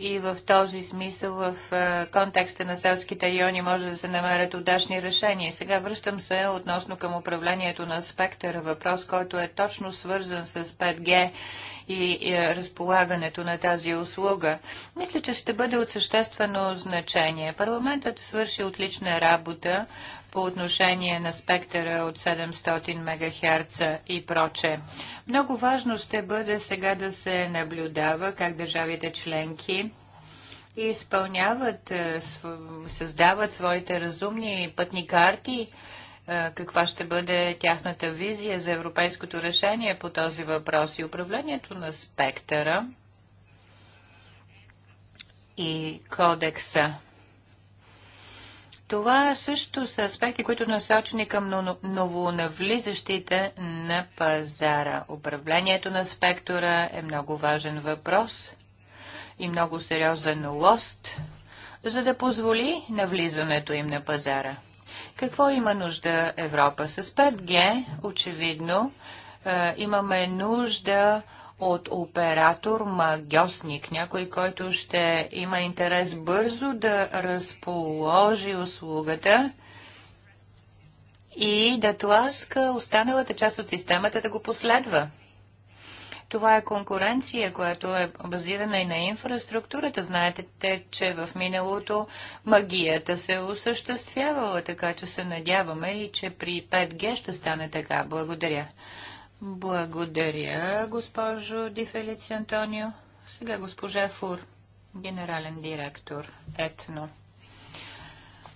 и в този смисъл в е, контекста на селските райони може да се намерят удачни решения. Сега връщам се относно към управлението на спектъра, въпрос, който е точно свързан с 5G и, е, разполагането на тази услуга. Мисля, че ще бъде от съществено значение. Парламентът свърши отлична работа по отношение на спектъра от 700 МГц и проче. Много важно ще бъде сега да се наблюдава как държавите членки изпълняват, е, създават своите разумни пътни карти, е, каква ще бъде тяхната визия за европейското решение по този въпрос и управлението на спектъра и кодекса това също са аспекти, които насочени към новонавлизащите на пазара. Управлението на спектъра е много важен въпрос и много сериозен лост, за да позволи навлизането им на пазара. Какво има нужда Европа? С 5G, очевидно, е, имаме нужда от оператор магиосник, някой, който ще има интерес бързо да разположи услугата и да тласка останалата част от системата да го последва. Това е конкуренция, която е базирана и на инфраструктурата. Знаете, те, че в миналото магията се е осъществявала, така че се надяваме и че при 5G ще стане така. Благодаря. Благодаря, госпожо Фелици Антонио. Сега госпожа Фур, генерален директор Етно.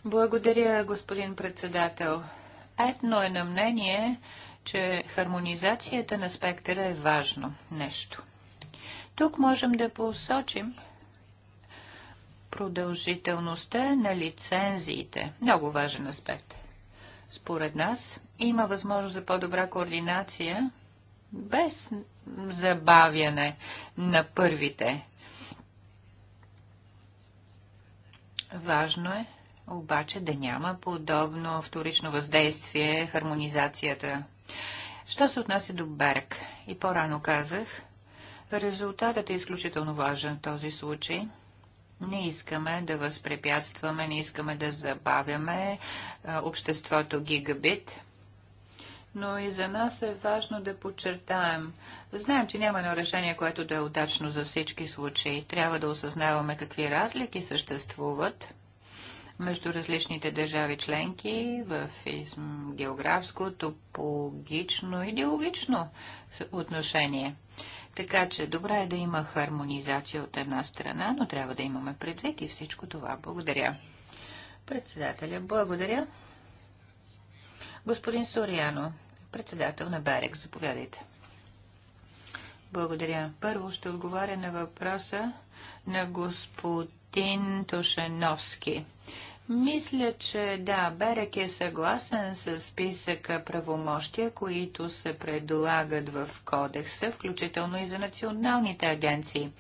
Благодаря, господин председател. Етно е на мнение, че хармонизацията на спектъра е важно нещо. Тук можем да посочим продължителността на лицензиите. Много важен аспект. Според нас има възможност за по-добра координация без забавяне на първите. Важно е обаче да няма подобно вторично въздействие хармонизацията. Що се отнася до Берг? И по-рано казах, резултатът е изключително важен в този случай. Не искаме да възпрепятстваме, не искаме да забавяме обществото гигабит – но и за нас е важно да подчертаем. Знаем, че няма едно решение, което да е удачно за всички случаи. Трябва да осъзнаваме какви разлики съществуват между различните държави членки в географско, топологично, идеологично отношение. Така че добре е да има хармонизация от една страна, но трябва да имаме предвид и всичко това. Благодаря. Председателя, благодаря. Господин Сориано, председател на Барек, заповядайте. Благодаря. Първо ще отговаря на въпроса на господин Тушеновски. Мисля, че да, Берек е съгласен с списъка правомощия, които се предлагат в кодекса, включително и за националните агенции.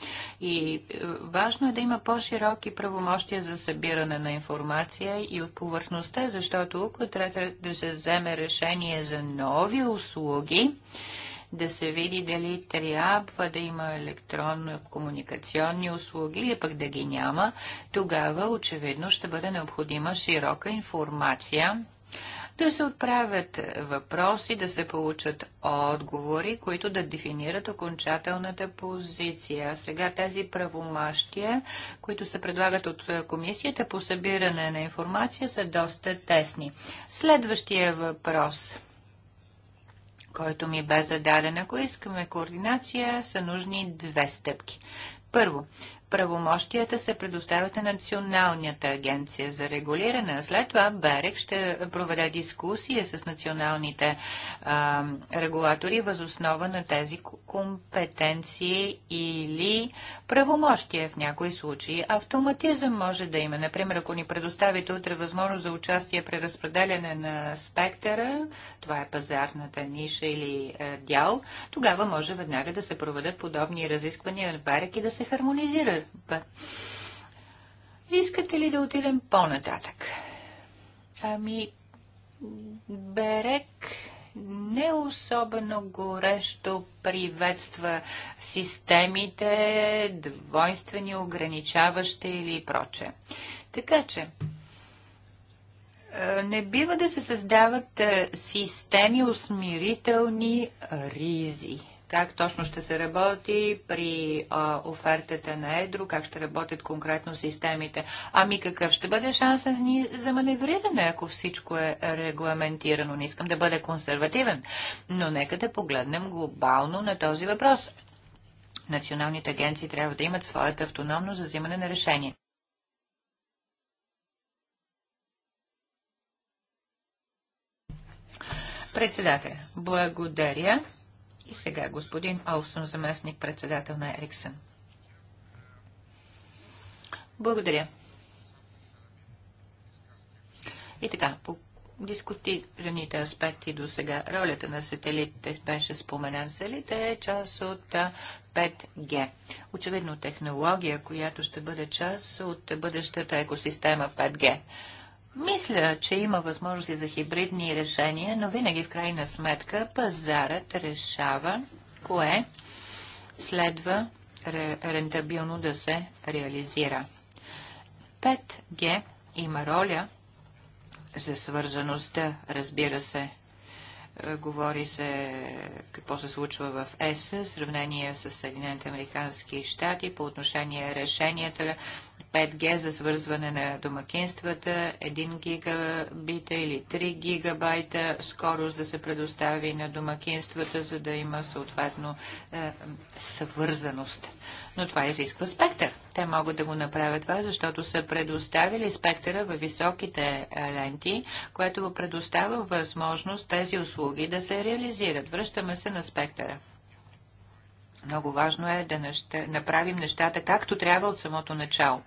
И е, важно е да има по-широки правомощия за събиране на информация и от повърхността, защото ако трябва да се вземе решение за нови услуги, да се види дали трябва да има електронно комуникационни услуги или пък да ги няма, тогава очевидно ще бъде необходима широка информация да се отправят въпроси, да се получат отговори, които да дефинират окончателната позиция. Сега тези правомащия, които се предлагат от комисията по събиране на информация, са доста тесни. Следващия въпрос – който ми бе зададен. Ако искаме координация, са нужни две стъпки. Първо, правомощията се предоставят на Националната агенция за регулиране. След това Берек ще проведе дискусия с националните а, регулатори възоснова на тези компетенции или правомощия в някои случаи. Автоматизъм може да има. Например, ако ни предоставите утре възможност за участие при разпределяне на спектъра, това е пазарната ниша или е, дял, тогава може веднага да се проведат подобни разисквания на Берек и да се хармонизира разпоредба. Искате ли да отидем по-нататък? Ами, Берек не особено горещо приветства системите, двойствени, ограничаващи или проче. Така че, е, не бива да се създават е, системи усмирителни ризи как точно ще се работи при а, офертата на Едро, как ще работят конкретно системите. Ами какъв ще бъде шансът ни за маневриране, ако всичко е регламентирано? Не искам да бъде консервативен, но нека да погледнем глобално на този въпрос. Националните агенции трябва да имат своята автономност за взимане на решение. Председател, благодаря. И сега господин Олсън, заместник председател на Ериксън. Благодаря. И така, по дискутираните аспекти до сега, ролята на сателитите беше споменен. Селите е част от 5G. Очевидно технология, която ще бъде част от бъдещата екосистема 5G. Мисля, че има възможности за хибридни решения, но винаги в крайна сметка пазарът решава кое следва рентабилно да се реализира. 5G има роля за свързаността, разбира се. Е, говори се какво се случва в ЕС, в сравнение с Съединените Американски щати по отношение решенията 5G за свързване на домакинствата, 1 гигабита или 3 гигабайта скорост да се предостави на домакинствата, за да има съответно е, свързаност. Но това изисква спектър. Те могат да го направят това, защото са предоставили спектъра във високите е, ленти, което предоставя възможност тези услуги да се реализират. Връщаме се на спектъра. Много важно е да неща, направим нещата както трябва от самото начало.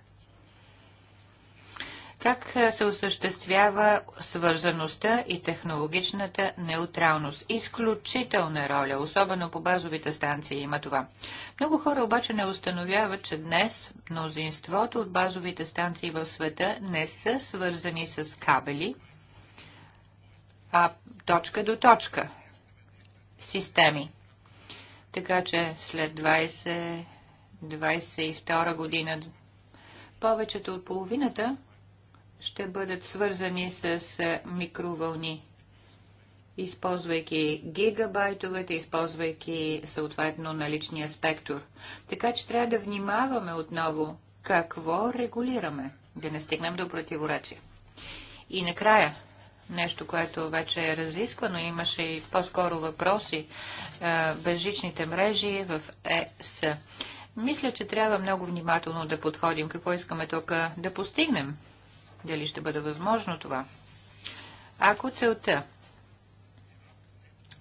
Как е, се осъществява свързаността и технологичната неутралност? Изключителна роля, особено по базовите станции има това. Много хора обаче не установяват, че днес мнозинството от базовите станции в света не са свързани с кабели, а точка до точка системи. Така че след 20-22 година повечето от половината ще бъдат свързани с микровълни, използвайки гигабайтовете, използвайки съответно наличния спектър. Така че трябва да внимаваме отново какво регулираме, да не стигнем до противоречия. И накрая, нещо, което вече е разисквано. Имаше и по-скоро въпроси. Е, безжичните мрежи в ЕС. Мисля, че трябва много внимателно да подходим какво искаме тук да постигнем. Дали ще бъде възможно това? Ако целта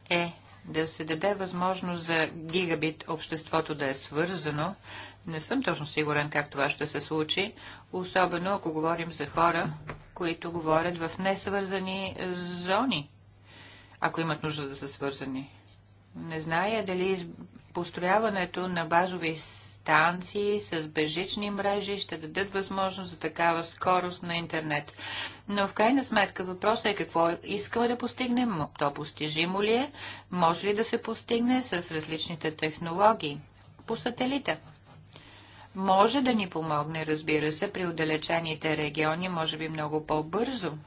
е да се даде възможност за гигабит обществото да е свързано, не съм точно сигурен как това ще се случи, особено ако говорим за хора, които говорят в несвързани е, зони, ако имат нужда да са свързани. Не зная дали построяването на базови станции с бежични мрежи ще дадат възможност за такава скорост на интернет. Но в крайна сметка въпросът е какво искаме да постигнем, то постижимо ли е, може ли да се постигне с различните технологии по сателита може да ни помогне, разбира се, при отдалечените региони, може би много по-бързо,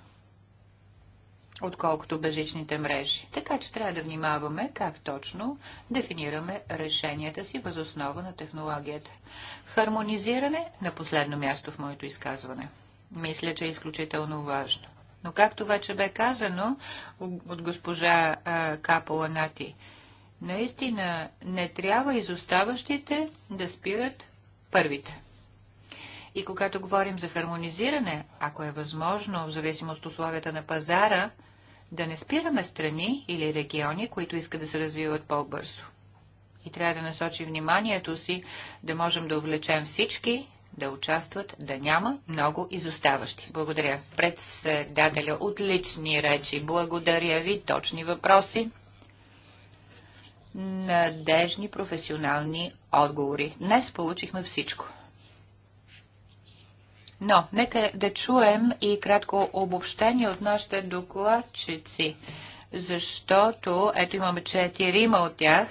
отколкото бежичните мрежи. Така че трябва да внимаваме как точно дефинираме решенията си въз основа на технологията. Хармонизиране на последно място в моето изказване. Мисля, че е изключително важно. Но както вече бе казано от госпожа Капола Нати, наистина не трябва изоставащите да спират първите. И когато говорим за хармонизиране, ако е възможно, в зависимост от условията на пазара, да не спираме страни или региони, които искат да се развиват по-бързо. И трябва да насочи вниманието си, да можем да увлечем всички, да участват, да няма много изоставащи. Благодаря. Председателя, отлични речи. Благодаря ви. Точни въпроси. Надежни професионални отговори. Днес получихме всичко. Но нека да чуем и кратко обобщение от нашите докладчици, защото ето имаме четирима от тях.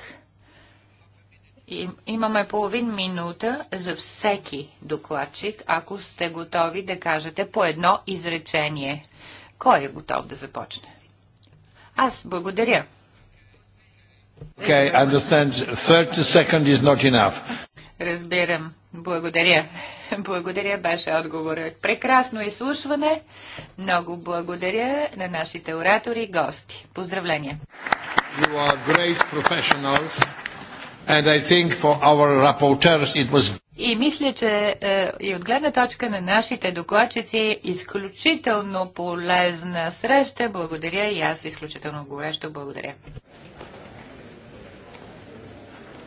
И, имаме половин минута за всеки докладчик, ако сте готови да кажете по едно изречение. Кой е готов да започне? Аз благодаря. Okay, understand. 30 seconds is not enough. Разбирам. Благодаря. Благодаря беше отговора. Прекрасно изслушване. Много благодаря на нашите оратори и гости. Поздравления. You are great professionals and I think for our rapporteurs it was и мисля, че е, и от гледна точка на нашите докладчици изключително полезна среща. Благодаря и аз изключително горещо благодаря.